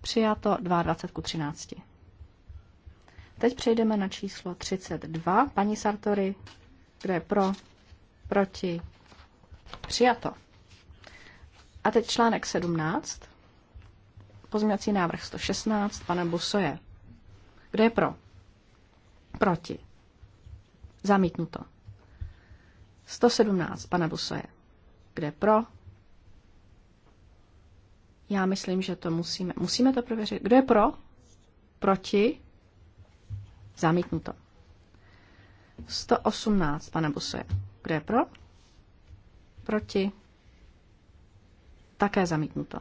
Přijato 22 ku 13. Teď přejdeme na číslo 32. Paní Sartory, kde je pro, proti, přijato. A teď článek 17. Pozměňovací návrh 116 Pane Busoje. kde je pro? Proti. Zamítnuto. 117 pana Busoje. Kde pro? Já myslím, že to musíme. Musíme to prověřit. Kdo je pro? Proti? Zamítnuto. 118 Pane Busoje. Kdo je pro? Proti? Také zamítnuto.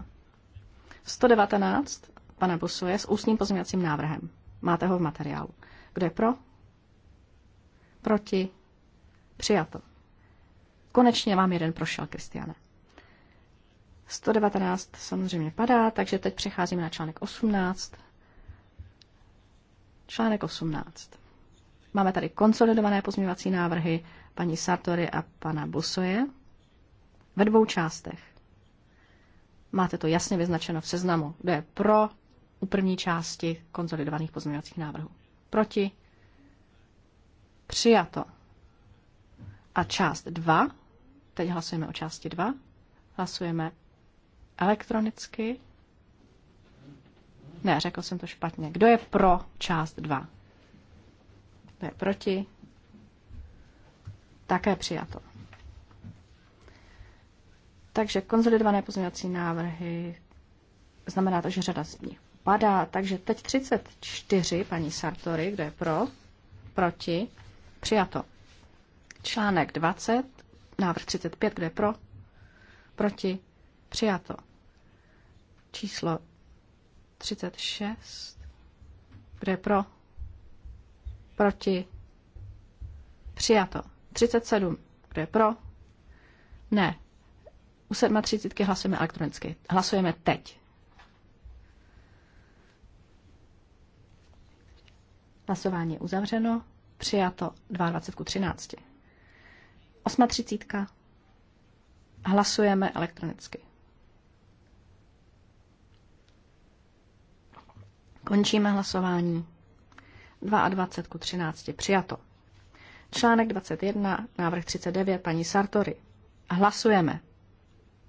119 Pane Busoje s ústním pozměňovacím návrhem. Máte ho v materiálu. Kdo je pro? proti, přijato. Konečně vám jeden prošel, Kristiane. 119 samozřejmě padá, takže teď přecházíme na článek 18. Článek 18. Máme tady konsolidované pozměňovací návrhy paní Sartory a pana Busoje ve dvou částech. Máte to jasně vyznačeno v seznamu, kde je pro u první části konsolidovaných pozměňovacích návrhů. Proti Přijato. A část 2. Teď hlasujeme o části 2. Hlasujeme elektronicky. Ne, řekl jsem to špatně. Kdo je pro část 2? Kdo je proti? Také přijato. Takže konzolidované pozměňovací návrhy znamená to, že řada z nich padá. Takže teď 34, paní Sartory, kdo je pro, proti, Přijato. Článek 20, návrh 35, kde pro? Proti? Přijato. Číslo 36, kde pro? Proti? Přijato. 37, kde pro? Ne. U 37 hlasujeme elektronicky. Hlasujeme teď. Hlasování je uzavřeno. Přijato 22 ku 13. Hlasujeme elektronicky. Končíme hlasování. 22 13. Přijato. Článek 21, návrh 39, paní Sartory. Hlasujeme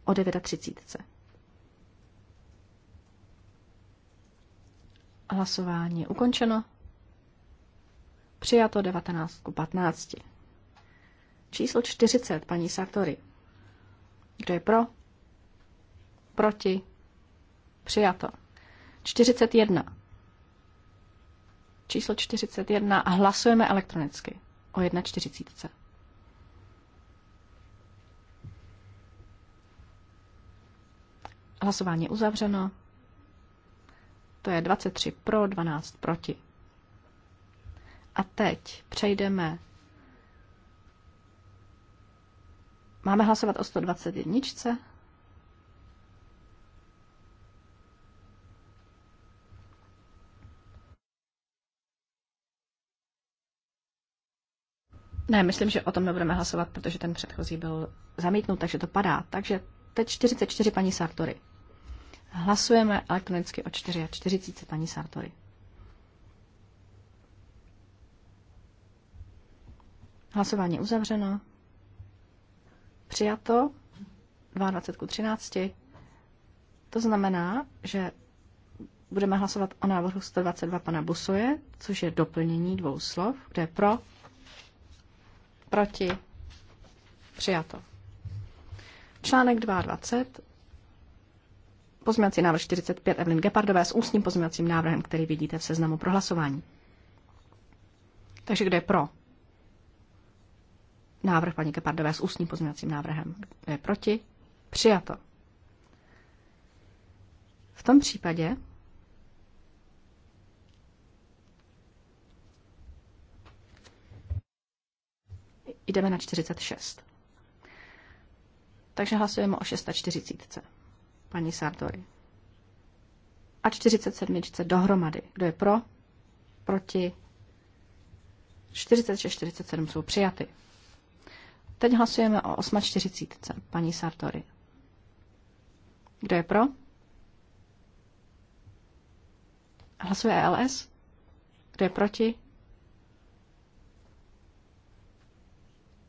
o 39. Hlasování je ukončeno. Přijato 19 ku 15. Číslo 40, paní Sartori. Kdo je pro? Proti? Přijato. 41. Číslo 41 a hlasujeme elektronicky o 1.40. Hlasování je uzavřeno. To je 23 pro, 12 proti. A teď přejdeme. Máme hlasovat o 121. Ne, myslím, že o tom nebudeme hlasovat, protože ten předchozí byl zamítnut, takže to padá. Takže teď 44 paní Sartory. Hlasujeme elektronicky o 44 paní Sartory. Hlasování uzavřeno. Přijato 22 13. To znamená, že budeme hlasovat o návrhu 122 pana Busuje, což je doplnění dvou slov, kde je pro, proti, přijato. Článek 22. Pozměňovací návrh 45 Evelyn Gepardové s ústním pozměňovacím návrhem, který vidíte v seznamu pro hlasování. Takže kde je pro? Návrh paní Kepardové s ústním pozměňovacím návrhem. Kdo je proti? Přijato. V tom případě jdeme na 46. Takže hlasujeme o 640. Paní Sartori. A 47. dohromady. Kdo je pro? Proti? 46, 47 jsou přijaty. Teď hlasujeme o 8.40. Paní Sartori. Kdo je pro? Hlasuje ELS? Kdo je proti?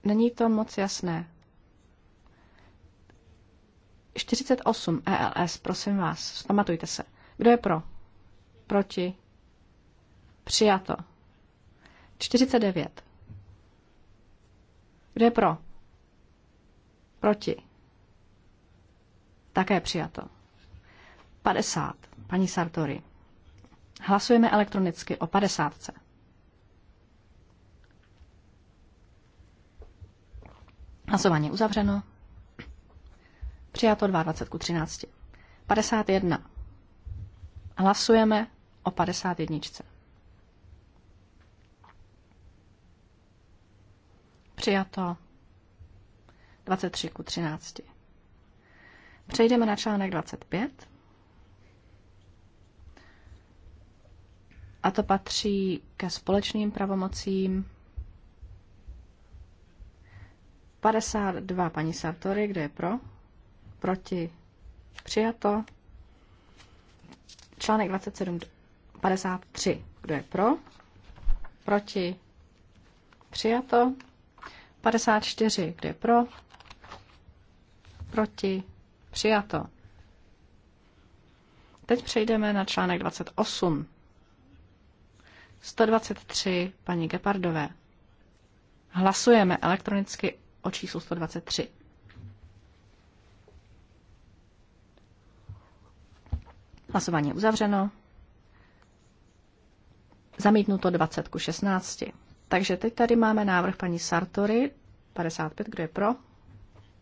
Není to moc jasné. 48 ELS, prosím vás, vzpamatujte se. Kdo je pro? Proti? Přijato. 49. Kdo je pro? Proti? Také přijato. 50. Paní Sartori. Hlasujeme elektronicky o 50. Hlasování uzavřeno. Přijato 22 k 13. 51. Hlasujeme o 51. Přijato 23 ku 13. Přejdeme na článek 25. A to patří ke společným pravomocím 52 paní Sartory, kde je pro, proti, přijato. Článek 27, 53, kdo je pro, proti, přijato. 54, kde pro, proti, přijato. Teď přejdeme na článek 28. 123 paní Gepardové. Hlasujeme elektronicky o číslu 123. Hlasování je uzavřeno. Zamítnuto 20 ku 16. Takže teď tady máme návrh paní Sartory, 55, kdo je pro,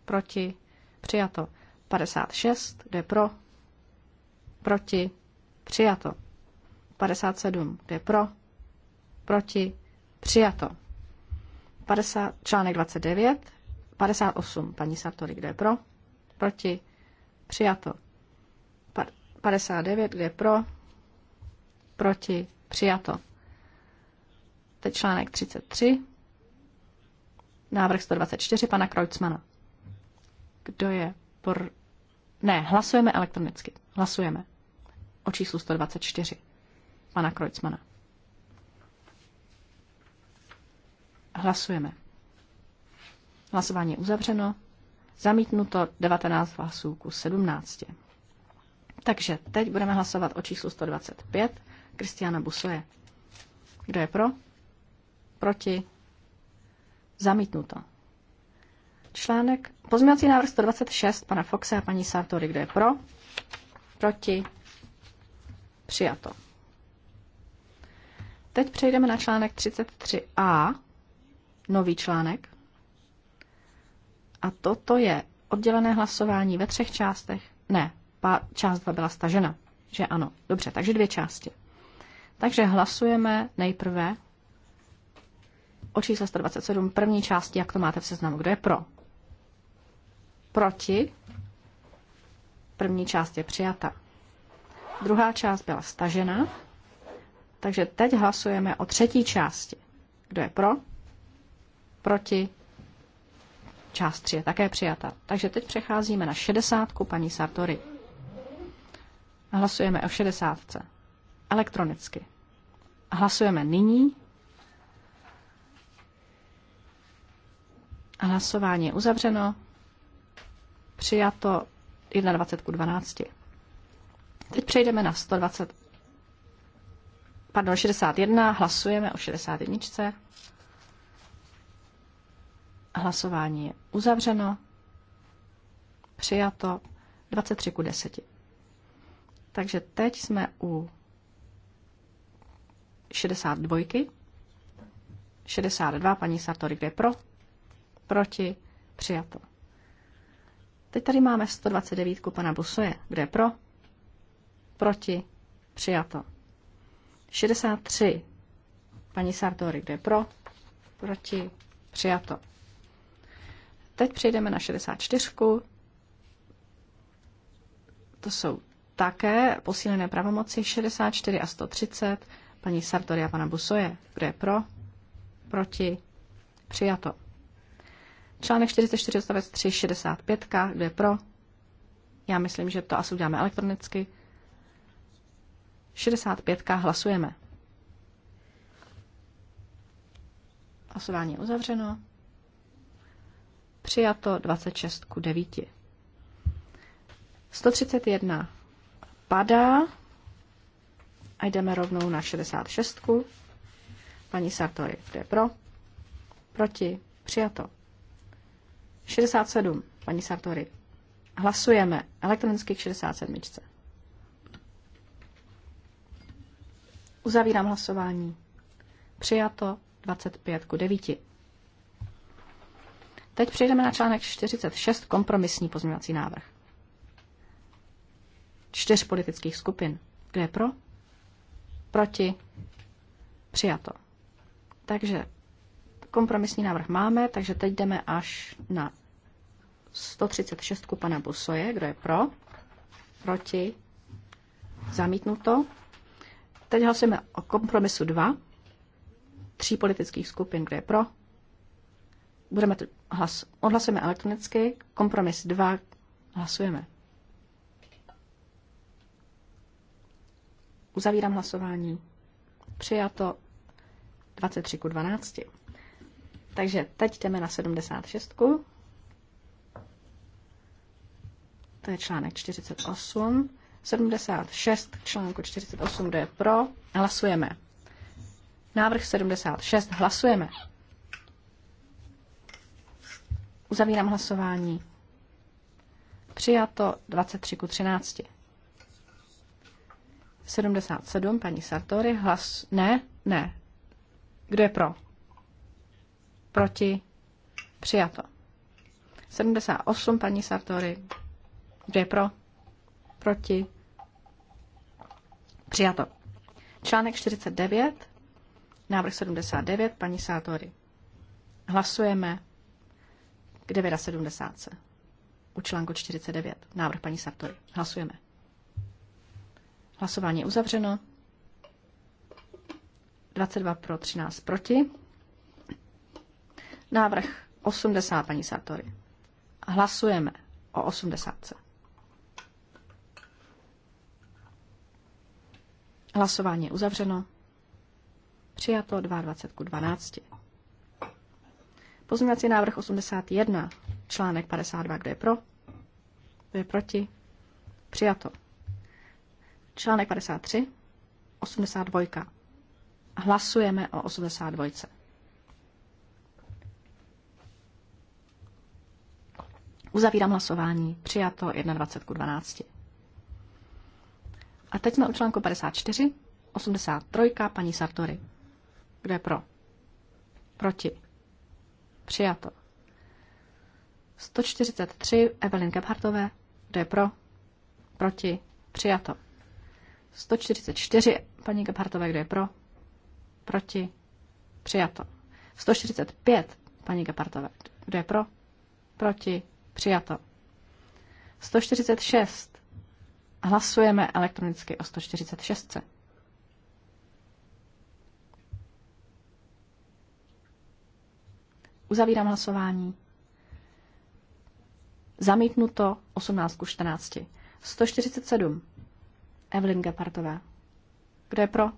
proti, přijato. 56, kdo je pro, proti, přijato. 57, kdo je pro, proti, přijato. 50, článek 29, 58, paní Sartory, kdo je pro, proti, přijato. 59, kdo je pro, proti, přijato. Teď článek 33. Návrh 124 pana Kreutzmana. Kdo je por... Ne, hlasujeme elektronicky. Hlasujeme. O číslu 124 pana Kreutzmana. Hlasujeme. Hlasování je uzavřeno. Zamítnuto 19 hlasů ku 17. Takže teď budeme hlasovat o číslu 125 Kristiana Busoje. Kdo je pro? Proti? Zamítnuto. Článek, pozměňovací návrh 126 pana Foxe a paní Sartory, kde je pro? Proti? Přijato. Teď přejdeme na článek 33a, nový článek. A toto je oddělené hlasování ve třech částech. Ne, pa, část 2 byla stažena, že ano. Dobře, takže dvě části. Takže hlasujeme nejprve o čísle 127 první části, jak to máte v seznamu. Kdo je pro? Proti? První část je přijata. Druhá část byla stažena, takže teď hlasujeme o třetí části. Kdo je pro? Proti? Část 3 je také přijata. Takže teď přecházíme na 60 paní Sartory. Hlasujeme o 60 elektronicky. Hlasujeme nyní Hlasování je uzavřeno. Přijato 21 ku 12. Teď přejdeme na 120. Pardon, 61. Hlasujeme o 61. Hlasování je uzavřeno. Přijato 23 ku 10. Takže teď jsme u 62. 62, paní Sartori, kde je pro, proti, přijato. Teď tady máme 129 pana Busoje. Kde je pro? Proti, přijato. 63 paní Sartori. Kde je pro? Proti, přijato. Teď přejdeme na 64. To jsou také posílené pravomoci 64 a 130 paní Sartori a pana Busoje. Kde je pro? Proti? Přijato. Článek 44 odstavec 3, 65, kdo je pro? Já myslím, že to asi uděláme elektronicky. 65 hlasujeme. Hlasování je uzavřeno. Přijato 26 ku 9. 131 padá a jdeme rovnou na 66. Paní Sartori, kdo je pro? Proti? Přijato. 67, paní Sartori. Hlasujeme elektronicky k 67. Uzavírám hlasování. Přijato 25 ku 9. Teď přejdeme na článek 46, kompromisní pozměňovací návrh. Čtyř politických skupin. Kde je pro? Proti? Přijato. Takže kompromisní návrh máme, takže teď jdeme až na 136 pana Busoje. Kdo je pro? Proti? Zamítnuto. Teď hlasujeme o kompromisu 2. Tří politických skupin. Kdo je pro? Budeme hlas- odhlasujeme elektronicky. Kompromis 2. Hlasujeme. Uzavírám hlasování. Přijato 23 ku 12. Takže teď jdeme na 76. To je článek 48. 76 k článku 48, kde je pro. Hlasujeme. Návrh 76. Hlasujeme. Uzavírám hlasování. Přijato 23 ku 13. 77, paní Sartori, hlas... Ne, ne. Kdo je pro? Proti? Přijato. 78, paní Sartori, kdo je pro? Proti? Přijato. Článek 49, návrh 79, paní Sátory. Hlasujeme k 970. U článku 49, návrh paní Sartory. Hlasujeme. Hlasování je uzavřeno. 22 pro, 13 proti. Návrh 80, paní Sartory. Hlasujeme o 80. Hlasování je uzavřeno. Přijato 22 k 12. Pozměňovací návrh 81, článek 52, kdo je pro, Kdo je proti, přijato. Článek 53, 82. Hlasujeme o 82. Uzavírám hlasování. Přijato 21 k 12. A teď jsme u článku 54, 83, paní Sartory. Kdo je pro? Proti. Přijato. 143, Evelyn Gebhardtové. Kdo je pro? Proti. Přijato. 144, paní Gebhardtové. Kdo je pro? Proti. Přijato. 145, paní Gebhardtové. Kdo je pro? Proti. Přijato. 146, Hlasujeme elektronicky o 146. Uzavírám hlasování. Zamítnuto 18 ku 14. 147. Evelyn Gepardová. Kdo je pro?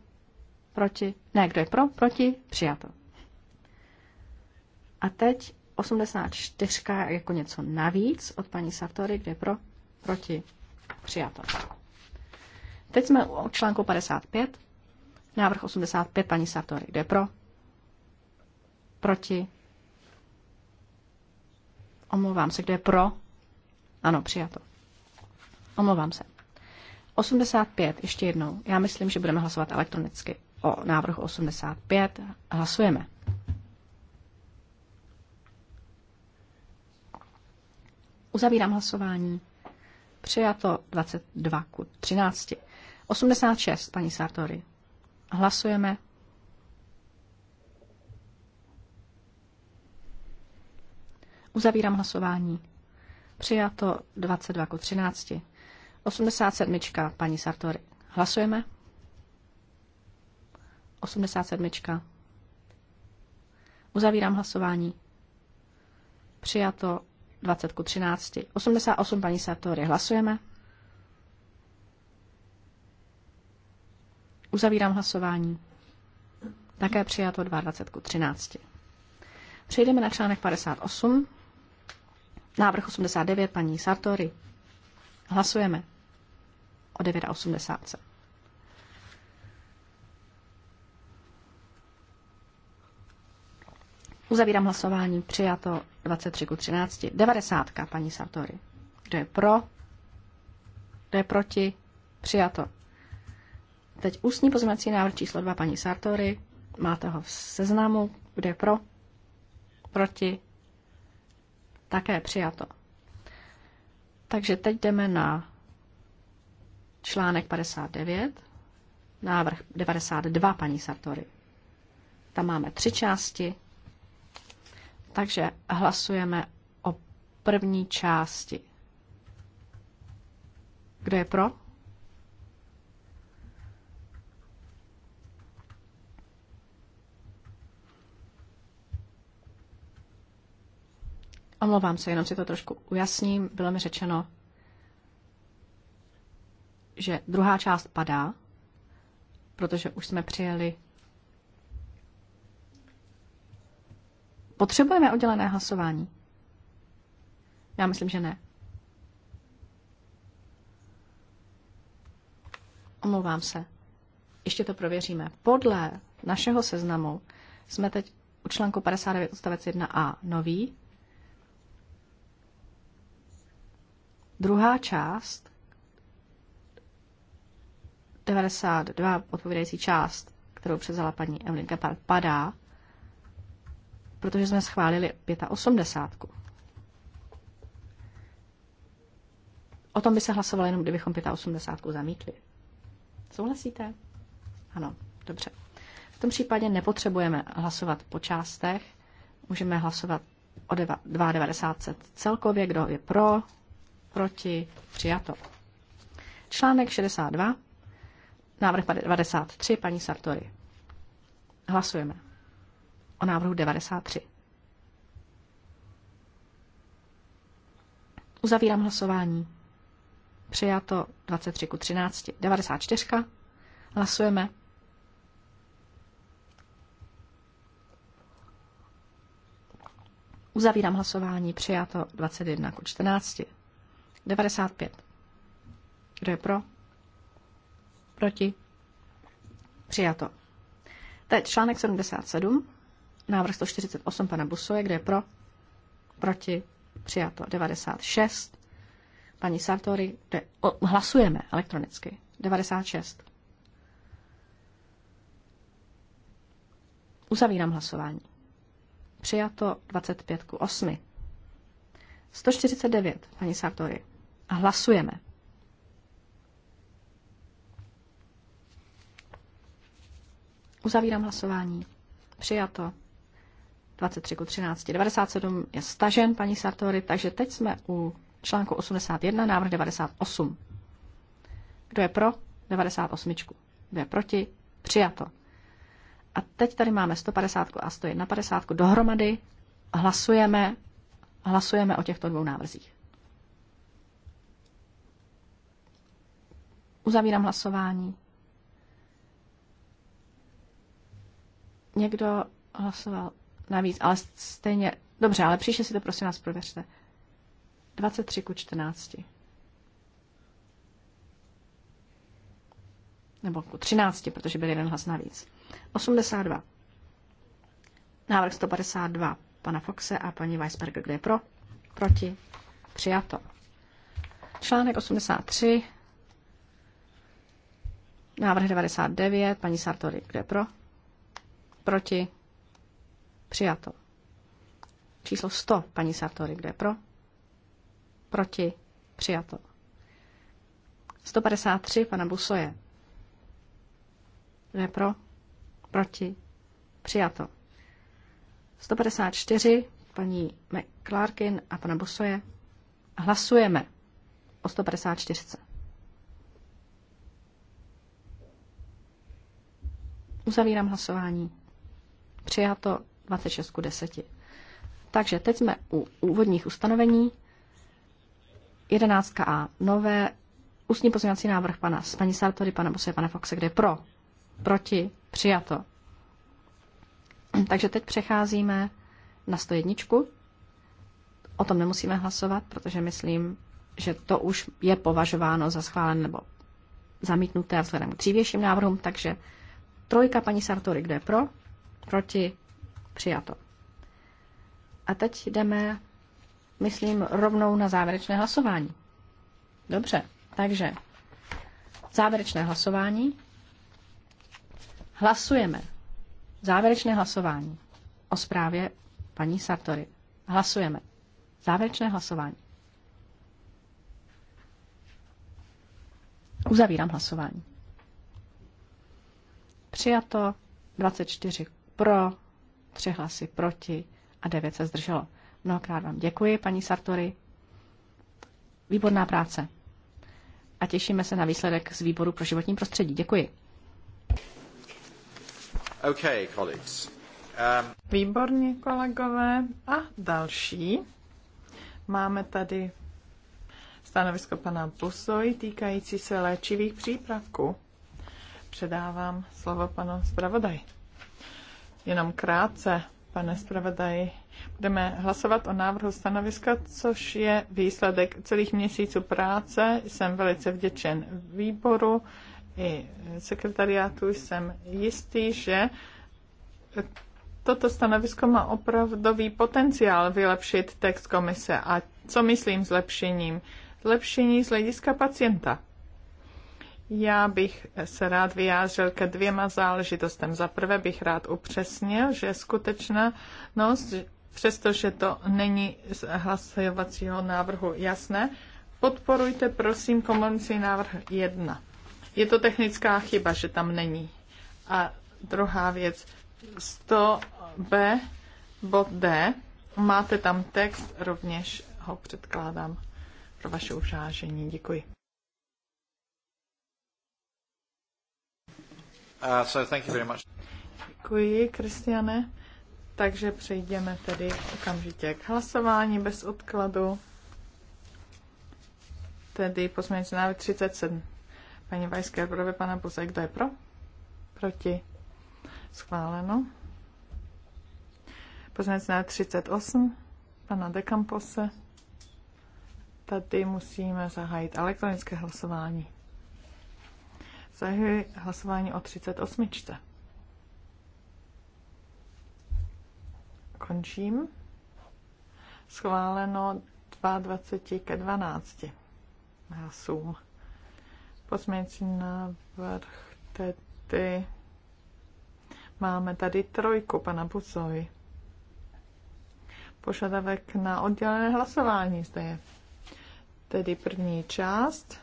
Proti? Ne, kdo je pro? Proti? Přijato. A teď 84 jako něco navíc od paní Sartory, Kdo je pro? Proti? Přijato. Teď jsme u článku 55. Návrh 85 paní Sartori. Kde pro? Proti? Omlouvám se, kde je pro? Ano, přijato. Omlouvám se. 85, ještě jednou. Já myslím, že budeme hlasovat elektronicky. O návrhu 85 hlasujeme. Uzavírám hlasování. Přijato 22 k 13. 86, paní Sartori. Hlasujeme. Uzavírám hlasování. Přijato 22 k 13. 87. paní Sartori. Hlasujeme. 87. Uzavírám hlasování. Přijato 20 ku 13. 88 paní Sartori. Hlasujeme. Uzavírám hlasování. Také přijato 22 ku 13. Přejdeme na článek 58. Návrh 89 paní Sartori. Hlasujeme o 980. Uzavírám hlasování. Přijato 23 ku 13. 90. paní Sartori. Kdo je pro? Kdo je proti? Přijato. Teď ústní pozměňovací návrh číslo 2 paní Sartori. Máte ho v seznamu. Kdo je pro? Proti? Také přijato. Takže teď jdeme na článek 59, návrh 92 paní Sartori. Tam máme tři části. Takže hlasujeme o první části. Kdo je pro? Omlouvám se, jenom si to trošku ujasním. Bylo mi řečeno, že druhá část padá, protože už jsme přijeli Potřebujeme oddělené hlasování? Já myslím, že ne. Omlouvám se. Ještě to prověříme. Podle našeho seznamu jsme teď u článku 59 odstavec 1a nový. Druhá část 92 odpovídající část, kterou převzala paní Evelyn padá protože jsme schválili 85. O tom by se hlasovalo jenom, kdybychom 85 zamítli. Souhlasíte? Ano, dobře. V tom případě nepotřebujeme hlasovat po částech, můžeme hlasovat o 92 celkově, kdo je pro, proti, přijato. Článek 62, návrh 93, paní Sartori. Hlasujeme o návrhu 93. Uzavírám hlasování. Přijato 23 ku 13. 94. Hlasujeme. Uzavírám hlasování. Přijato 21 ku 14. 95. Kdo je pro? Proti? Přijato. Teď článek 77. Návrh 148 pana Busoje, kde je pro, proti, přijato 96. Paní Sartori, kde o, hlasujeme elektronicky 96. Uzavírám hlasování. Přijato 25 ku 8. 149, paní Sartori. A hlasujeme. Uzavírám hlasování. Přijato 23 k 13. 97 je stažen, paní Sartori, takže teď jsme u článku 81, návrh 98. Kdo je pro? 98. Kdo je proti? Přijato. A teď tady máme 150 a 101 50 dohromady. Hlasujeme, hlasujeme o těchto dvou návrzích. Uzavírám hlasování. Někdo hlasoval navíc, ale stejně... Dobře, ale příště si to prosím nás prověřte. 23 ku 14. Nebo ku 13, protože byl jeden hlas navíc. 82. Návrh 152 pana Foxe a paní Weisberger, kde je pro, proti, přijato. Článek 83, návrh 99, paní Sartori, kde je pro, proti, Přijato. Číslo 100, paní Sartori, kde je pro? Proti. Přijato. 153, pana Busoje. Kde je pro? Proti. Přijato. 154, paní McClarkin a pana Busoje. Hlasujeme o 154. Uzavírám hlasování. Přijato 26 k 10. Takže teď jsme u úvodních ustanovení. 11a. Nové ústní pozměňovací návrh pana paní Sartory, pana Bose, pana Foxe, kde je pro, proti, přijato. Takže teď přecházíme na 101. O tom nemusíme hlasovat, protože myslím, že to už je považováno za schválen nebo zamítnuté vzhledem k dřívějším návrhům, takže trojka paní Sartory, kde je pro, proti, Přijato. A teď jdeme, myslím, rovnou na závěrečné hlasování. Dobře, takže závěrečné hlasování. Hlasujeme. Závěrečné hlasování o zprávě paní Sartory. Hlasujeme. Závěrečné hlasování. Uzavírám hlasování. Přijato 24 pro, tři hlasy proti a devět se zdrželo. Mnohokrát vám děkuji, paní Sartory. Výborná práce. A těšíme se na výsledek z výboru pro životní prostředí. Děkuji. Okay, colleagues. Um... Výborní kolegové. A další. Máme tady stanovisko pana Busoj týkající se léčivých přípravků. Předávám slovo panu zpravodaji. Jenom krátce, pane zpravodaji. Budeme hlasovat o návrhu stanoviska, což je výsledek celých měsíců práce. Jsem velice vděčen výboru i sekretariátu. Jsem jistý, že toto stanovisko má opravdový potenciál vylepšit text komise. A co myslím zlepšením? Zlepšení z hlediska pacienta já bych se rád vyjádřil ke dvěma záležitostem. Za prvé bych rád upřesnil, že nos, přestože to není z hlasovacího návrhu jasné, podporujte prosím komunicí návrh 1. Je to technická chyba, že tam není. A druhá věc, 100b bod D, máte tam text, rovněž ho předkládám pro vaše uvážení. Děkuji. Uh, so thank you very much. Děkuji, Kristiane. Takže přejdeme tedy okamžitě k hlasování bez odkladu. Tedy pozměňující návrh 37. Paní Vajské budovy, pana Buzek, kdo je pro? Proti? Schváleno. Pozměňující návrh 38. Pana Dekampose. Tady musíme zahájit elektronické hlasování. Zahajuji hlasování o 38. Končím. Schváleno 22 ke 12 hlasům. Pozměňující návrh tedy máme tady trojku pana Buzovi. Požadavek na oddělené hlasování zde je. Tedy první část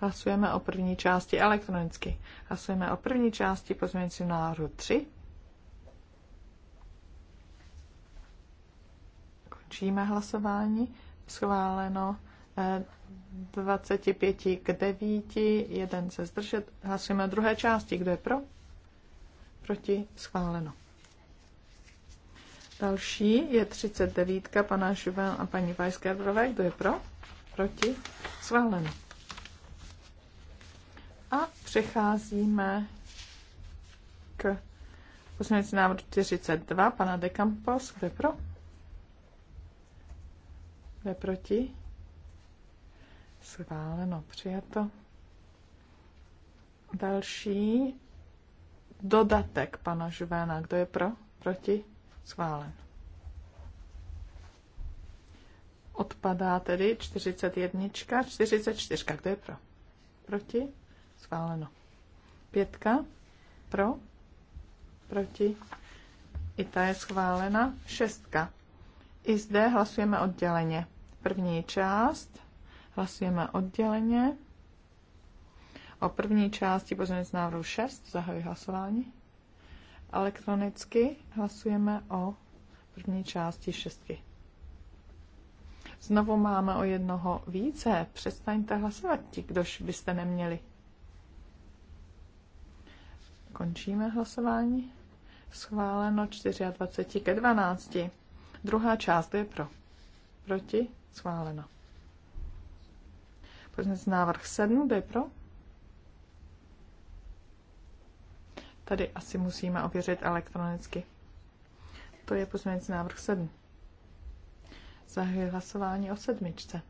Hlasujeme o první části elektronicky. Hlasujeme o první části pozměňovacího návrhu 3. Končíme hlasování. Schváleno 25 eh, k 9, jeden se zdržet. Hlasujeme o druhé části. Kdo je pro? Proti? Schváleno. Další je 39 pana Šuvel a paní Weisgerberové. Kdo je pro? Proti? Schváleno. A přecházíme k poslanecí návrh 42 pana De Campos. Kde pro? Kde proti? Schváleno, přijato. Další dodatek pana Žuvéna. Kdo je pro? Proti? Schválen. Odpadá tedy 41, 44. Kdo je pro? Proti? Schváleno. Pětka. Pro. Proti. I ta je schválena. Šestka. I zde hlasujeme odděleně. První část. Hlasujeme odděleně. O první části pozměnic návrhu 6 zahajuji hlasování. Elektronicky hlasujeme o první části šestky. Znovu máme o jednoho více. Přestaňte hlasovat ti, kdož byste neměli. Končíme hlasování. Schváleno 24 ke 12. Druhá část je pro. Proti? Schváleno. Pozměňovací návrh 7 je pro. Tady asi musíme ověřit elektronicky. To je pozměnící návrh 7. Zahajuji hlasování o sedmičce.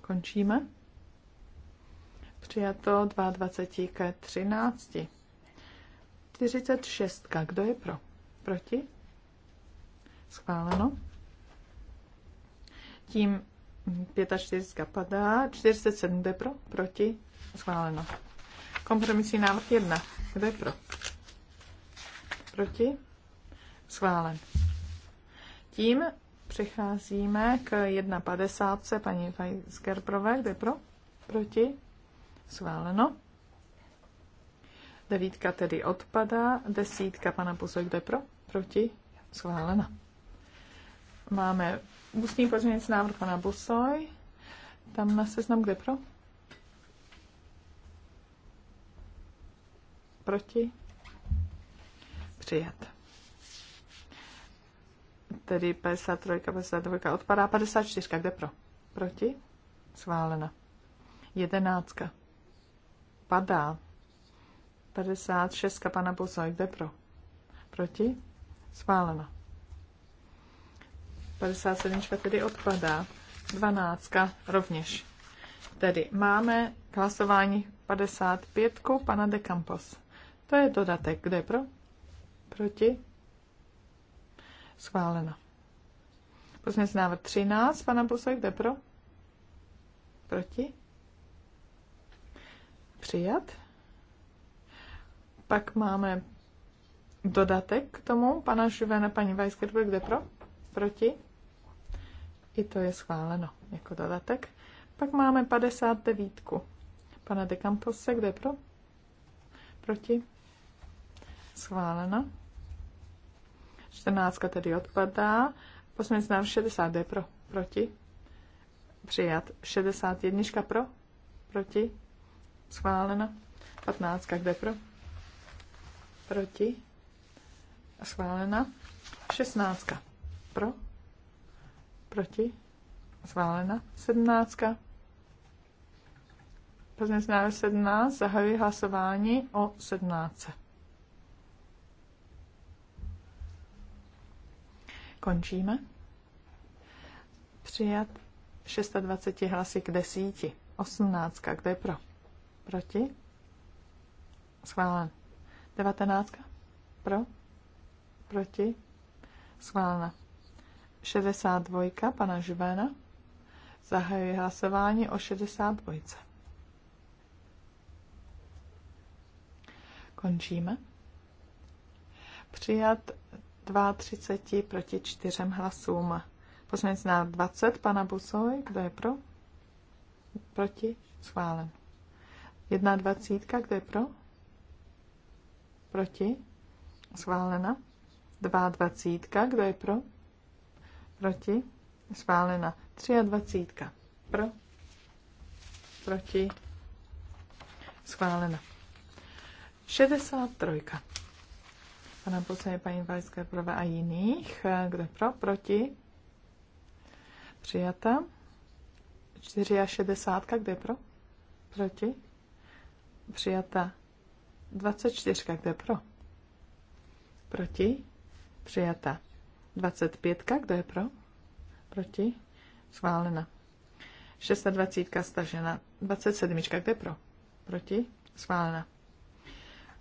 Končíme. Přijato 22 ke 13. 46. Kdo je pro? Proti? Schváleno. Tím 45 padá. 47 Kdo je pro? Proti? Schváleno. Kompromisní návrh 1. Kdo je pro? Proti? Schválen. Tím přicházíme k 1.50 paní Weisgerbrové. Kdo je pro? Proti? Schváleno. Devítka tedy odpadá. Desítka pana Pusoj, kde pro? Proti? Schválena. Máme ústní pozměňovací návrh pana Busoj. Tam na seznam kde pro? Proti? Přijat. Tedy 53, 52 odpadá. 54, kde pro? Proti? Schválena. Jedenáctka padá. 56 pana Bozoj, jde pro? Proti? Schválena. 57 tedy odpadá. 12 rovněž. Tedy máme k hlasování 55 pana de Campos. To je dodatek. Kde pro? Proti? Schválena. Pozměnit návrh 13 pana Busek. Kde pro? Proti? Přijat. Pak máme dodatek k tomu pana Živena, paní Weisgerber, kde pro? Proti? I to je schváleno jako dodatek. Pak máme 59. Pana de Campose, kde pro? Proti? Schváleno. 14 tedy odpadá. Poslanec nám 60 je pro. Proti? Přijat. 61 pro? Proti? Schválena. 15. Kde pro? Proti. Schválena. 16. Pro. Proti. Schválena. 17. Pozměnit návrh 17. Zahajuji hlasování o 17. Končíme. Přijat 26 hlasy k 10. 18. Kde je pro? Proti? Schválen. Devatenáctka? Pro? Proti? Schválena. 62 pana Živéna. Zahajuji hlasování o 62. Končíme. Přijat 32 proti 4 hlasům. Poslanec návrh 20 pana Busovi. Kdo je pro? Proti? Schválen. Jedna dvacítka, kde je pro? Proti? Schválena. Dva dvacítka, kdo je pro? Proti? Schválena. Tři a dvacítka. Pro? Proti? Schválena. 63. Pana poslance paní Vajské prova a jiných. Kdo je pro? Proti? Přijata. 64. Kde je pro? Proti? Přijata. 24. Kdo je pro? Proti? Přijata. 25. Kdo je pro? Proti? Schválena. 26. Stažena. 27. Kdo je pro? Proti? Schválena.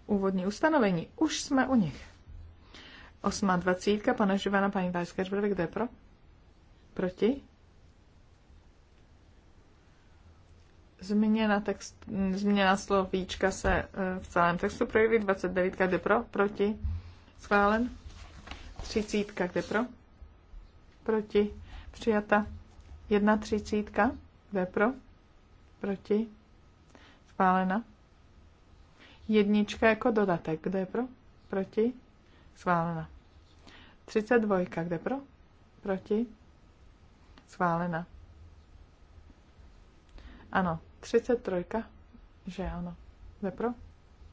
Úvodní ustanovení. Už jsme u nich. 28. Pana Živana, paní Weisgerber, kdo je pro? Proti? Změna, text, změna slovíčka se e, v celém textu projeví. 29. kde pro? Proti? Schválen. 30. kde pro? Proti? Přijata. 1. 30. kde pro? Proti? Schválena. Jednička jako dodatek. Kde pro? Proti? Schválena. 32. Kde pro? Proti? Schválena. Ano, 33, že ano. Jde pro?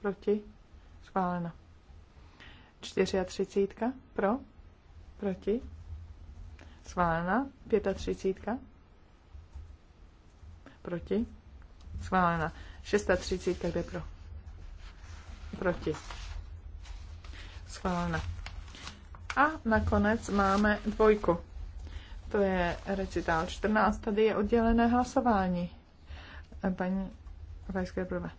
Proti? Schválena. 34, pro? Proti? Schválena. 35, proti? Schválena. 36, kde pro? Proti. Schválena. A nakonec máme dvojku. To je recitál 14. Tady je oddělené hlasování paní prvé.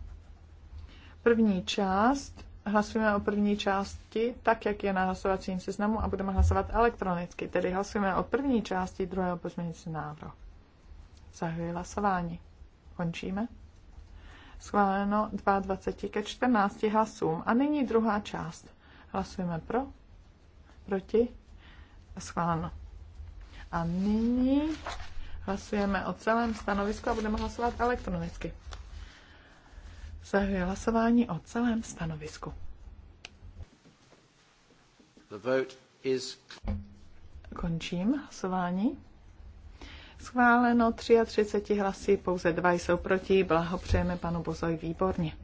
První část, hlasujeme o první části, tak jak je na hlasovacím seznamu a budeme hlasovat elektronicky, tedy hlasujeme o první části druhého pozměňovacího návrhu. Zahajuji hlasování. Končíme. Schváleno 22 ke 14 hlasům. A nyní druhá část. Hlasujeme pro, proti, schváleno. A nyní Hlasujeme o celém stanovisku a budeme hlasovat elektronicky. Zahajuji hlasování o celém stanovisku. The vote is... Končím hlasování. Schváleno 33 hlasy, pouze dva jsou proti. Blahopřejeme panu Bozoj výborně.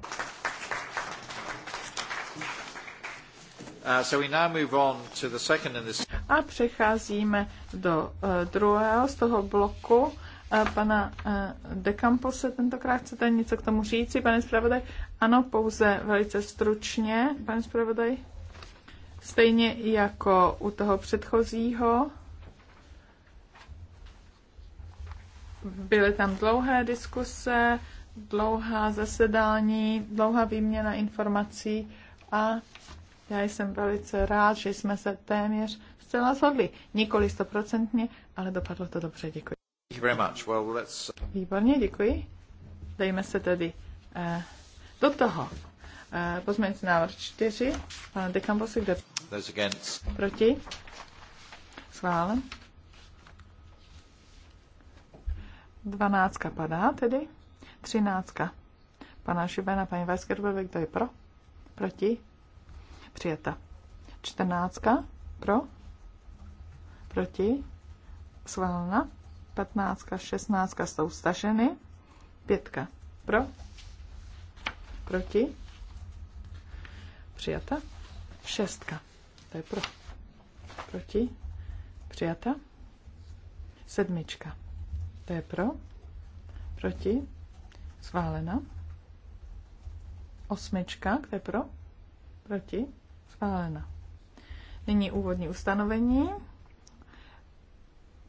Uh, so we now move on to the second in this... A přecházíme do eh, druhého z toho bloku. Eh, pana eh, De Campose, tentokrát chcete něco k tomu říci, pane zpravodaj? Ano, pouze velice stručně, pane zpravodaj. Stejně jako u toho předchozího, byly tam dlouhé diskuse, dlouhá zasedání, dlouhá výměna informací a já jsem velice rád, že jsme se téměř zcela shodli. Nikoli stoprocentně, ale dopadlo to dobře. Děkuji. Uh, Výborně, děkuji. Dejme se tedy eh, do toho. Eh, Pozměňující návrh 4, Pane Dekambosy, kde proti. Schválen. Dvanáctka padá tedy. Třináctka. Pana Šibena, paní Weisgerberve, kdo je pro? Proti? Přijeta. Čtrnáctka. Pro? proti, svalna, 15, 16 jsou staženy. 5 pro, proti, přijata. 6 to je pro, proti, přijata. 7, to je pro, proti, schválena. 8, to je pro, proti, schválena. Nyní úvodní ustanovení.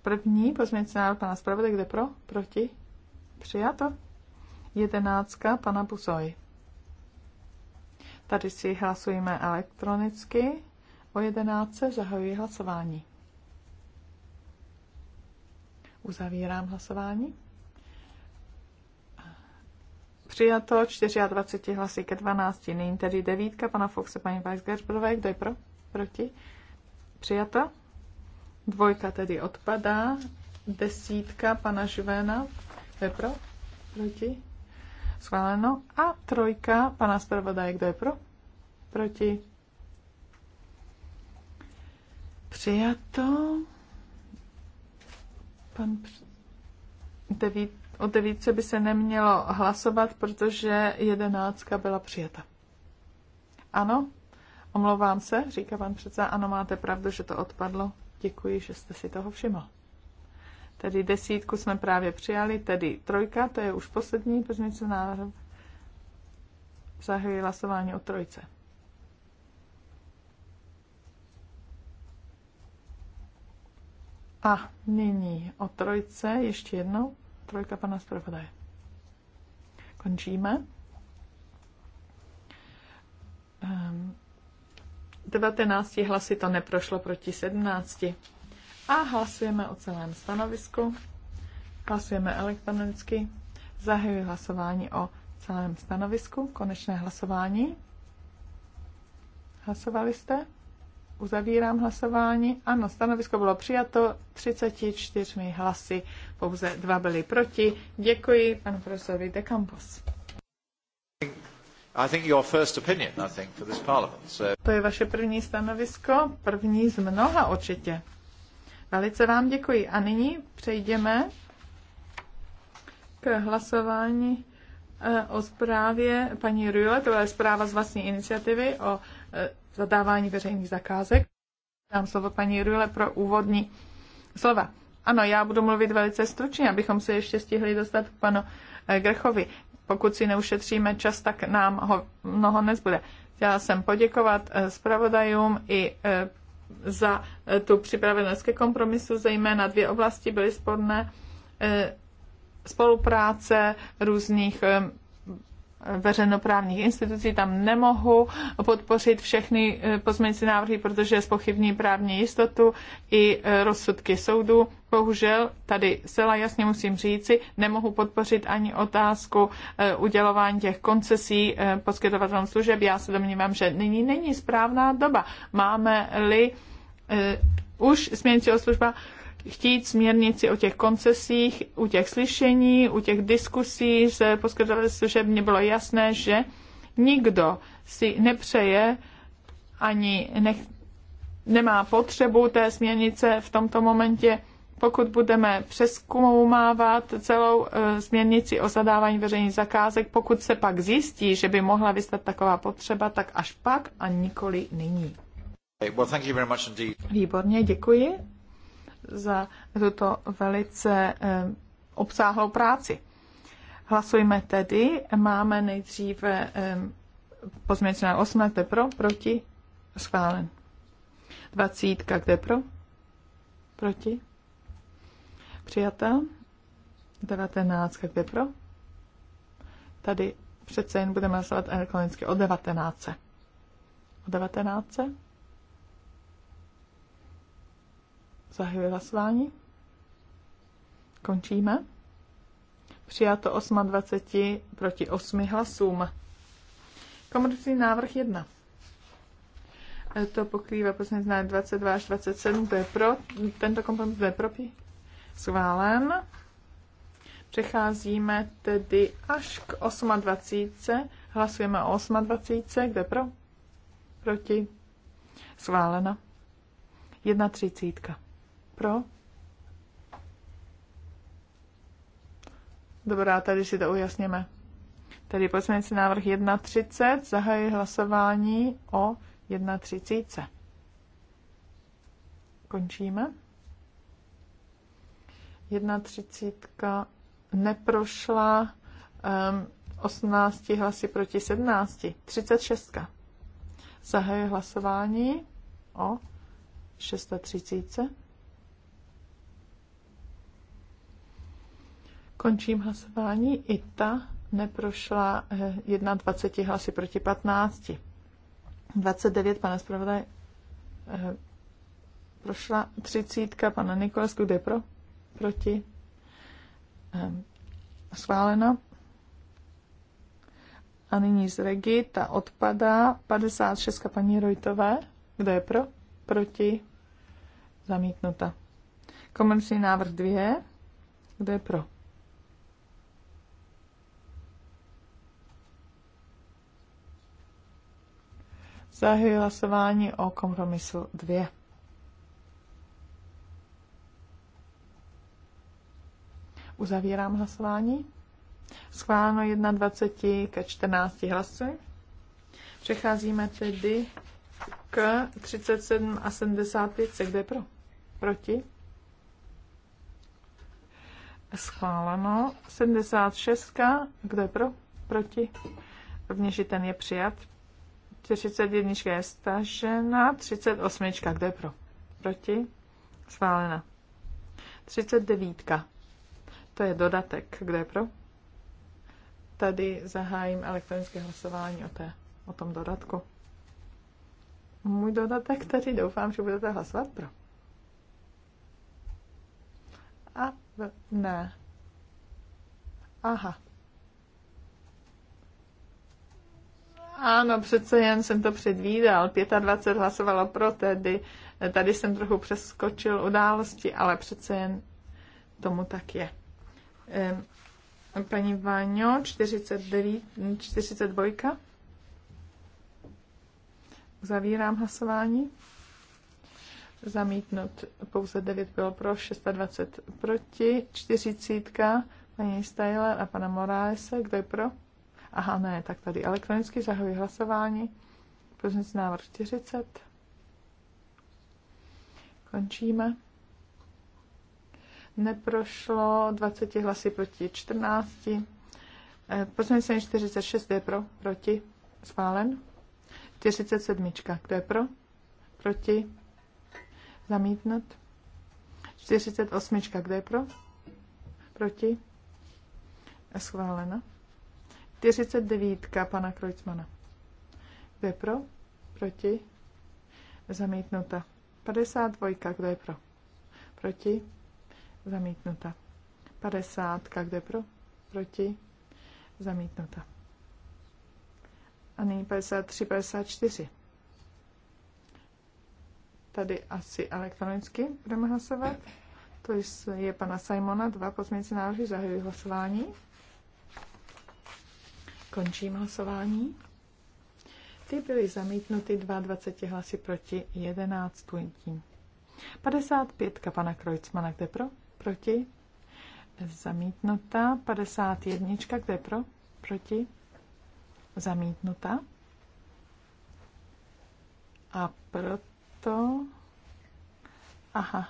První pozměňující návrh pana zpravodaj, kde pro? Proti? Přijato. Jedenáctka pana Buzoj. Tady si hlasujeme elektronicky. O jedenáctce zahajuji hlasování. Uzavírám hlasování. Přijato 24 hlasy ke 12. Nyní tedy devítka pana Foxe, paní Weisgerberové. Kdo je pro? Proti? Přijato. Dvojka tedy odpadá. Desítka pana Živena. Kdo je pro? Proti? Schváleno. A trojka pana zpravodaje. Kdo je pro? Proti? Přijato. Pan deví, o devítce by se nemělo hlasovat, protože jedenáctka byla přijata. Ano, omlouvám se, říká pan předseda, ano, máte pravdu, že to odpadlo. Děkuji, že jste si toho všiml. Tedy desítku jsme právě přijali, tedy trojka, to je už poslední pozměnice návrh. Zahajuji hlasování o trojce. A nyní o trojce ještě jednou. Trojka pana zpravodaje. Končíme. Um, 19 hlasy to neprošlo proti 17. A hlasujeme o celém stanovisku. Hlasujeme elektronicky. Zahajuji hlasování o celém stanovisku. Konečné hlasování. Hlasovali jste? Uzavírám hlasování. Ano, stanovisko bylo přijato 34 hlasy, pouze dva byly proti. Děkuji panu profesorovi De Campos. To je vaše první stanovisko, první z mnoha určitě. Velice vám děkuji. A nyní přejdeme k hlasování eh, o zprávě paní Rüle, to je zpráva z vlastní iniciativy o eh, zadávání veřejných zakázek. Dám slovo paní Rüle pro úvodní slova. Ano, já budu mluvit velice stručně, abychom se ještě stihli dostat k panu eh, Grchovi pokud si neušetříme čas, tak nám ho mnoho nezbude. Chtěla jsem poděkovat eh, zpravodajům i eh, za eh, tu připravenost ke kompromisu, zejména dvě oblasti byly sporné spolupráce různých veřejnoprávních institucí, tam nemohu podpořit všechny eh, pozměňující návrhy, protože spochybní právní jistotu i eh, rozsudky soudu. Bohužel tady zcela jasně musím říci, nemohu podpořit ani otázku eh, udělování těch koncesí poskytovatelům služeb. Já se domnívám, že nyní není správná doba. Máme-li už směnící služba chtít směrnici o těch koncesích, u těch slyšení, u těch diskusí se poskytovateli služeb, mně bylo jasné, že nikdo si nepřeje ani nech, nemá potřebu té směrnice v tomto momentě, pokud budeme přeskoumávat celou e, směrnici o zadávání veřejných zakázek, pokud se pak zjistí, že by mohla vystat taková potřeba, tak až pak a nikoli nyní. Výborně, děkuji za tuto velice eh, obsáhlou práci. Hlasujeme tedy, máme nejdříve eh, pozměnit 18, kde pro, proti, schválen. 20, kde pro, proti, přijatá. 19, kde pro. Tady přece jen budeme hlasovat elektronicky o 19. O 19. Zahajuji hlasování. Končíme. Přijato 28 proti 8 hlasům. Komerční návrh 1. E, to pokrývá znám 22 až 27. To je pro. Tento kompromis je pro. Schválen. Přecházíme tedy až k 28. Hlasujeme o 28. Kde pro? Proti. Schválena. 1.30. Pro? Dobrá, tady si to ujasněme. Tady pozměňující návrh 1.30, zahají hlasování o 1.30. Končíme. 1.30 neprošla um, 18 hlasy proti 17. 36. Zahajuji hlasování o 630. Končím hlasování. I ta neprošla 21 eh, hlasy proti 15. 29 pane zpravodaj, eh, prošla 30 pana Nikolesku, kde pro, proti eh, schválena. A nyní z Regi, ta odpadá 56 paní Rojtové, kde je pro, proti zamítnuta. Komerční návrh 2, kde je pro, Zahajuji hlasování o kompromisu 2. Uzavírám hlasování. Schváleno 21 ke 14 hlasy. Přecházíme tedy k 37 a 75. Kde pro? Proti? Schváleno. 76. Kdo je pro? Proti? Rovněž i ten je přijat. 41 je stažena, 38, kdo je pro? Proti? Schválena. 39. To je dodatek, kde je pro? Tady zahájím elektronické hlasování o, té, o tom dodatku. Můj dodatek tady doufám, že budete hlasovat pro. A v, ne. Aha, Ano, přece jen jsem to předvídal. 25 hlasovalo pro, tedy tady jsem trochu přeskočil události, ale přece jen tomu tak je. Paní Váňo, 49, 42. Zavírám hlasování. Zamítnut pouze 9 bylo pro, 26 proti, 40. Paní Styler a pana Moralese, kdo je pro? Aha, ne, tak tady elektronicky zahajuji hlasování. Pozměňovací návrh 40. Končíme. Neprošlo 20 hlasy proti 14. Eh, pozměňovací 46, je pro? Proti? Schválen. 47, kdo je pro? Proti? Zamítnut. 48, kdo je pro? Proti? Schválena. 49. pana Kreutzmana. Kdo je pro? Proti? Zamítnuta. 52. Kdo je pro? Proti? Zamítnuta. 50. Kdo je pro? Proti? Zamítnuta. A nyní 53, 54. Tady asi elektronicky budeme hlasovat. To je pana Simona, dva pozměnící návrhy, zahajují hlasování. Končím hlasování. Ty byly zamítnuty 22 hlasy proti 11 tím. 55 pana Krojcmana, kde pro? Proti? Zamítnuta. 51, kde pro? Proti? Zamítnuta. A proto... Aha,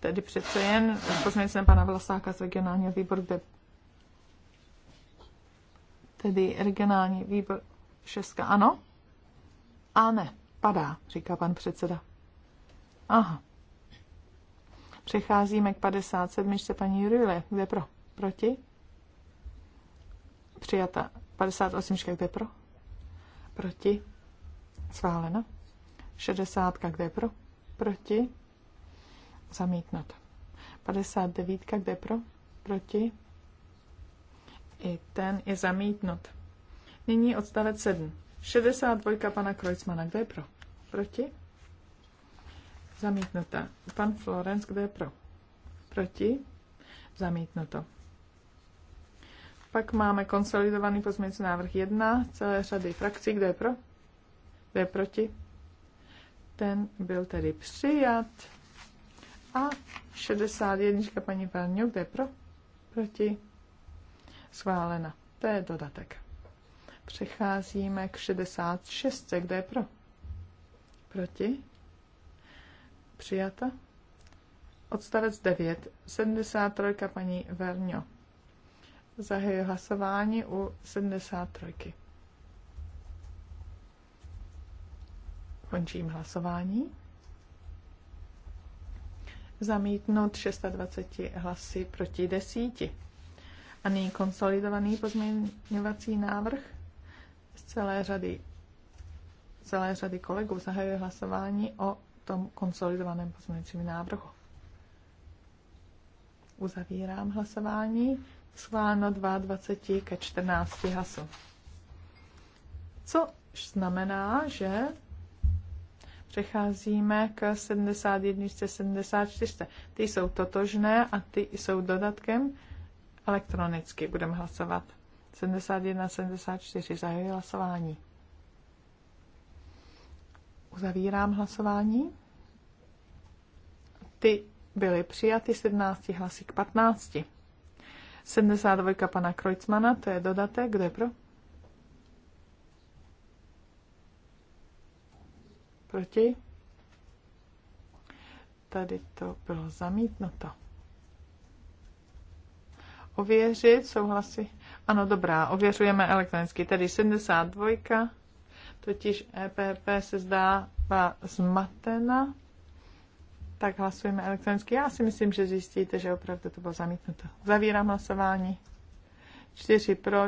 tedy přece jen pozměnit pana Vlasáka z regionálního výboru, kde tedy regionální výbor šestka, ano? A ne, padá, říká pan předseda. Aha. Přecházíme k 57. paní Jurile. Kde pro? Proti? Přijata. 58. kde pro? Proti? Sválena. 60. kde pro? Proti? Zamítnut. 59. kde pro? Proti? I ten je zamítnut. Nyní odstavec 7. 62 pana Krojcmana. Kdo je pro? Proti? Zamítnuta. Pan Florence, kdo je pro? Proti? Zamítnuto. Pak máme konsolidovaný pozměňovací návrh 1 celé řady frakcí. Kdo je pro? Kdo je proti? Ten byl tedy přijat. A 61 paní Varňu, kdo je pro? Proti? Schválena. To je dodatek. Přecházíme k 66. Kde je pro? Proti? Přijata? Odstavec 9. 73. paní Verňo. Zahajuje hlasování u 73. Končím hlasování. Zamítnout 620 hlasy proti desíti. A nyní konsolidovaný pozměňovací návrh z celé řady, celé řady kolegů zahajuje hlasování o tom konsolidovaném pozměňovacím návrhu. Uzavírám hlasování. Schváleno 22 ke 14 hlasů. Co znamená, že přecházíme k 71, 74. Ty jsou totožné a ty jsou dodatkem Elektronicky budeme hlasovat. 71, 74, zahajuji hlasování. Uzavírám hlasování. Ty byly přijaty 17 hlasy k 15. 72 pana Kreutzmana, to je dodatek, Kde pro? Proti? Tady to bylo zamítnuto ověřit, souhlasí? Ano, dobrá, ověřujeme elektronicky, tedy 72, totiž EPP se zdá zmatena, tak hlasujeme elektronicky. Já si myslím, že zjistíte, že opravdu to bylo zamítnuto. Zavírám hlasování. 4 pro,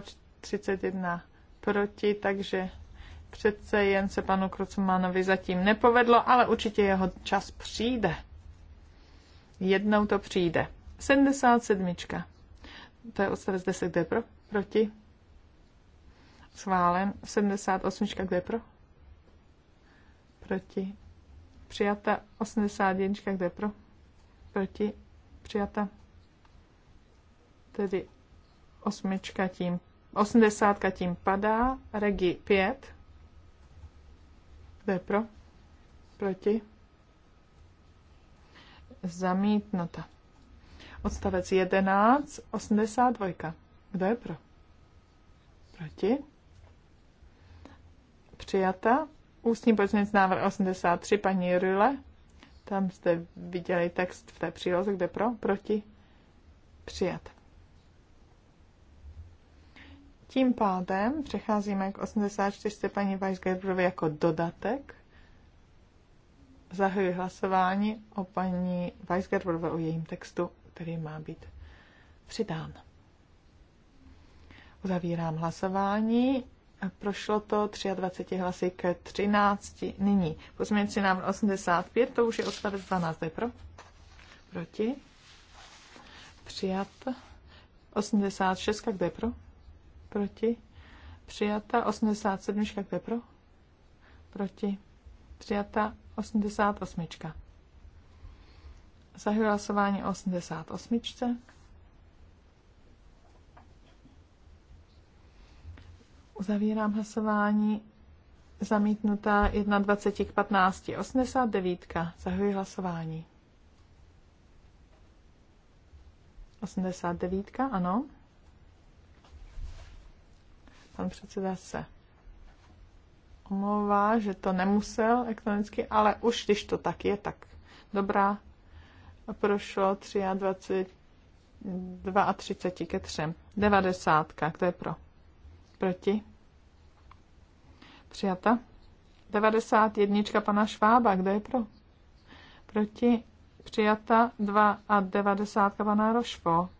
31 proti, takže přece jen se panu Krocmanovi zatím nepovedlo, ale určitě jeho čas přijde. Jednou to přijde. 77. To je odstavec 10, kde je pro? Proti? Schválen. 78, kde je pro? Proti. Přijata. 81, kde je pro? Proti. Přijata. Tedy osmička tím, osmdesátka tím padá. Regi 5. Kde je pro? Proti. zamítnota Odstavec 11, 82. Kdo je pro? Proti? Přijata. Ústní pozměnit návrh 83, paní Jurile. Tam jste viděli text v té příloze, kde pro, proti, přijat. Tím pádem přecházíme k 84. paní Weisgerberovi jako dodatek. Zahajuji hlasování o paní Weisgerberové o jejím textu který má být přidán. Uzavírám hlasování. Prošlo to 23 hlasy k 13. Nyní pozměňující nám 85, to už je odstavec 12. Je pro? Proti? Přijat. 86, kde je pro? Proti? Přijata. 87, kde je pro? Proti? Přijata. 88. Zahajuji hlasování o 88. Uzavírám hlasování. Zamítnutá 21 k 15. 89. Zahajuji hlasování. 89. Ano. Pan předseda se omlouvá, že to nemusel elektronicky, ale už když to tak je, tak dobrá a prošlo 23, 32 ke 3. 90. to je pro? Proti? Přijata. 91. pana Švába. Kdo je pro? Proti? Přijata. 2 a 90. pana Rošvo.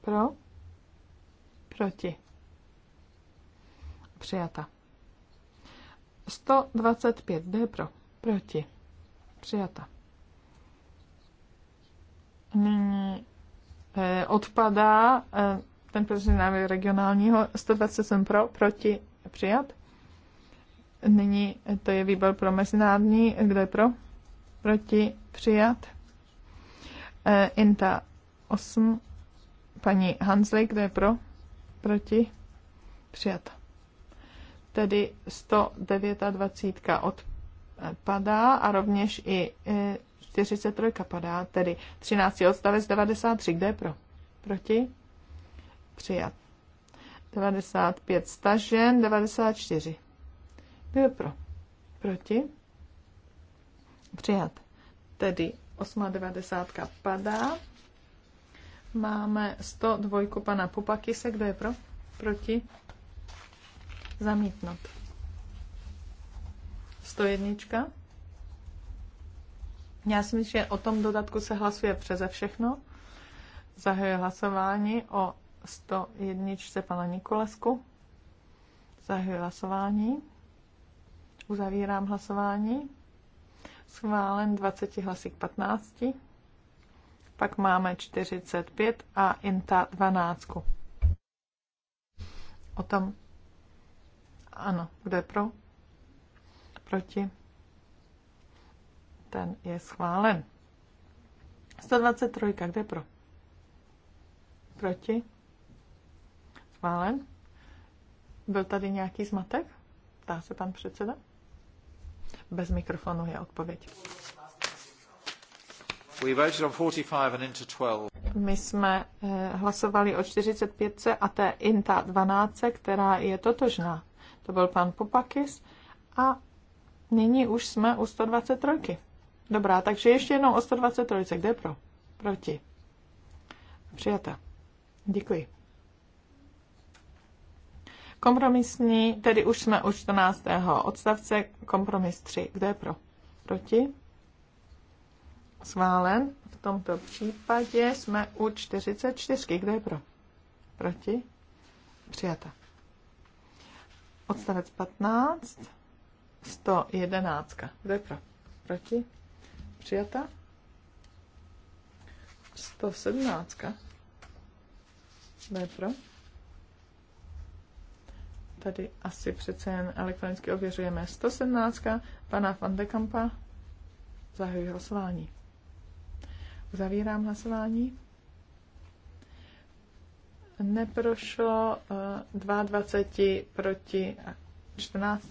Pro? Proti. Přijata. 125. Kdo je pro? Proti. Přijata nyní eh, odpadá eh, ten první návrh regionálního 127 pro, proti přijat. Nyní eh, to je výbor pro mezinárodní, kdo je pro, proti přijat. Inta 8, paní Hansley, kdo je pro, proti přijat. Tedy 129 odpadá a rovněž i 43 padá, tedy 13. odstavec 93. Kde je pro? Proti? Přijat. 95 stažen, 94. Kdo je pro? Proti? Přijat. Tedy 98 padá. Máme 102 pana Pupakise. Kdo je pro? Proti? Zamítnout. 101. Já si myslím, že o tom dodatku se hlasuje přeze všechno. Zahajuje hlasování o 101. pana Nikolesku. Zahajuje hlasování. Uzavírám hlasování. Schválen 20 hlasy k 15. Pak máme 45 a INTA 12. O tom ano, kdo je pro? Proti? ten je schválen. 123, kde pro? Proti? Schválen. Byl tady nějaký zmatek? Ptá se pan předseda. Bez mikrofonu je odpověď. My jsme eh, hlasovali o 45 a té INTA 12, která je totožná. To byl pan Popakis a nyní už jsme u 123. Dobrá, takže ještě jednou o 123. Kde pro? Proti. Přijata. Děkuji. Kompromisní, tedy už jsme u 14. odstavce, kompromis 3. Kde pro? Proti? Sválen. V tomto případě jsme u 44. Kde je pro? Proti? Přijata. Odstavec 15. 111. Kde je pro? Proti? Přijata? 117. Nepro. Tady asi přece jen elektronicky ověřujeme. 117. Pana Van de Kampa. Zahajuji hlasování. Zavírám hlasování. Neprošlo 22 eh, proti 14.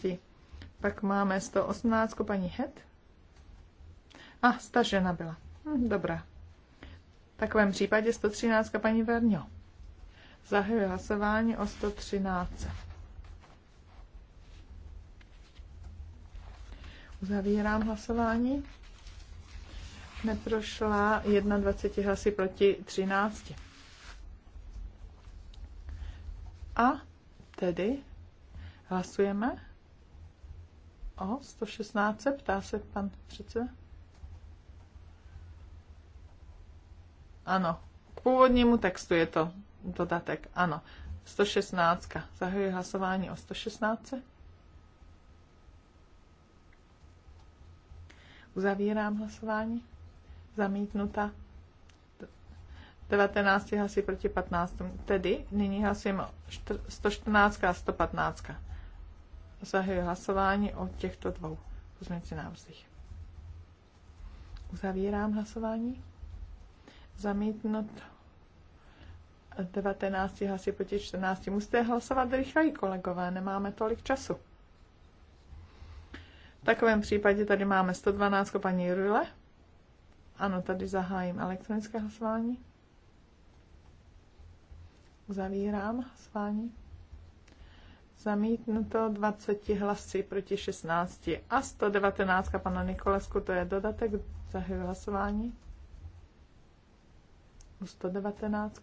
Pak máme 118. paní Het. A, ta stažena byla. Hm, dobrá. V takovém případě 113 paní Verňo. Zahajuji hlasování o 113. Uzavírám hlasování. Neprošla 21 hlasy proti 13. A tedy hlasujeme o 116, ptá se pan předseda. Ano, k původnímu textu je to dodatek, ano. 116. Zahajuji hlasování o 116. Uzavírám hlasování. Zamítnuta. 19 hlasy proti 15. Tedy nyní hlasujeme 114 a 115. Zahajuji hlasování o těchto dvou pozměňovacích návrzích. Uzavírám hlasování zamítnout 19 hlasy proti 14. Musíte hlasovat rychleji, kolegové, nemáme tolik času. V takovém případě tady máme 112 paní Jurile. Ano, tady zahájím elektronické hlasování. Uzavírám hlasování. Zamítnuto 20 hlasy proti 16 a 119 pana Nikolesku, to je dodatek, zahajuji hlasování u 119.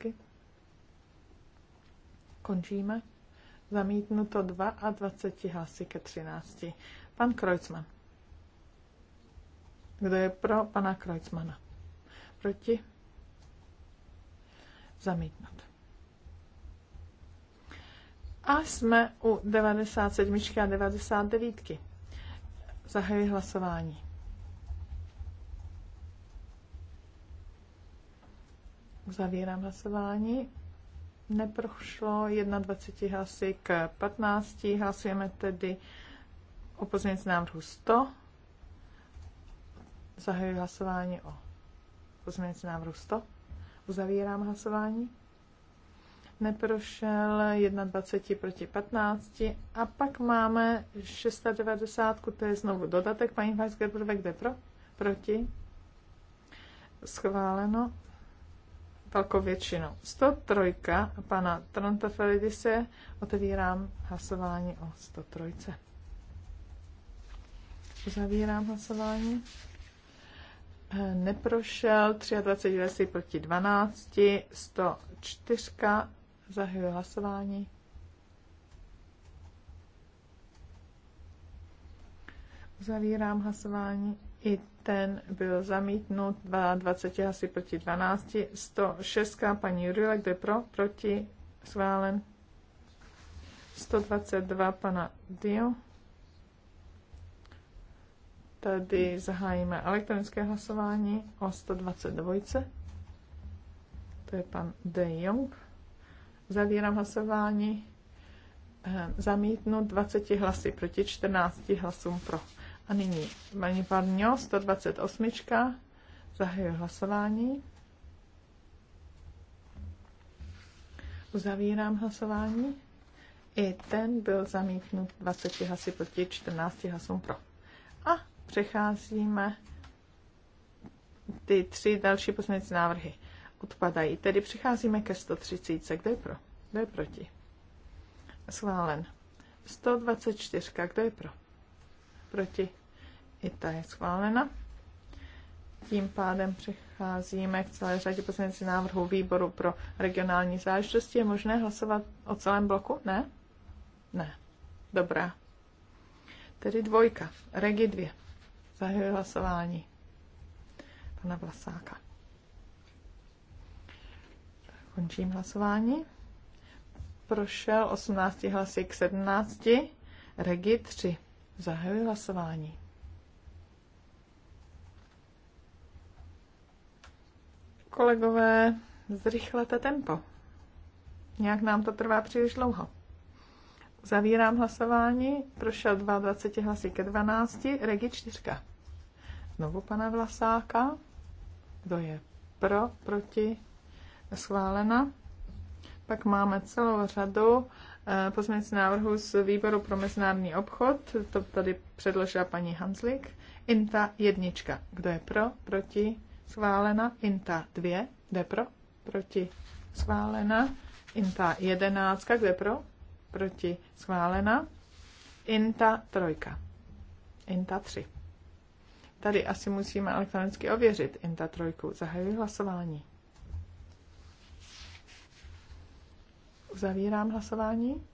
Končíme. Zamítnuto 2 a 20 hlasy ke 13. Pan Kreutzmann. Kdo je pro pana Kreutzmana? Proti? Zamítnut. A jsme u 97 a 99. Zahajuji hlasování. Zavírám hlasování. Neprošlo 21 hlasy k 15. Hlasujeme tedy o pozměnici návrhu 100. Zahajuji hlasování o pozměnici návrhu 100. Uzavírám hlasování. Neprošel 21 proti 15. A pak máme 690, to je znovu dodatek paní Weisgerberové, kde pro? Proti? Schváleno velkou většinou. 103 pana Trantafelidise otevírám hlasování o 103. Uzavírám hlasování. Eh, neprošel 23 hlasy proti 12, 104 zahajuje hlasování. Uzavírám hlasování. I ten byl zamítnut 22 asi proti 12. 106. paní Jurile, kde pro, proti, schválen. 122 pana Dio. Tady zahájíme elektronické hlasování o 122. To je pan De Jong. Zavírám hlasování. Eh, zamítnut 20 hlasy proti 14 hlasům pro. A nyní paní Parňo, 128. Zahajuje hlasování. Uzavírám hlasování. I ten byl zamítnut 20 hlasy proti 14 hlasům pro. A přecházíme ty tři další poslanecí návrhy odpadají. Tedy přicházíme ke 130. Kdo je pro? Kdo je proti? Schválen. 124. Kdo je pro? proti, i ta je schválena. Tím pádem přecházíme k celé řadě poslanecí návrhů výboru pro regionální záležitosti. Je možné hlasovat o celém bloku? Ne? Ne. Dobrá. Tedy dvojka. Regi dvě. Zahajuji hlasování pana Vlasáka. Končím hlasování. Prošel 18 hlasy k 17. Regi 3. Zahajuji hlasování. Kolegové, zrychlete tempo. Nějak nám to trvá příliš dlouho. Zavírám hlasování. Prošel 22 hlasy ke 12. Regi 4. Znovu pana Vlasáka. Kdo je pro, proti, schválena. Pak máme celou řadu Eh, pozměnit návrhu z výboru pro mezinárodní obchod, to tady předložila paní Hanslik. INTA jednička, kdo je pro, proti, schválena. INTA dvě, kdo je pro, proti, schválena. INTA jedenáctka, kdo je pro, proti, schválena. INTA trojka, INTA tři. Tady asi musíme elektronicky ověřit INTA trojku. Zahajuji hlasování. Uzavírám hlasování.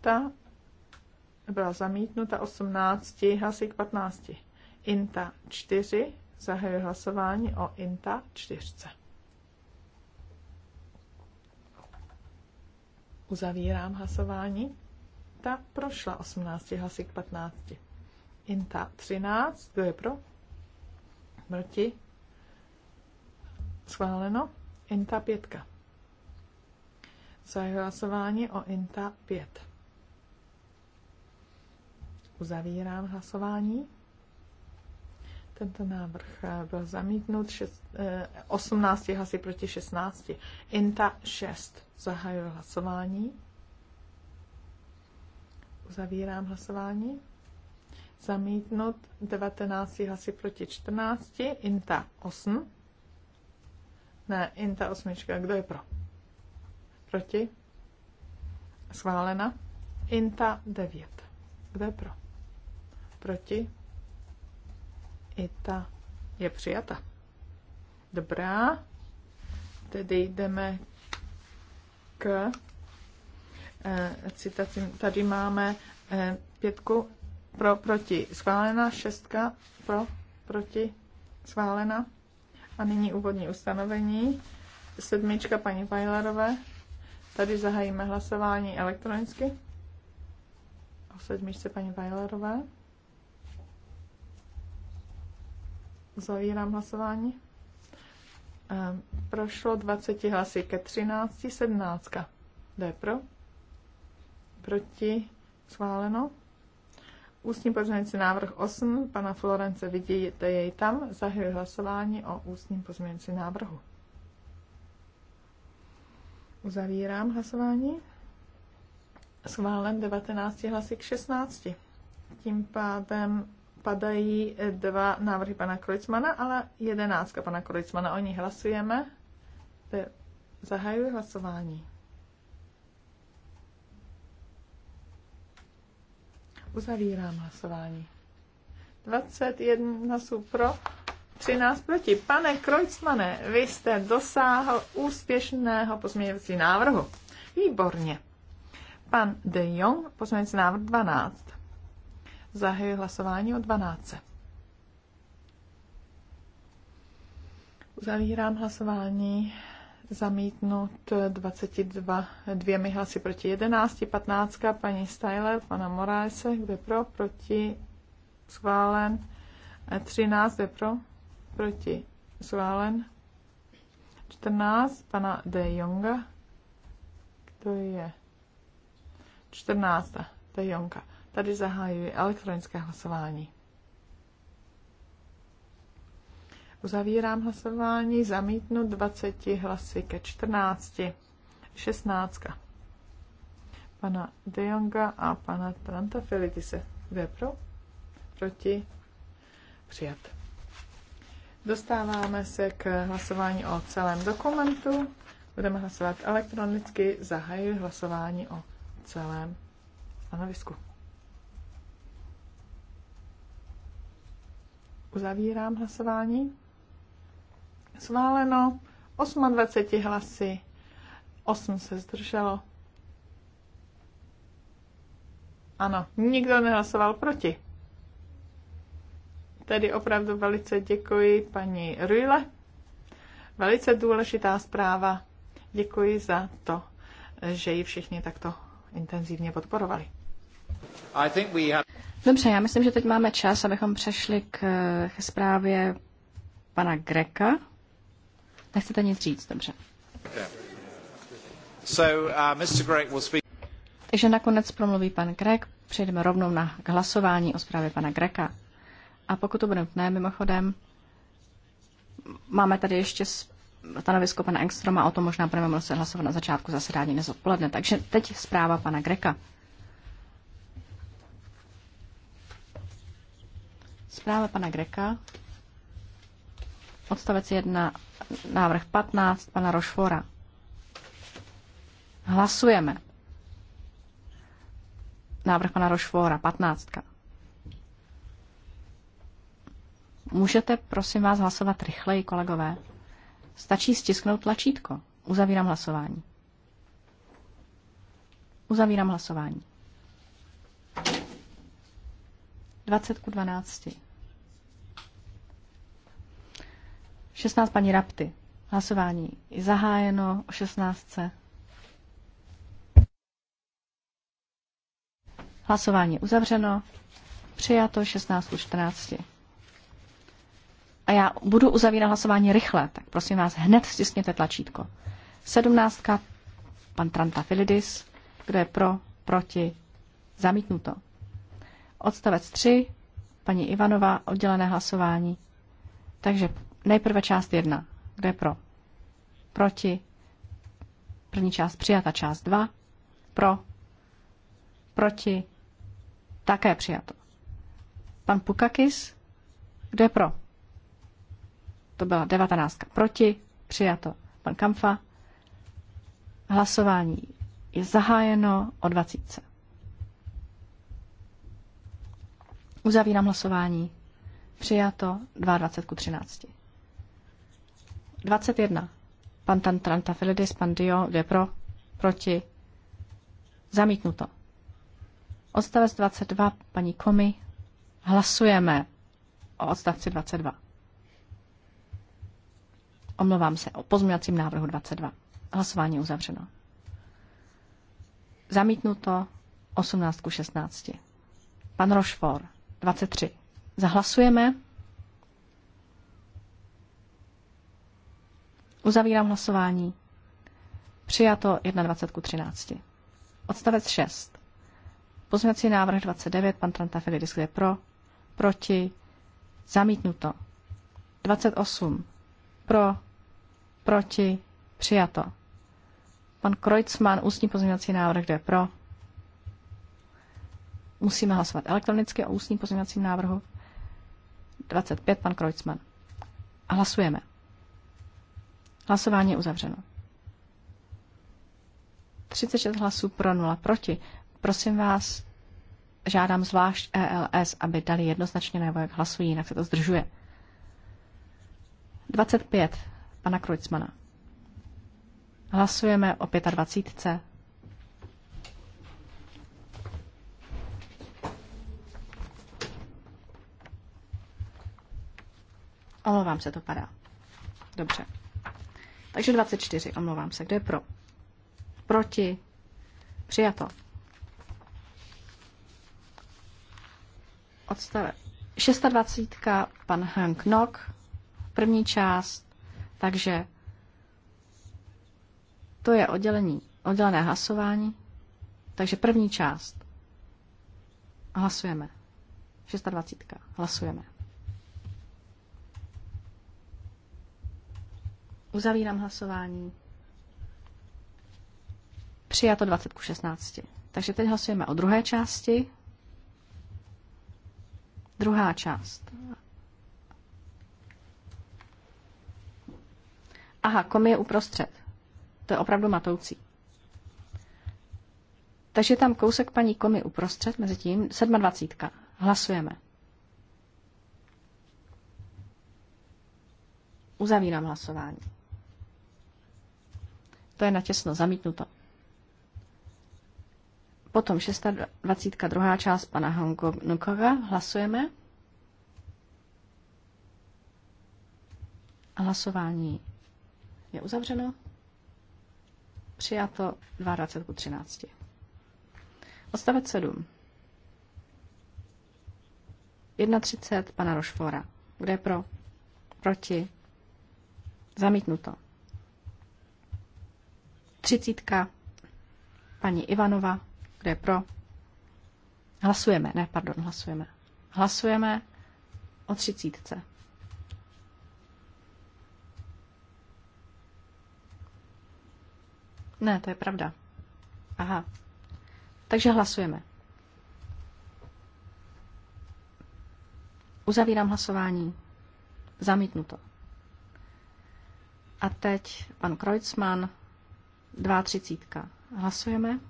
Ta byla zamítnuta 18 hlasy k 15. INTA 4. zahajuje hlasování o INTA 4. Uzavírám hlasování. Ta prošla 18 hlasy k 15. INTA 13. Kdo je pro? Proti? Schváleno. INTA 5. Zahajuji hlasování o INTA 5. Uzavírám hlasování. Tento návrh eh, byl zamítnut 18 eh, hlasy proti 16. INTA 6. Zahajuji hlasování. Uzavírám hlasování. Zamítnut 19 hlasy proti 14. INTA 8. Ne, INTA 8. Kdo je pro? Proti? Schválena. Inta 9. Kdo je pro? Proti? Ita je přijata. Dobrá. Tedy jdeme k eh, citacím. Tady máme eh, pětku pro, proti schválena, šestka pro, proti schválena. A nyní úvodní ustanovení. Sedmička paní Vajlarové Tady zahájíme hlasování elektronicky. O sedmičce paní Weilerové. Zavírám hlasování. Ehm, prošlo 20 hlasy ke 13, 17. Kdo pro? Proti? Schváleno. Ústní pozměňující návrh 8 pana Florence, vidíte jej tam, zahajuji hlasování o ústním pozměňující návrhu. Uzavírám hlasování. Schválen 19 hlasy k 16. Tím pádem padají dva návrhy pana Kolicmana, ale jedenáctka pana Kolicmana. O ní hlasujeme. Zahajuji hlasování. Uzavírám hlasování. 21 hlasů pro, 13 proti. Pane Krojcmane, vy jste dosáhl úspěšného pozměňovací návrhu. Výborně. Pan De Jong, pozměňovací návrh 12. Zahajuji hlasování o 12. Uzavírám hlasování zamítnut 22 dvěmi hlasy proti 11, 15, paní Styler, pana Moraese, kde pro, proti, schválen, 13, kde pro, proti, schválen. 14 pana De Jonga. Kdo je? 14. De Jonga. Tady zahajuji elektronické hlasování. Uzavírám hlasování, zamítnu 20 hlasy ke 14. 16. Pana De Jonga a pana Tranta Filitise. Kdo je Proti? Přijat. Dostáváme se k hlasování o celém dokumentu. Budeme hlasovat elektronicky. Zahajuji hlasování o celém stanovisku. Uzavírám hlasování. Sváleno 28 hlasy, 8 se zdrželo. Ano, nikdo nehlasoval proti. Tedy opravdu velice děkuji paní Rujle. Velice důležitá zpráva. Děkuji za to, že ji všichni takto intenzivně podporovali. Have... Dobře, já myslím, že teď máme čas, abychom přešli k, eh, zprávě pana Greka. Nechcete nic říct, dobře. Yeah. So, uh, Mr. Greg will speak... Takže nakonec promluví pan Grek. Přejdeme rovnou na hlasování o zprávě pana Greka. A pokud to bude nutné, mimochodem, máme tady ještě stanovisko pana Engstroma, o tom možná budeme muset hlasovat na začátku zasedání dnes odpoledne. Takže teď zpráva pana Greka. Zpráva pana Greka, odstavec 1, návrh 15, pana Rošfora. Hlasujeme. Návrh pana Rošfora, 15. Můžete, prosím vás, hlasovat rychleji, kolegové? Stačí stisknout tlačítko. Uzavírám hlasování. Uzavírám hlasování. 20 ku 12. 16 paní Rapty. Hlasování je zahájeno o 16. Hlasování uzavřeno. Přijato 16 ku 14. A já budu uzavírat hlasování rychle, tak prosím vás, hned stiskněte tlačítko. Sedmnáctka, pan Tranta Filidis, kdo je pro, proti, zamítnuto. Odstavec 3, paní Ivanova, oddělené hlasování. Takže nejprve část 1, kdo je pro, proti, první část přijata, část 2, pro, proti, také přijato. Pan Pukakis, kdo je pro? To byla 19 proti, přijato pan Kamfa. Hlasování je zahájeno o 20. Uzavírám hlasování. Přijato 22 ku 13. 21. Pan Tantranta Filidis, pan Dio, jde pro, proti. Zamítnuto. Odstavec 22, paní Komi. Hlasujeme o odstavci 22. Omlouvám se o pozměňovacím návrhu 22. Hlasování uzavřeno. Zamítnuto 18 16. Pan Rošfor 23. Zahlasujeme. Uzavírám hlasování. Přijato 21 13. Odstavec 6. Pozměňovací návrh 29, pan Tranta Filidis, je pro, proti, zamítnuto. 28, pro, Proti? Přijato. Pan Kreutzmann, ústní pozměňovací návrh, kde pro? Musíme hlasovat elektronicky o ústním pozměňovacím návrhu. 25, pan Kreutzmann. A hlasujeme. Hlasování je uzavřeno. 36 hlasů pro, 0 proti. Prosím vás, žádám zvlášť ELS, aby dali jednoznačně najevo, jak hlasují, jinak se to zdržuje. 25 pana Krujcmana. Hlasujeme o 25. Omlouvám se, to padá. Dobře. Takže 24, omlouvám se. Kdo je pro? Proti? Přijato. Odstavec. 26. Pan Hank Nock. První část takže to je oddělení, oddělené hlasování. Takže první část. Hlasujeme. 26. Hlasujeme. Uzavírám hlasování. Přijato 20 ku 16. Takže teď hlasujeme o druhé části. Druhá část. Aha, kom je uprostřed. To je opravdu matoucí. Takže tam kousek paní komy uprostřed, mezi tím 27. Hlasujeme. Uzavírám hlasování. To je natěsno zamítnuto. Potom 26. druhá část pana Hongkonga. Hlasujeme. Hlasování je uzavřeno. Přijato 22 13. Odstavec 7. 31 pana Rošfora. Kde je pro? Proti? Zamítnuto. 30 paní Ivanova. Kde je pro? Hlasujeme. Ne, pardon, hlasujeme. Hlasujeme o třicítce. Ne, to je pravda. Aha. Takže hlasujeme. Uzavírám hlasování. Zamítnuto. A teď pan Kreutzmann, 2.30. Hlasujeme.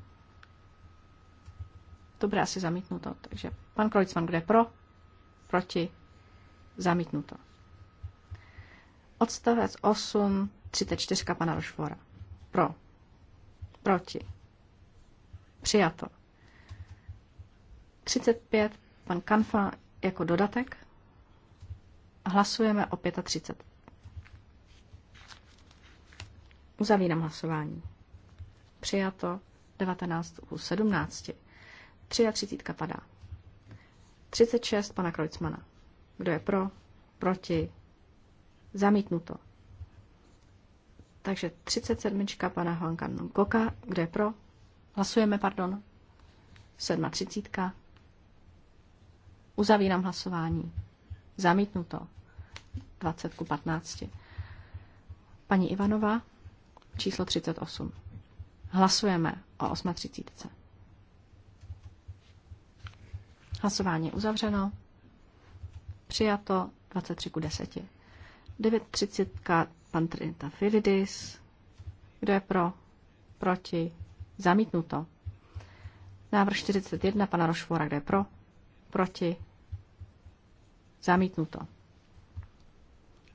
Dobré, asi zamítnuto. Takže pan Kreutzmann, kde pro? Proti? Zamítnuto. Odstavec 8, 34 pana Rošvora. Pro. Proti. Přijato. 35. Pan Kanfa jako dodatek. Hlasujeme o 35. Uzavírám hlasování. Přijato 19 u 17. 33 padá. 36 pana Krojcmana. Kdo je pro? Proti? Zamítnuto. Takže 37. pana Huankan Koka, kde je pro? Hlasujeme, pardon. 37. Uzavírám hlasování. Zamítnuto. 20 ku 15. Paní Ivanova, číslo 38. Hlasujeme o 38. Hlasování je uzavřeno. Přijato 23 ku 10. 9.30 Pan Trintafilidis. Kdo je pro? Proti? Zamítnuto. Návrh 41 pana Rošvora, kde je pro? Proti? Zamítnuto.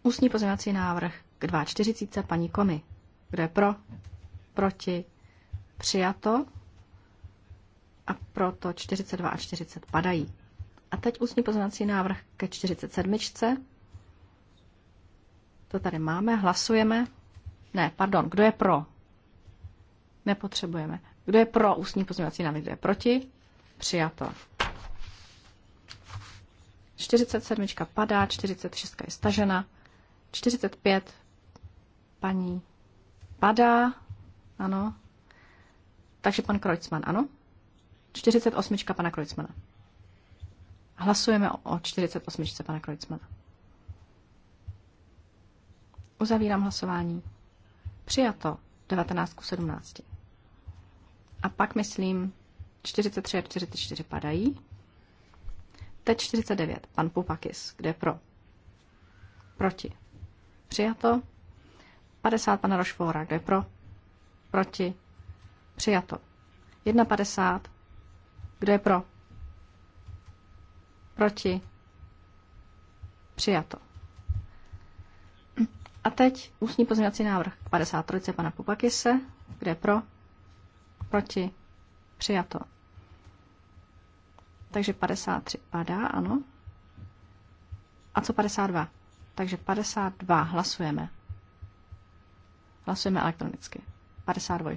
Ústní pozměňovací návrh k 2.40 paní Komy. Kdo je pro? Proti? Přijato. A proto 42 a 40 padají. A teď ústní pozměňovací návrh ke 47. To tady máme, hlasujeme. Ne, pardon, kdo je pro? Nepotřebujeme. Kdo je pro ústní pozměňovací návrh, kdo je proti? Přijato. 47 padá, 46 je stažena, 45 paní padá, ano. Takže pan Krojcman, ano. 48 pana Krojcmana. Hlasujeme o 48 pana Krojcmana. Uzavírám hlasování. Přijato 19 k 17. A pak, myslím, 43 a 44 padají. Teď 49. Pan Pupakis. Kde pro? Proti. Přijato. 50 pana Rošvora. Kde pro? Proti. Přijato. 1,50. Kdo je pro? Proti. Přijato. A teď ústní pozměňovací návrh 53. pana Popakise, Kde je pro? Proti? Přijato. Takže 53 padá, ano. A co 52? Takže 52 hlasujeme. Hlasujeme elektronicky. 52.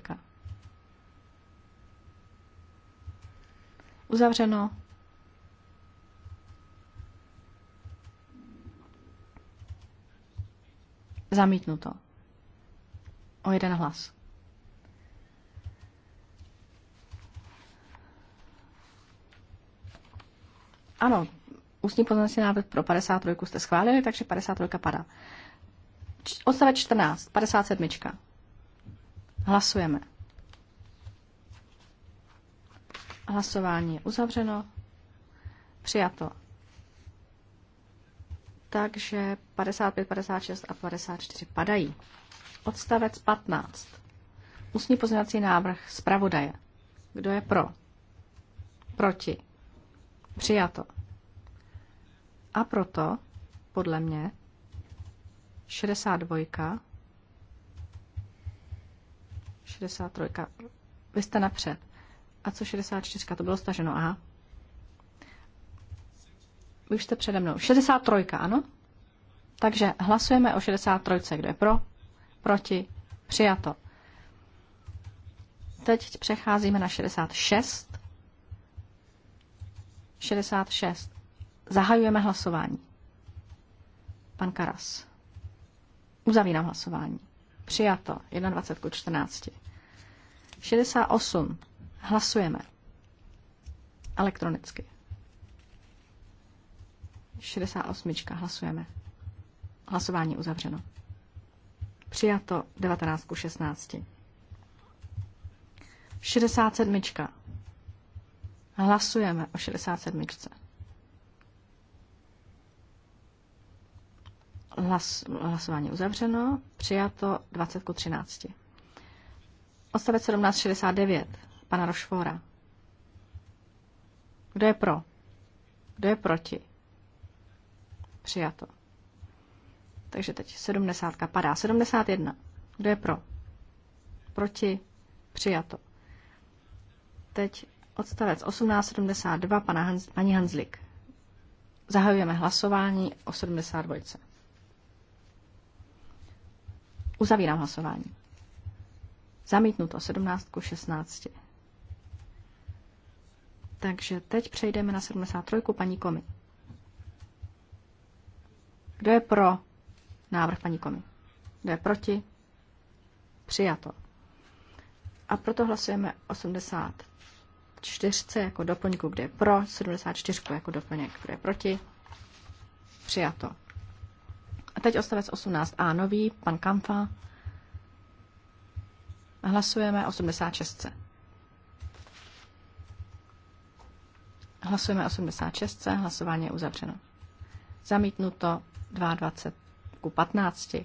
Uzavřeno. Zamítnuto. O jeden hlas. Ano, ústní pozornosti návrh pro 53 jste schválili, takže 53 padá. Odstavec 14, 57. Hlasujeme. Hlasování je uzavřeno. Přijato takže 55, 56 a 54 padají. Odstavec 15. Ústní pozměňovací návrh zpravodaje. Kdo je pro? Proti? Přijato. A proto, podle mě, 62, 63, vy jste napřed. A co 64, to bylo staženo, aha. Vy už jste přede mnou. 63, ano? Takže hlasujeme o 63, kdo je pro, proti, přijato. Teď přecházíme na 66. 66. Zahajujeme hlasování. Pan Karas. Uzavírám hlasování. Přijato. 21 k 14. 68. Hlasujeme. Elektronicky. 68. Hlasujeme. Hlasování uzavřeno. Přijato 19 ku 16. 67. Hlasujeme o 67. Hlas, hlasování uzavřeno. Přijato 20 ku 13. Odstavec 1769 pana Rošvora. Kdo je pro? Kdo je proti? Přijato. Takže teď 70 padá. 71. Kdo je pro? Proti? Přijato. Teď odstavec 1872 pana Hanz, paní Hanzlik. Zahajujeme hlasování o 72. Uzavírám hlasování. Zamítnuto 17 ku 16. Takže teď přejdeme na 73. paní Komi. Kdo je pro návrh paní Komi? Kdo je proti? Přijato. A proto hlasujeme 84 jako doplňku, kde je pro, 74 jako doplněk, kde je proti. Přijato. A teď odstavec 18a nový, pan Kamfa. Hlasujeme 86. Hlasujeme 86. Hlasování je uzavřeno. Zamítnuto 22 ku 15.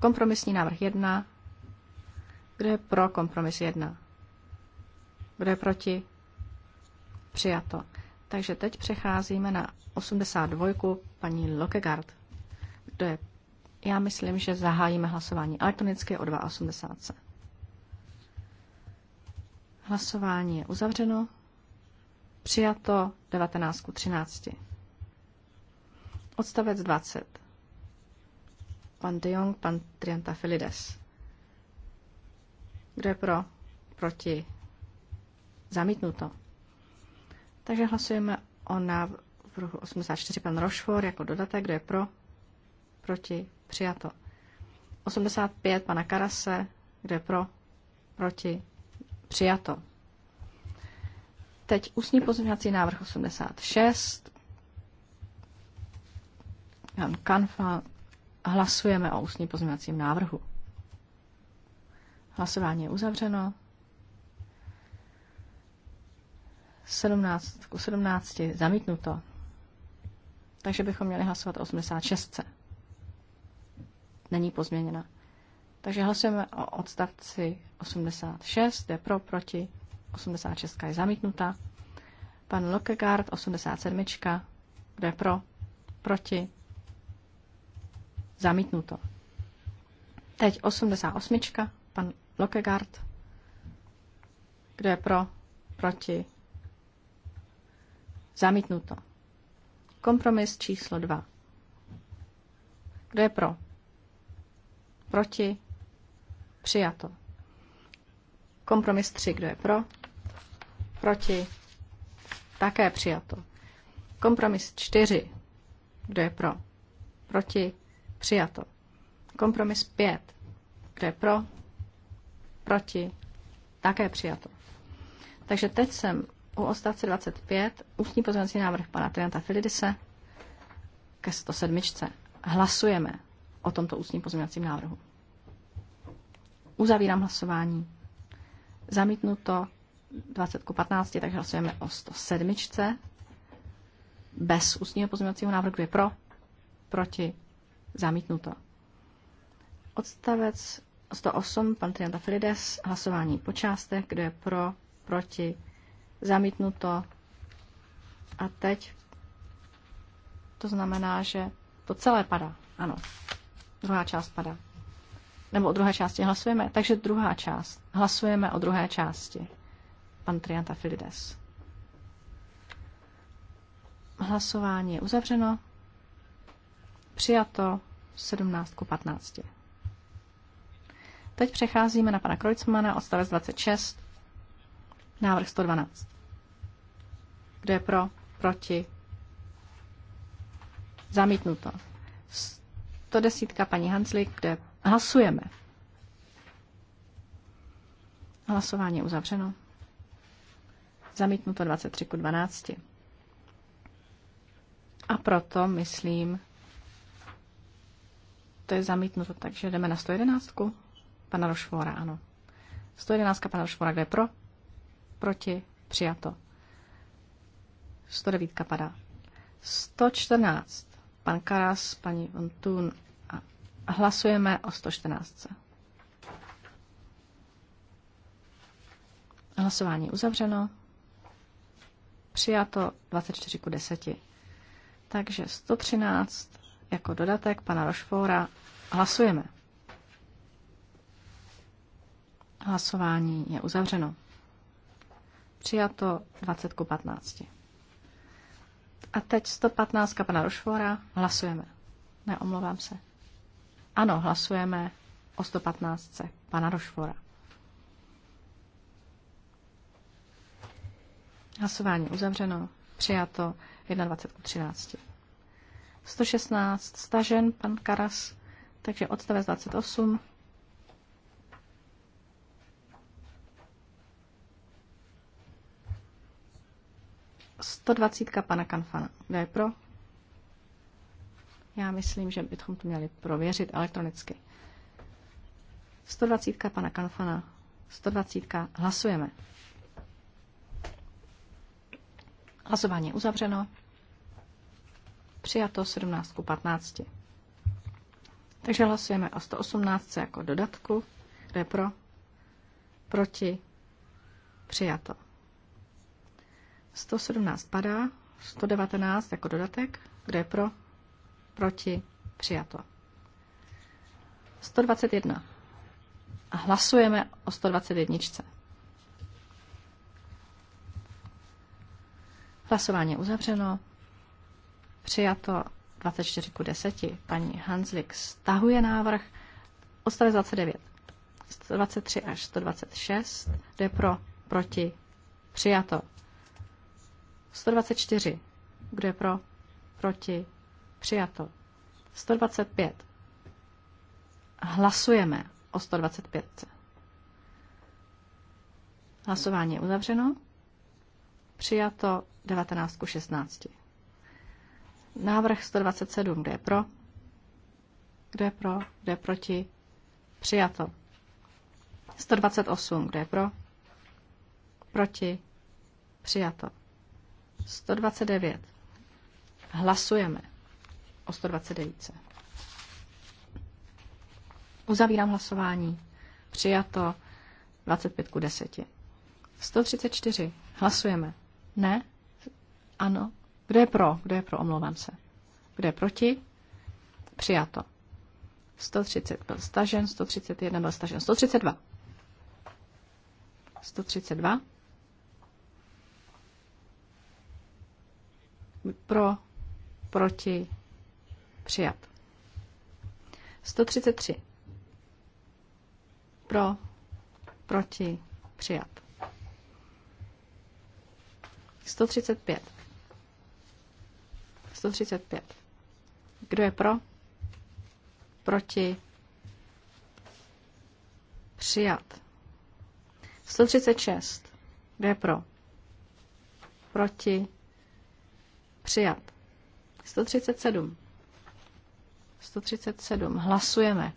Kompromisní návrh 1. Kdo je pro kompromis 1? Kdo je proti? Přijato. Takže teď přecházíme na 82. paní Lokegard. Kdo je? Já myslím, že zahájíme hlasování elektronicky o 2.80. Hlasování je uzavřeno. Přijato 19 13. Odstavec 20. Pan De Jong, pan Triantafilides. Kdo je pro? Proti? Zamítnuto. Takže hlasujeme o návrhu 84 pan Rošfor jako dodatek. Kdo je pro? Proti? Přijato. 85 pana Karase. Kdo je pro? Proti? Přijato. Teď ústní pozměňovací návrh 86 Jan Kanfa. Hlasujeme o ústním pozměňovacím návrhu. Hlasování je uzavřeno. 17 k 17 zamítnuto. Takže bychom měli hlasovat o 86. Není pozměněna. Takže hlasujeme o odstavci 86, je pro, proti, 86 je zamítnuta. Pan Lokegaard, 87, kde pro, proti, Zamítnuto. Teď 88. Pan Lokegard. Kdo je pro? Proti? Zamítnuto. Kompromis číslo 2. Kdo je pro? Proti? Přijato. Kompromis 3. Kdo je pro? Proti? Také přijato. Kompromis 4. Kdo je pro? Proti? Přijato. Kompromis 5. Kdo je pro? Proti? Také přijato. Takže teď jsem u odstavce 25, ústní pozvanci návrh pana Trianta Filidise ke 107. Hlasujeme o tomto ústním pozměňovacím návrhu. Uzavírám hlasování. Zamítnuto 20 k 15, takže hlasujeme o 107. Bez ústního pozměňovacího návrhu, kdo je pro, proti, Zamítnuto. Odstavec 108, pan Trianta Frides, hlasování po částech, kdo je pro, proti, zamítnuto. A teď to znamená, že to celé padá. Ano, druhá část padá. Nebo o druhé části hlasujeme. Takže druhá část. Hlasujeme o druhé části. Pan Trianta Filides. Hlasování je uzavřeno. Přijato 17 ku 15. Teď přecházíme na pana Krojcmana, odstavec 26, návrh 112. Kdo je pro? Proti? Zamítnuto. 110. paní Hanslik, kde hlasujeme. Hlasování je uzavřeno. Zamítnuto 23 ku 12. A proto, myslím, to je zamítnuto, takže jdeme na 111. Pana Rošvora, ano. 111. Pana Rošvora, kde je pro? Proti? Přijato. 109. padá. 114. Pan Karas, paní Vontun a hlasujeme o 114. Hlasování uzavřeno. Přijato 24 k 10. Takže 113 jako dodatek pana Rošfora. Hlasujeme. Hlasování je uzavřeno. Přijato 20 ku 15. A teď 115 pana Rošfora. Hlasujeme. Ne, omlouvám se. Ano, hlasujeme o 115 pana Rošfora. Hlasování uzavřeno. Přijato 21 ku 13. 116 stažen, pan Karas, takže odstavec 28. Sto dvacítka pana Kanfana. Kdo je pro? Já myslím, že bychom to měli prověřit elektronicky. 120 pana Kanfana, 120 hlasujeme. Hlasování je uzavřeno. Přijato 17 ku 15. Takže hlasujeme o 118 jako dodatku. kde pro? Proti? Přijato. 117 padá, 119 jako dodatek. kde pro? Proti? Přijato. 121. A hlasujeme o 121. Hlasování je uzavřeno. Přijato 24 ku 10. Paní Hanslik stahuje návrh. Odstavec 29. 123 až 126. Kdo je pro? Proti? Přijato. 124. Kdo je pro? Proti? Přijato. 125. Hlasujeme o 125. Hlasování je uzavřeno. Přijato 19 ku 16. Návrh 127, kde je pro? Kde je pro? Kde je proti? Přijato. 128, kde je pro? Proti? Přijato. 129. Hlasujeme o 129. Uzavírám hlasování. Přijato 25 k 10. 134. Hlasujeme. Ne? Ano? Kdo je pro? Kdo je pro? Omlouvám se. Kdo je proti? Přijato. 130 byl stažen, 131 byl stažen, 132. 132. Pro, proti, přijat. 133. Pro, proti, přijat. 135 135. Kdo je pro? Proti? Přijat. 136. Kdo je pro? Proti? Přijat. 137. 137. Hlasujeme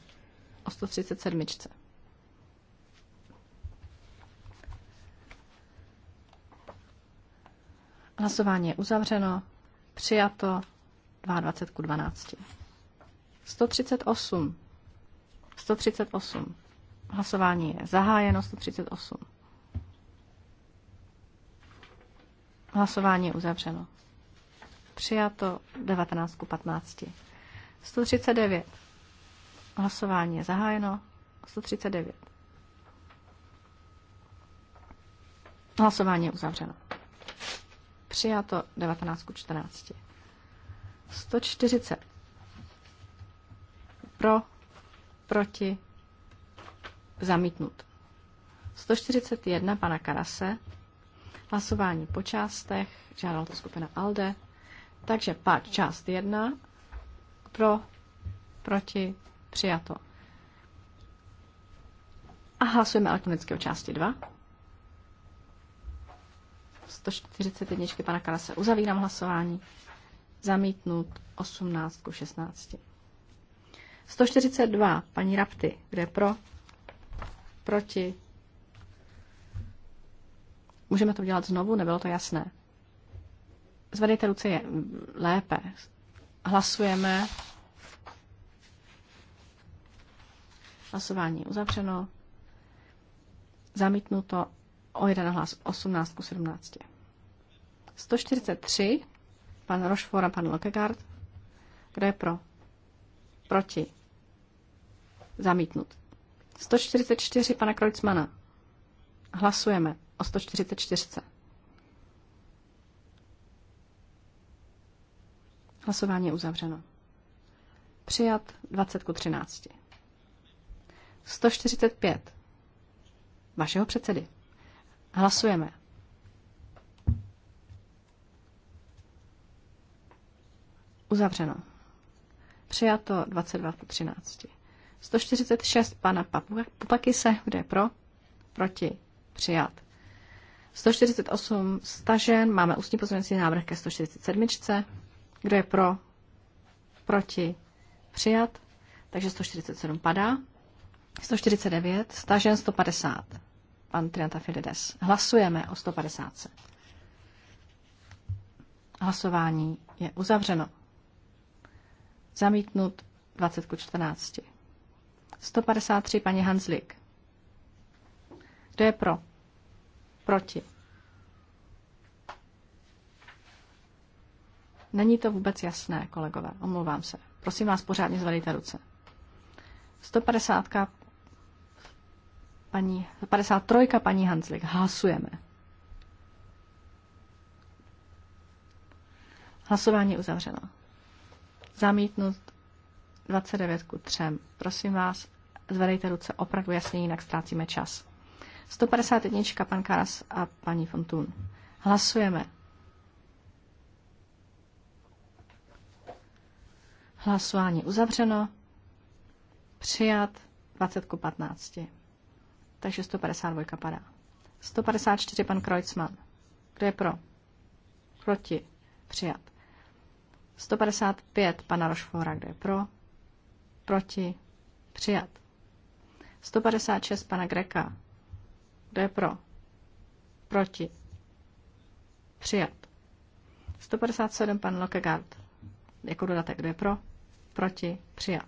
o 137. Hlasování je uzavřeno. Přijato 22 k 12. 138. 138. Hlasování je zahájeno 138. Hlasování je uzavřeno. Přijato 19 k 15. 139. Hlasování je zahájeno 139. Hlasování je uzavřeno. Přijato 19 ku 14. 140. Pro, proti, zamítnut. 141 pana Karase. Hlasování po částech, žádala to skupina ALDE. Takže pak část 1, pro, proti, přijato. A hlasujeme elektronicky o části 2. 141 pana Kalase. Uzavírám hlasování. Zamítnut 18 ku 16. 142 paní Rapty. Kde pro? Proti? Můžeme to udělat znovu, nebylo to jasné. Zvedejte ruce je lépe. Hlasujeme. Hlasování uzavřeno. Zamítnuto o jeden hlas 18 ku 17. 143, pan Rošfor a pan Lokegaard. Kdo je pro? Proti. Zamítnut. 144 pana Kreutzmana. Hlasujeme o 144. Hlasování je uzavřeno. Přijat 20 ku 13. 145. Vašeho předsedy. Hlasujeme. Uzavřeno. Přijato 22 po 13. 146 pana Papaky se. je pro, proti, přijat. 148 stažen, máme ústní pozměňovací návrh ke 147. Kdo je pro, proti, přijat, takže 147 padá. 149, stažen 150 pan Trianta Filides. Hlasujeme o 150. Hlasování je uzavřeno. Zamítnut 20 k 14. 153 paní Hanslik. Kdo je pro? Proti. Není to vůbec jasné, kolegové. Omlouvám se. Prosím vás, pořádně zvedejte ruce. 150 paní, 53. paní Hanslik. Hlasujeme. Hlasování uzavřeno. Zamítnut 29 ku 3. Prosím vás, zvedejte ruce opravdu jasně, jinak ztrácíme čas. 151. pan Karas a paní Fontun. Hlasujeme. Hlasování uzavřeno. Přijat 20 ku 15 takže 152 padá. 154 pan Kreutzmann. Kdo je pro? Proti. Přijat. 155 pana Rošfora. Kdo je pro? Proti. Přijat. 156 pana Greka. Kdo je pro? Proti. Přijat. 157 pan Lokegard. Jako dodatek. Kdo je pro? Proti. Přijat.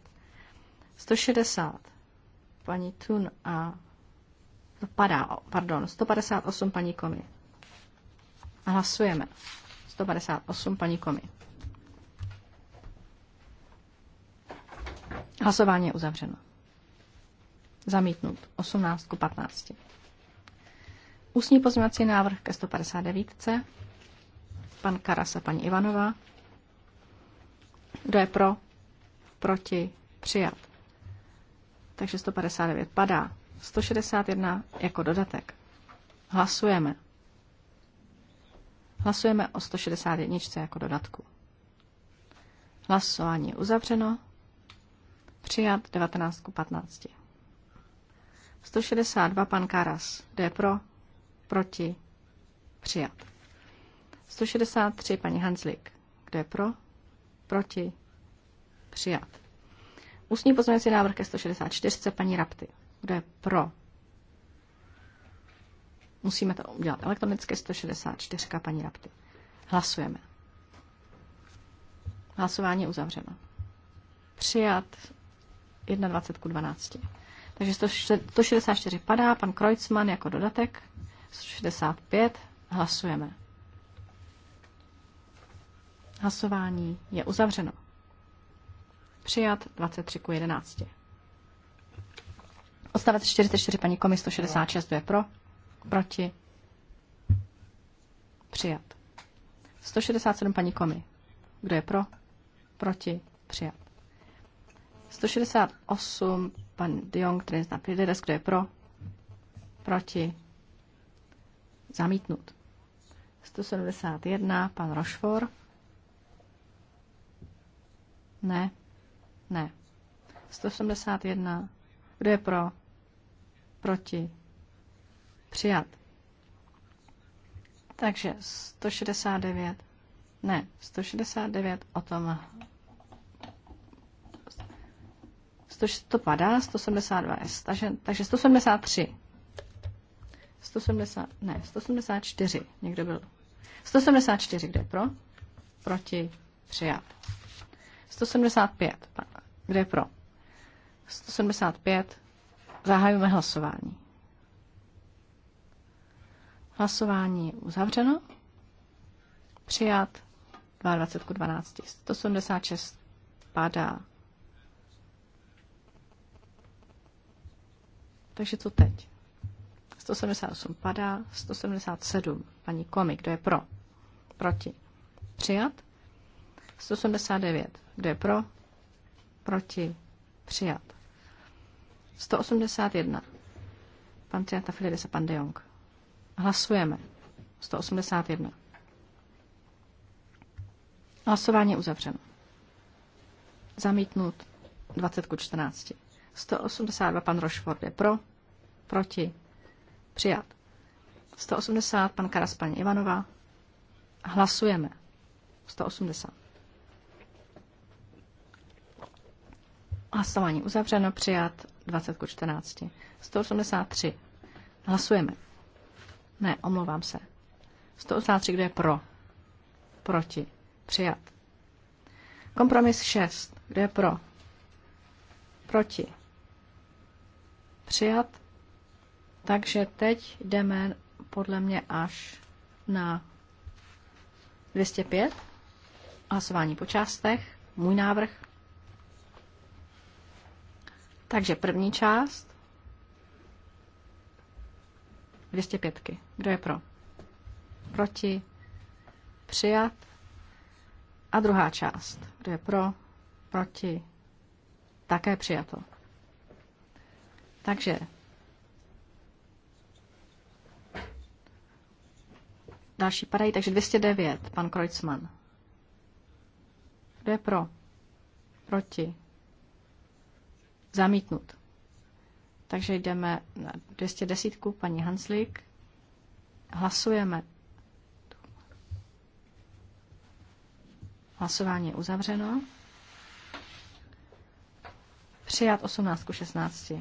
160 paní Tun a padá, pardon, 158 paní Komi. Hlasujeme. 158 paní Komi. Hlasování je uzavřeno. Zamítnut. 18 ku 15. Ústní pozměňovací návrh ke 159. Pan Karasa, paní Ivanová. Kdo je pro? Proti? Přijat. Takže 159 padá. 161 jako dodatek. Hlasujeme. Hlasujeme o 161 jako dodatku. Hlasování je uzavřeno. Přijat 19 k 15. 162 pan Karas. jde pro? Proti? Přijat. 163 paní Hanslik. kde je pro? Proti? Přijat. Ústní pozměňovací návrh ke 164 paní Rapty. Kdo je pro? Musíme to udělat elektronicky. 164. Paní Rapty. Jako hlasujeme. Hlasování je uzavřeno. Přijat 21 12. Takže 164 padá, pan Kreutzmann jako dodatek, 165, hlasujeme. Hlasování je uzavřeno. Přijat 23 11. Odstavec 44, paní Komis 166, kdo je pro? Proti? Přijat. 167, paní komi. Kdo je pro? Proti? Přijat. 168, pan Diong, který zná Pideres, kdo je pro? Proti? Zamítnut. 171, pan Rošfor. Ne, ne. 181. Kdo je pro? proti, přijat. Takže 169, ne, 169 o tom to, to padá, 172 je stažen, takže 173. 170, ne, 174, někdo byl. 174, kde je pro? Proti, přijat. 175, kde je pro? 175, Zahajujeme hlasování. Hlasování je uzavřeno. Přijat 22 12. 176 padá. Takže co teď? 178 padá, 177. Paní Komi, kdo je pro? Proti. Přijat. 189. Kdo je pro? Proti. Přijat. 181. Pan Triata Filides a pan De Jong. Hlasujeme. 181. Hlasování uzavřeno. Zamítnut 20 ku 14. 182 pan Rošford je pro, proti, přijat. 180 pan Karas, paní Ivanová. Hlasujeme. 180. Hlasování uzavřeno, přijat 20 ku 14. 183. Hlasujeme. Ne, omlouvám se. 183, kde je pro? Proti. Přijat. Kompromis 6. Kde je pro? Proti. Přijat. Takže teď jdeme podle mě až na 205. Hlasování po částech. Můj návrh. Takže první část 205. Kdo je pro? Proti? Přijat? A druhá část. Kdo je pro? Proti? Také přijato. Takže další padají, takže 209, pan Kreutzmann. Kdo je pro? Proti? Zamítnut. Takže jdeme na 210. paní Hanslík. Hlasujeme. Hlasování je uzavřeno. Přijat 18 ku 16.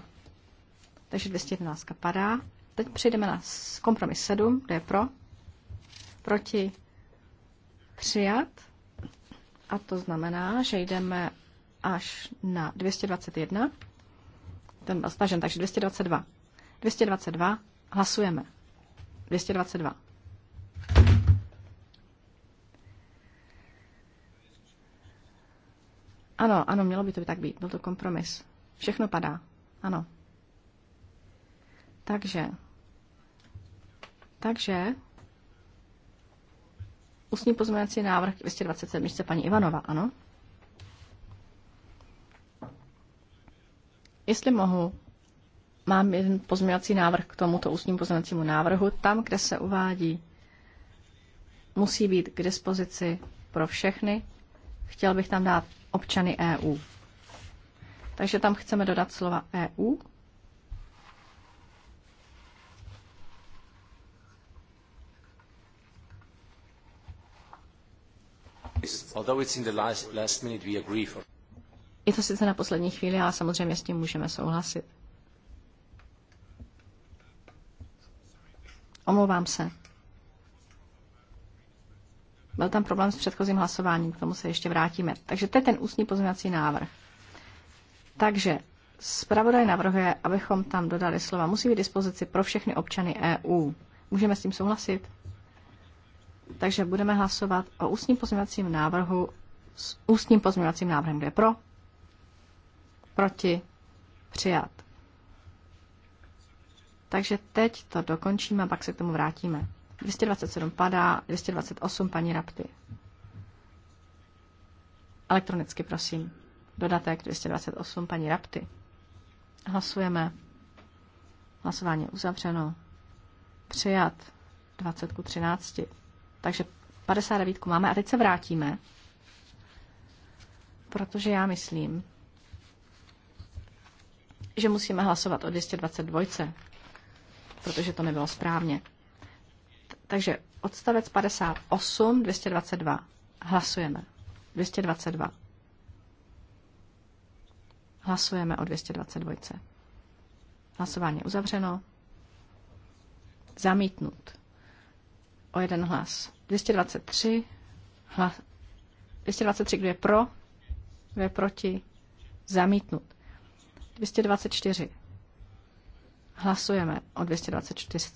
Takže 211 padá. Teď přejdeme na kompromis 7, kde je pro, proti, přijat. A to znamená, že jdeme až na 221. Ten byl stažen, takže 222. 222 hlasujeme. 222. Ano, ano, mělo by to by tak být. Byl to kompromis. Všechno padá. Ano. Takže. Takže. Ústní pozměňovací návrh 227. paní Ivanova, ano? Jestli mohu, mám jeden pozměňovací návrh k tomuto ústním pozměňovacímu návrhu. Tam, kde se uvádí, musí být k dispozici pro všechny. Chtěl bych tam dát občany EU. Takže tam chceme dodat slova EU. Although it's in the last, last minute, we agree for... Je to sice na poslední chvíli, ale samozřejmě s tím můžeme souhlasit. Omlouvám se. Byl tam problém s předchozím hlasováním, k tomu se ještě vrátíme. Takže to je ten ústní pozměňovací návrh. Takže zpravodaj navrhuje, abychom tam dodali slova musí být dispozici pro všechny občany EU. Můžeme s tím souhlasit? Takže budeme hlasovat o ústním pozměňovacím návrhu s ústním pozměňovacím návrhem, kde je pro, Proti? Přijat. Takže teď to dokončíme a pak se k tomu vrátíme. 227 padá, 228 paní Rapty. Elektronicky, prosím. Dodatek 228 paní Rapty. Hlasujeme. Hlasování uzavřeno. Přijat 20 ku 13. Takže 59 máme a teď se vrátíme, protože já myslím, že musíme hlasovat o 222, protože to nebylo správně. Takže odstavec 58, 222. Hlasujeme. 222. Hlasujeme o 222. Hlasování uzavřeno. Zamítnut. O jeden hlas. 223. Hlas. 223, kdo je pro, kdo je proti. Zamítnut. 224. Hlasujeme o 224.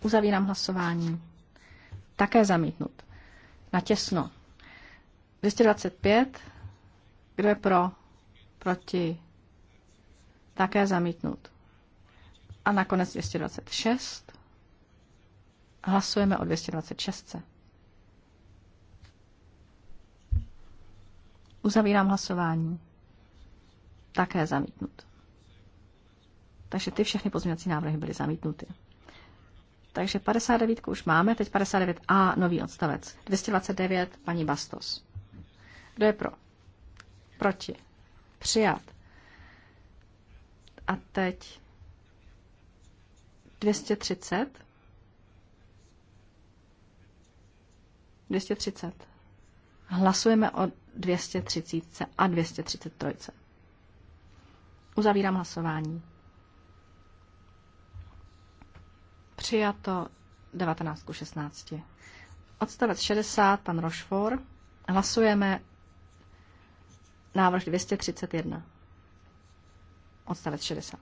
Uzavírám hlasování. Také zamítnut. Na těsno. 225. Kdo je pro? Proti? Také zamítnut. A nakonec 226. Hlasujeme o 226. Uzavírám hlasování. Také zamítnut. Takže ty všechny pozměňovací návrhy byly zamítnuty. Takže 59 už máme, teď 59a, nový odstavec. 229, paní Bastos. Kdo je pro? Proti. Přijat. A teď 230. 230. Hlasujeme o 230 a 233. Uzavírám hlasování. Přijato 19 k 16. Odstavec 60, pan Rošfor. Hlasujeme návrh 231. Odstavec 60.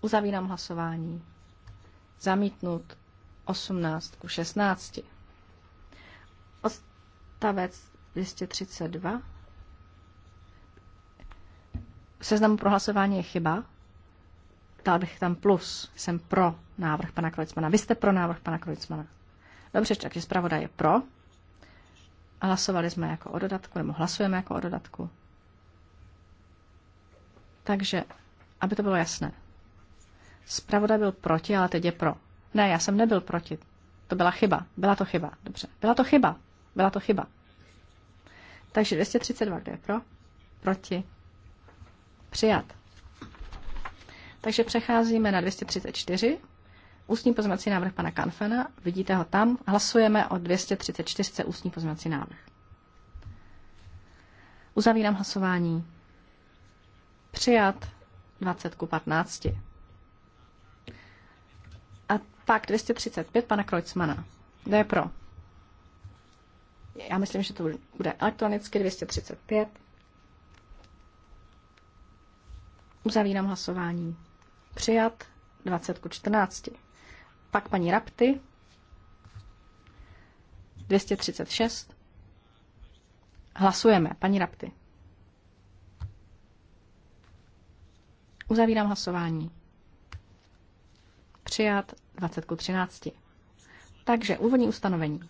Uzavírám hlasování. Zamítnut 18 ku 16 odstavec 232. seznamu prohlasování je chyba. Dal bych tam plus. Jsem pro návrh pana Krojcmana. Vy jste pro návrh pana Krojcmana. Dobře, takže zpravodaj je pro. A hlasovali jsme jako o dodatku, nebo hlasujeme jako o dodatku. Takže, aby to bylo jasné. Zpravodaj byl proti, ale teď je pro. Ne, já jsem nebyl proti. To byla chyba. Byla to chyba. Dobře. Byla to chyba. Byla to chyba. Takže 232, kde je pro? Proti. Přijat. Takže přecházíme na 234. Ústní pozměnací návrh pana Kanfena. Vidíte ho tam. Hlasujeme o 234. Ústní pozměnací návrh. Uzavírám hlasování. Přijat 20 ku 15. A pak 235 pana Kreutzmana. Kde je pro? Já myslím, že to bude elektronicky 235. Uzavírám hlasování. Přijat 20 ku 14. Pak paní Rapty 236. Hlasujeme. Paní Rapty. Uzavírám hlasování. Přijat 20 ku 13. Takže úvodní ustanovení.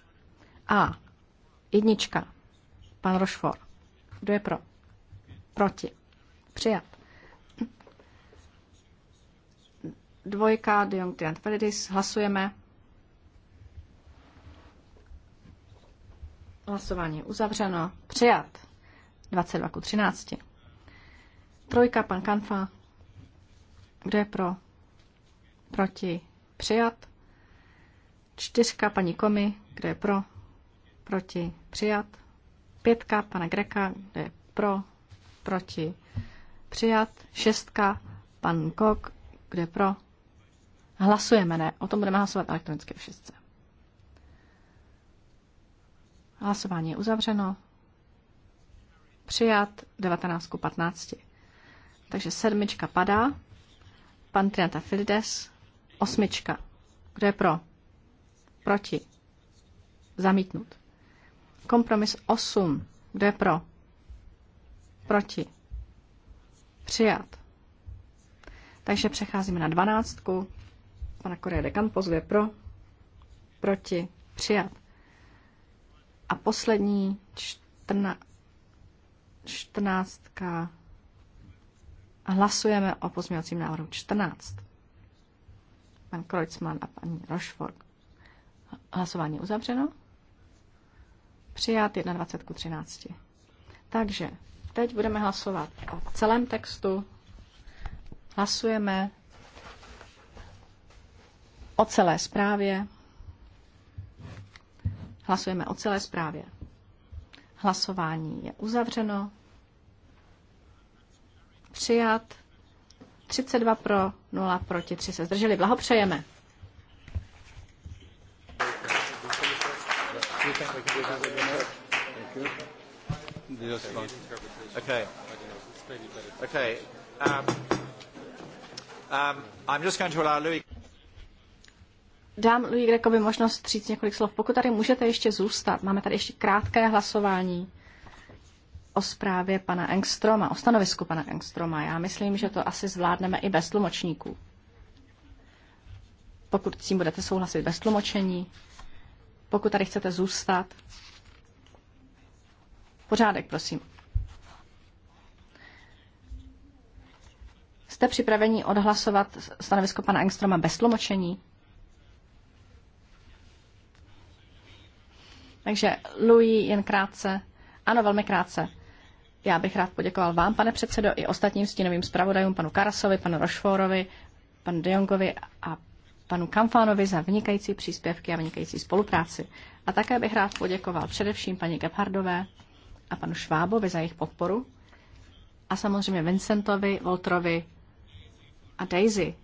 A. Jednička. Pan Rošfor. Kdo je pro? Proti. Přijat. Dvojka, Dion Triantfelidis. Hlasujeme. Hlasování uzavřeno. Přijat. 22 ku 13. Trojka, pan Kanfa. Kdo je pro? Proti. Přijat. Čtyřka, paní Komi. Kdo je pro? Proti. Přijat. Pětka pana Greka, kde je pro, proti. Přijat. Šestka pan Kok, kde je pro. Hlasujeme, ne? O tom budeme hlasovat elektronicky v šestce. Hlasování je uzavřeno. Přijat 19 15. Takže sedmička padá. Pan Trianta Filides. Osmička. Kdo je pro? Proti. Zamítnut. Kompromis 8. Kdo je pro? Proti. Přijat. Takže přecházíme na dvanáctku. Pana Korea de Campos, kdo je pro? Proti. Přijat. A poslední čtrna, čtrnáctka. Hlasujeme o pozměňovacím návrhu 14. Pan Kreutzmann a paní Rochefort. Hlasování uzavřeno. Přijat 21 ku 13. Takže teď budeme hlasovat o celém textu. Hlasujeme o celé zprávě. Hlasujeme o celé zprávě. Hlasování je uzavřeno. Přijat 32 pro, 0 proti, 3 se zdrželi. Blahopřejeme. you think we can do that with your notes? Thank you. Yes, okay. Okay. Um, um, I'm just going to allow Louis. Dám Louis Grekovi možnost říct několik slov. Pokud tady můžete ještě zůstat, máme tady ještě krátké hlasování o zprávě pana Engstroma, o stanovisku pana Engstroma. Já myslím, že to asi zvládneme i bez tlumočníků. Pokud s tím budete souhlasit bez tlumočení, pokud tady chcete zůstat. Pořádek, prosím. Jste připraveni odhlasovat stanovisko pana Engstroma bez tlumočení? Takže Louis, jen krátce. Ano, velmi krátce. Já bych rád poděkoval vám, pane předsedo, i ostatním stínovým zpravodajům, panu Karasovi, panu Rošforovi, panu Diongovi a panu Kamfánovi za vynikající příspěvky a vynikající spolupráci. A také bych rád poděkoval především paní Gebhardové a panu Švábovi za jejich podporu a samozřejmě Vincentovi, Voltrovi a Daisy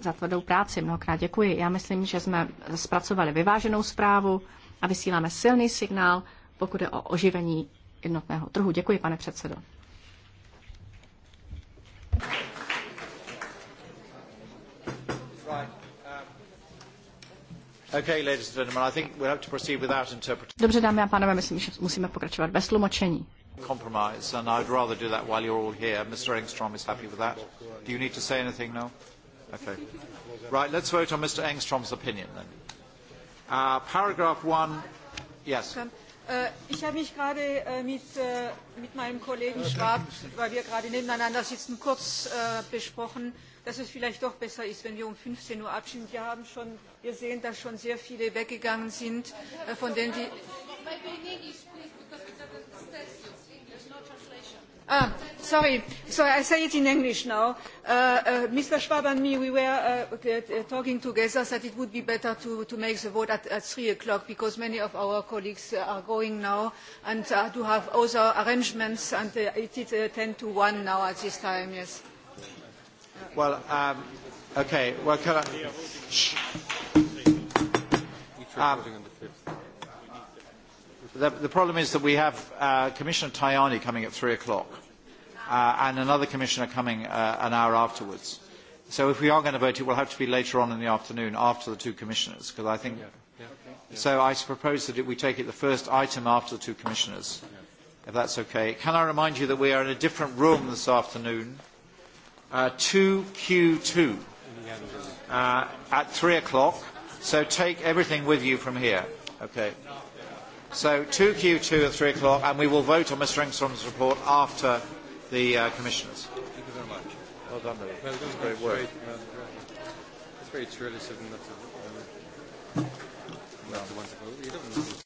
za tvrdou práci. Mnohokrát děkuji. Já myslím, že jsme zpracovali vyváženou zprávu a vysíláme silný signál, pokud je o oživení jednotného trhu. Děkuji, pane předsedo. Dobře, dámy a pánové, myslím, že musíme pokračovat bez tlumočení. Compromise, and I'd rather do that while you're all here. Mr. Engstrom is happy with that. Do you need to say anything now? Okay. Right, let's vote on Mr. Engstrom's opinion then. Uh, paragraph one. Yes. Äh, ich habe mich gerade äh, mit, äh, mit meinem Kollegen Schwab, weil wir gerade nebeneinander sitzen, kurz besprochen dass es vielleicht doch besser ist, wenn wir um 15 Uhr abschließen. Wir haben schon, wir sehen, dass schon sehr viele weggegangen sind, äh, von denen die... Ah, sorry, So I say it in English now. Uh, uh, Mr. Schwab and me, we were uh, uh, talking together that it would be better to, to make the vote at, at 3 o'clock because many of our colleagues uh, are going now and uh, do have other arrangements and uh, it is uh, 10 to 1 now at this time, yes. Well, um, okay. Well, can I? Shh. Um, the, the problem is that we have uh, Commissioner Tajani coming at three o'clock, uh, and another commissioner coming uh, an hour afterwards. So if we are going to vote, it will have to be later on in the afternoon after the two commissioners, because I think. Yeah. Yeah. Okay. So I propose that we take it the first item after the two commissioners, yeah. if that's okay. Can I remind you that we are in a different room this afternoon? 2Q2 uh, uh, at 3 o'clock. So take everything with you from here. Okay. So 2Q2 at 3 o'clock, and we will vote on Mr. Engstrom's report after the uh, commissioners. Thank you very much. Well done, David. Well done. Great work. Um, it's very true, well,